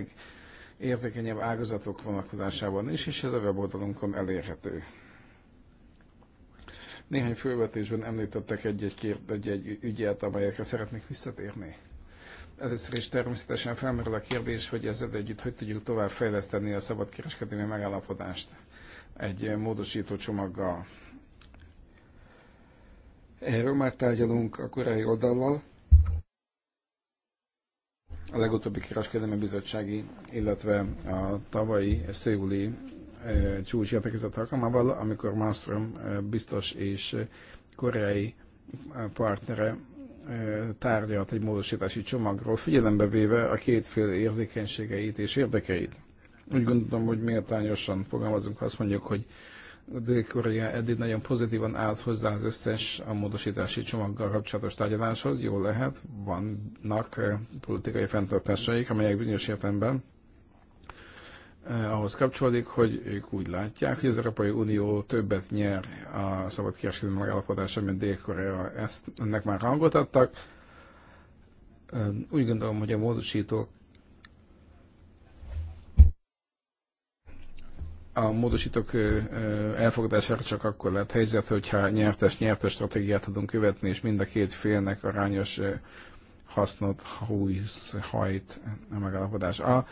legérzékenyebb ágazatok vonatkozásában is, és ez a weboldalunkon elérhető. Néhány fölvetésben említettek egy-egy, kérd, egy-egy ügyet, amelyekre szeretnék visszatérni. Először is természetesen felmerül a kérdés, hogy ezzel együtt hogy tudjuk tovább fejleszteni a szabadkereskedelmi megállapodást egy módosító csomaggal. Erről már tárgyalunk a koreai oldallal. A legutóbbi kereskedelmi bizottsági, illetve a tavalyi széuli e, eh, csúcs értekezett alkalmával, amikor Malmström eh, biztos és eh, koreai partnere tárgyalt egy módosítási csomagról, figyelembe véve a két fél érzékenységeit és érdekeit. Úgy gondolom, hogy méltányosan fogalmazunk, azt mondjuk, hogy Dél-Korea eddig nagyon pozitívan állt hozzá az összes a módosítási csomaggal kapcsolatos tárgyaláshoz, jó lehet, vannak politikai fenntartásaik, amelyek bizonyos értelemben Eh, ahhoz kapcsolódik, hogy ők úgy látják, hogy az Európai Unió többet nyer a kereskedelmi megállapodása, mint Dél-Korea. Ezt ennek már hangot adtak. Úgy gondolom, hogy a módosítók a módosítók eh, eh, elfogadására csak akkor lehet helyzet, hogyha nyertes-nyertes stratégiát tudunk követni, és mind a két félnek arányos hasznot húz, hajt a megállapodás. A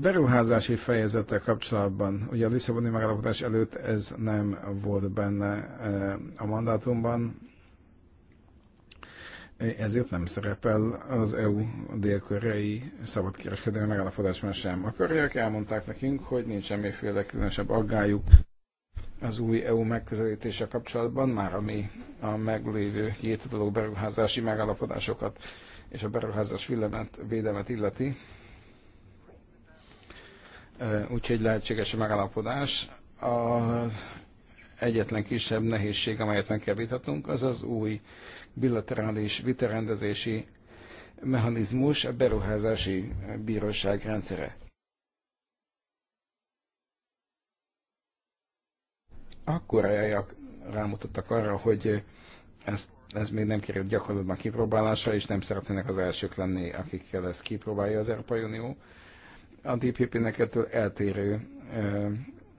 beruházási fejezete kapcsolatban, ugye a Lisszaboni megállapodás előtt ez nem volt benne eh, a mandátumban, ezért nem szerepel az EU délkörei koreai szabadkereskedelmi megállapodásban sem. A koreaiak elmondták nekünk, hogy nincs semmiféle különösebb aggájuk az új EU megközelítése kapcsolatban, már ami a meglévő dolog beruházási megállapodásokat és a beruházás védelmet illeti úgyhogy lehetséges a megállapodás. Az egyetlen kisebb nehézség, amelyet meg kell vitatnunk, az az új bilaterális vitarendezési mechanizmus, a beruházási bíróság rendszere. Akkor rámutattak arra, hogy ez, ez még nem került gyakorlatban kipróbálásra, és nem szeretnének az elsők lenni, akikkel ezt kipróbálja az Európai Unió a DPP-nek ettől eltérő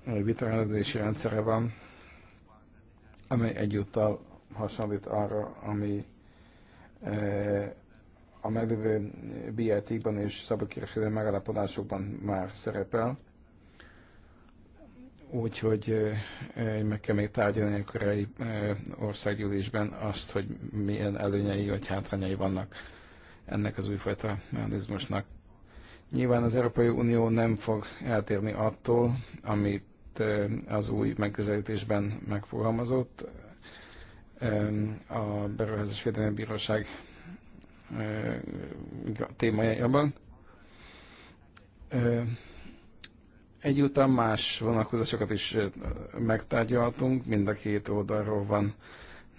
vitelezési rendszere van, amely egyúttal hasonlít arra, ami a meglévő BIT-ban és szabadkereskedelmi megállapodásokban már szerepel. Úgyhogy meg kell még tárgyalni a korai országgyűlésben azt, hogy milyen előnyei vagy hátrányai vannak ennek az újfajta mechanizmusnak. Nyilván az Európai Unió nem fog eltérni attól, amit az új megközelítésben megfogalmazott. A Beruházás Védelmi Bíróság témájában. Egyúttal más vonalkozásokat is megtárgyaltunk, mind a két oldalról van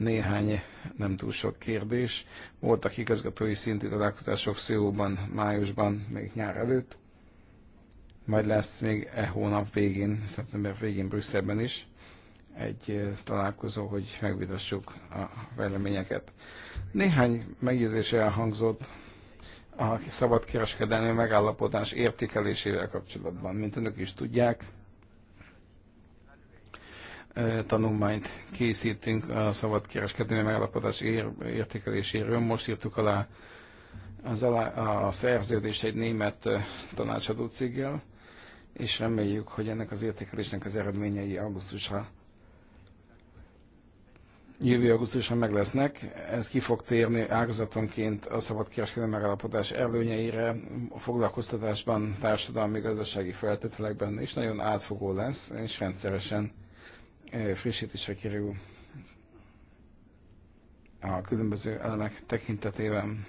néhány, nem túl sok kérdés. Voltak igazgatói szintű találkozások Szióban, májusban, még nyár előtt. Majd lesz még e hónap végén, szeptember végén Brüsszelben is egy eh, találkozó, hogy megvitassuk a véleményeket. Néhány megjegyzés elhangzott a szabadkereskedelmi megállapodás értékelésével kapcsolatban. Mint önök is tudják, tanulmányt készítünk a szabadkereskedelmi megállapodás ér, értékeléséről. Most írtuk alá az alá, a szerződést egy német tanácsadó céggel, és reméljük, hogy ennek az értékelésnek az eredményei augusztusra jövő augusztusra meg lesznek. Ez ki fog térni ágazatonként a kereskedelmi megállapodás előnyeire, a foglalkoztatásban, társadalmi, gazdasági feltételekben, és nagyon átfogó lesz, és rendszeresen Eh, frissítésre kerül a különböző elemek tekintetében.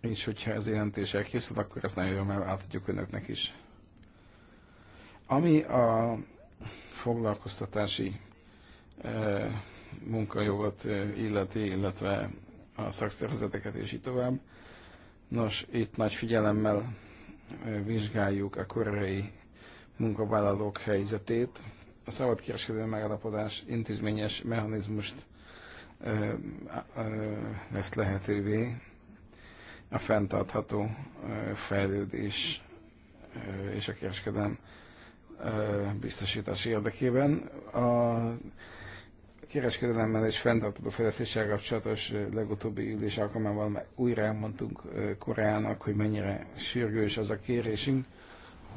És hogyha ez jelentés elkészült, akkor ezt nagyon jól átadjuk önöknek is. Ami a foglalkoztatási e, munkajogot eh, illeti, illetve a szakszervezeteket és így tovább. Nos, itt nagy figyelemmel vizsgáljuk a korai munkavállalók helyzetét. A kereskedelmi megállapodás intézményes mechanizmust ö, ö, lesz lehetővé a fenntartható ö, fejlődés ö, és a kereskedelem ö, biztosítás érdekében. A kereskedelemmel és fenntartható fejlesztéssel kapcsolatos legutóbbi ülés alkalmával újra elmondtunk Koreának, hogy mennyire sürgős az a kérésünk,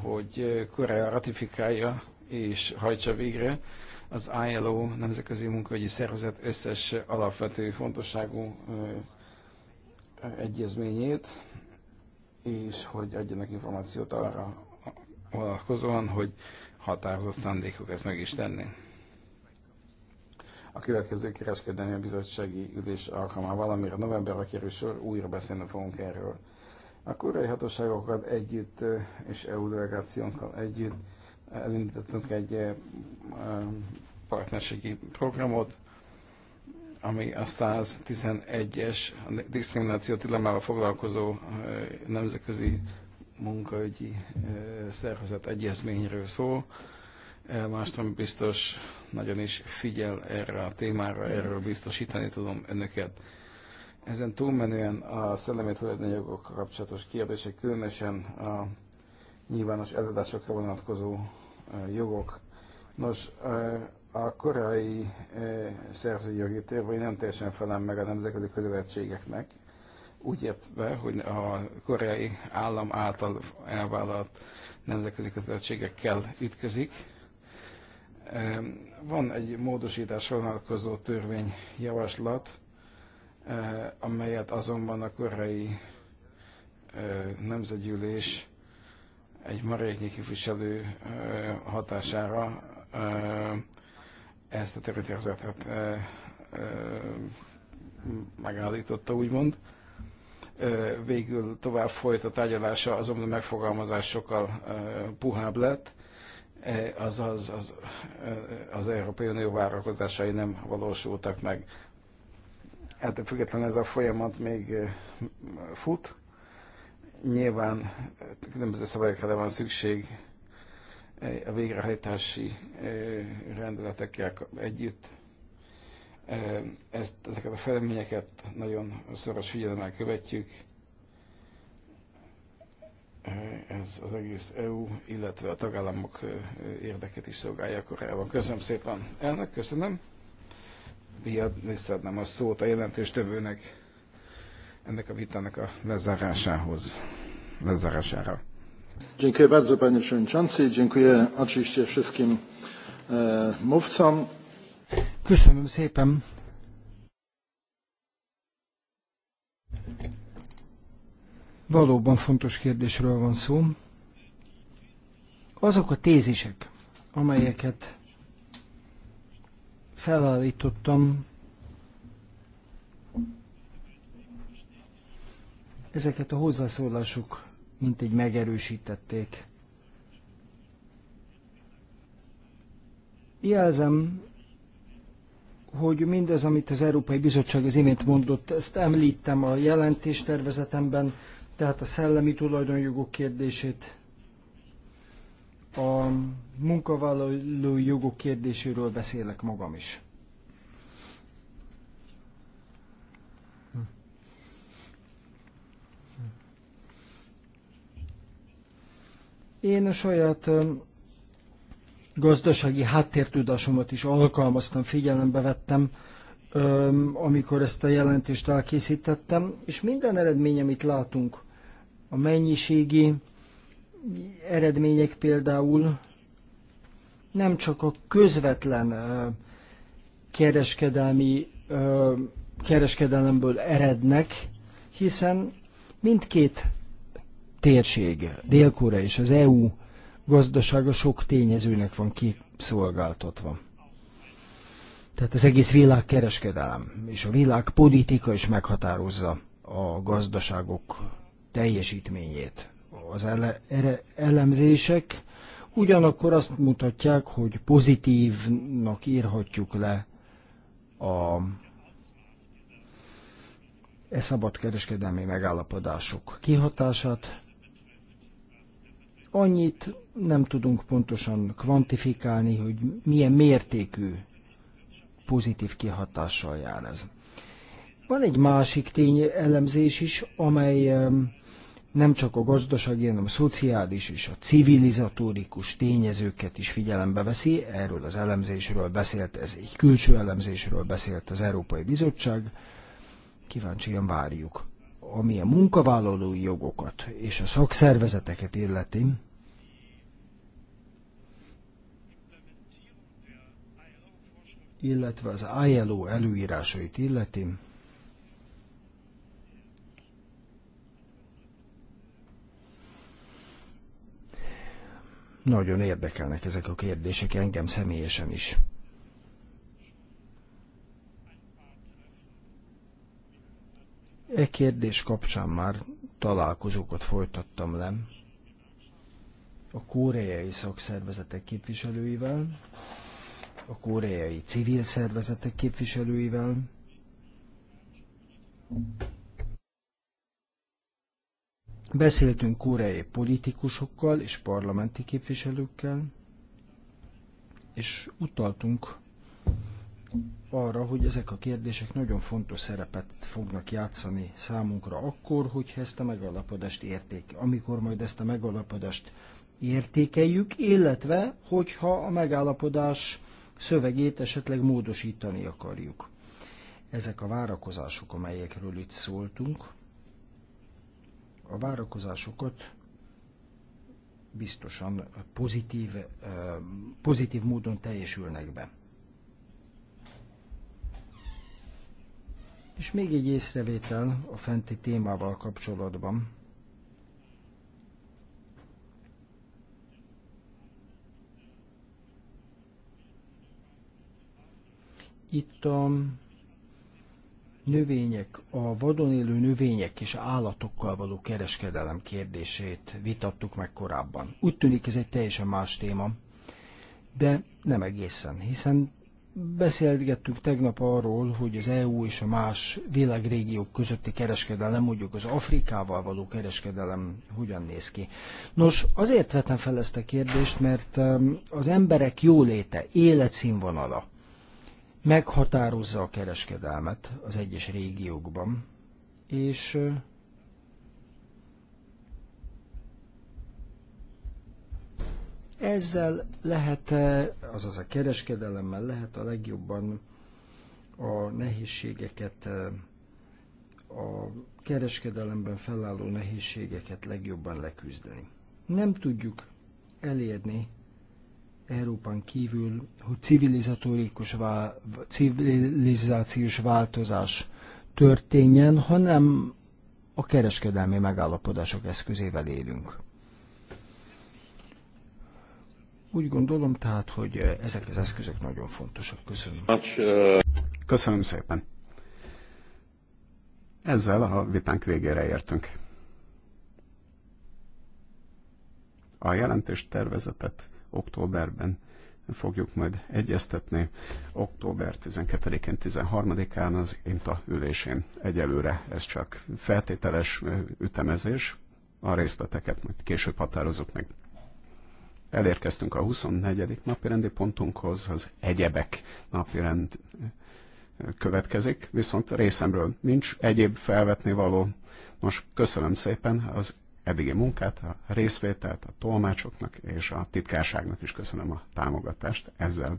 hogy Korea ratifikálja és hajtsa végre az ILO Nemzetközi Munkahogyi Szervezet összes alapvető fontosságú egyezményét, és hogy adjanak információt arra vonatkozóan, hogy határozott szándékuk ezt meg is tenni. A következő kereskedelmi bizottsági ülés alkalmával, amire novemberre kerül sor, újra beszélni fogunk erről. A koreai hatóságokkal együtt és EU delegációnkkal együtt elindítottunk egy partnerségi programot, ami a 111-es a diszkrimináció tilalmával foglalkozó nemzetközi munkaügyi szervezet egyezményről szól. Máston biztos nagyon is figyel erre a témára, erről biztosítani tudom önöket. Ezen túlmenően a szellemi tulajdonjogokkal kapcsolatos kérdések, különösen a nyilvános eladásokra vonatkozó jogok. Nos, a korai szerzői jogi törvény nem teljesen felel meg a nemzetközi közövetségeknek, úgy értve, hogy a koreai állam által elvállalt nemzetközi kötelezettségekkel ütközik. Van egy módosításra vonatkozó törvényjavaslat, Eh, amelyet azonban a korai eh, nemzetgyűlés egy maréknyi képviselő eh, hatására ezt a területérzetet megállította, úgymond. Végül tovább folyt a tárgyalása, azonban a megfogalmazás sokkal puhább lett, azaz az, az, az Európai Unió várakozásai nem valósultak meg Hát független ez a folyamat még fut. Nyilván különböző szabályokra van szükség a végrehajtási rendeletekkel együtt. Ezt, ezeket a fejleményeket nagyon szoros figyelemmel követjük. Ez az egész EU, illetve a tagállamok érdekét is szolgálja korábban. Köszönöm szépen, elnök, köszönöm miatt visszaadnám a szót a jelentéstövőnek ennek a vitának a lezárásához, lezárására. Dziękuję bardzo panie przewodniczący, dziękuję oczywiście wszystkim e, mówcom. Köszönöm szépen. Valóban fontos kérdésről van szó. Azok a tézisek, amelyeket felállítottam ezeket a hozzászólások mint egy megerősítették. Jelzem, hogy mindez, amit az Európai Bizottság az imént mondott, ezt említem a jelentéstervezetemben, tehát a szellemi tulajdonjogok kérdését, a munkavállalói jogok kérdéséről beszélek magam is. Én a saját gazdasági háttértudásomat is alkalmaztam, figyelembe vettem, amikor ezt a jelentést elkészítettem, és minden eredmény, amit látunk, a mennyiségi, eredmények például nem csak a közvetlen kereskedelmi kereskedelemből erednek, hiszen mindkét térség, dél és az EU gazdasága sok tényezőnek van kiszolgáltatva. Tehát az egész világ kereskedelem és a világ politika is meghatározza a gazdaságok teljesítményét az ele, ele, elemzések, ugyanakkor azt mutatják, hogy pozitívnak írhatjuk le a e szabadkereskedelmi megállapodások kihatását. Annyit nem tudunk pontosan kvantifikálni, hogy milyen mértékű pozitív kihatással jár ez. Van egy másik tény elemzés is, amely nem csak a gazdasági, hanem a szociális és a civilizatórikus tényezőket is figyelembe veszi. Erről az elemzésről beszélt, ez egy külső elemzésről beszélt az Európai Bizottság. Kíváncsian várjuk. Ami a munkavállalói jogokat és a szakszervezeteket illeti, illetve az ILO előírásait illeti, Nagyon érdekelnek ezek a kérdések engem személyesen is. E kérdés kapcsán már találkozókat folytattam le a koreai szakszervezetek képviselőivel, a koreai civil szervezetek képviselőivel, Beszéltünk koreai politikusokkal és parlamenti képviselőkkel, és utaltunk arra, hogy ezek a kérdések nagyon fontos szerepet fognak játszani számunkra akkor, hogy ezt a megalapodást érték, amikor majd ezt a megalapodást értékeljük, illetve hogyha a megállapodás szövegét esetleg módosítani akarjuk. Ezek a várakozások, amelyekről itt szóltunk, a várakozásokat biztosan pozitív, eh, pozitív módon teljesülnek be. És még egy észrevétel a fenti témával kapcsolatban. Itt a növények, a vadon élő növények és állatokkal való kereskedelem kérdését vitattuk meg korábban. Úgy tűnik ez egy teljesen más téma, de nem egészen, hiszen beszélgettünk tegnap arról, hogy az EU és a más világrégiók közötti kereskedelem, mondjuk az Afrikával való kereskedelem hogyan néz ki. Nos, azért vetem fel ezt a kérdést, mert um, az emberek jóléte, életszínvonala, meghatározza a kereskedelmet az egyes régiókban, és ezzel lehet, azaz a kereskedelemmel lehet a legjobban a nehézségeket, a kereskedelemben felálló nehézségeket legjobban leküzdeni. Nem tudjuk elérni Európán kívül, hogy civilizatórikus civilizációs változás történjen, hanem a kereskedelmi megállapodások eszközével élünk. Úgy gondolom tehát, hogy ezek az eszközök nagyon fontosak. Köszönöm. Köszönöm szépen. Ezzel a vitánk végére értünk. A jelentés tervezetet októberben fogjuk majd egyeztetni. Október 12-én, 13-án az INTA ülésén egyelőre ez csak feltételes ütemezés, a részleteket majd később határozzuk meg. Elérkeztünk a 24. napirendi pontunkhoz, az egyebek napirend következik, viszont részemről nincs egyéb felvetni való. Most köszönöm szépen az eddigi munkát, a részvételt a tolmácsoknak és a titkárságnak is köszönöm a támogatást. Ezzel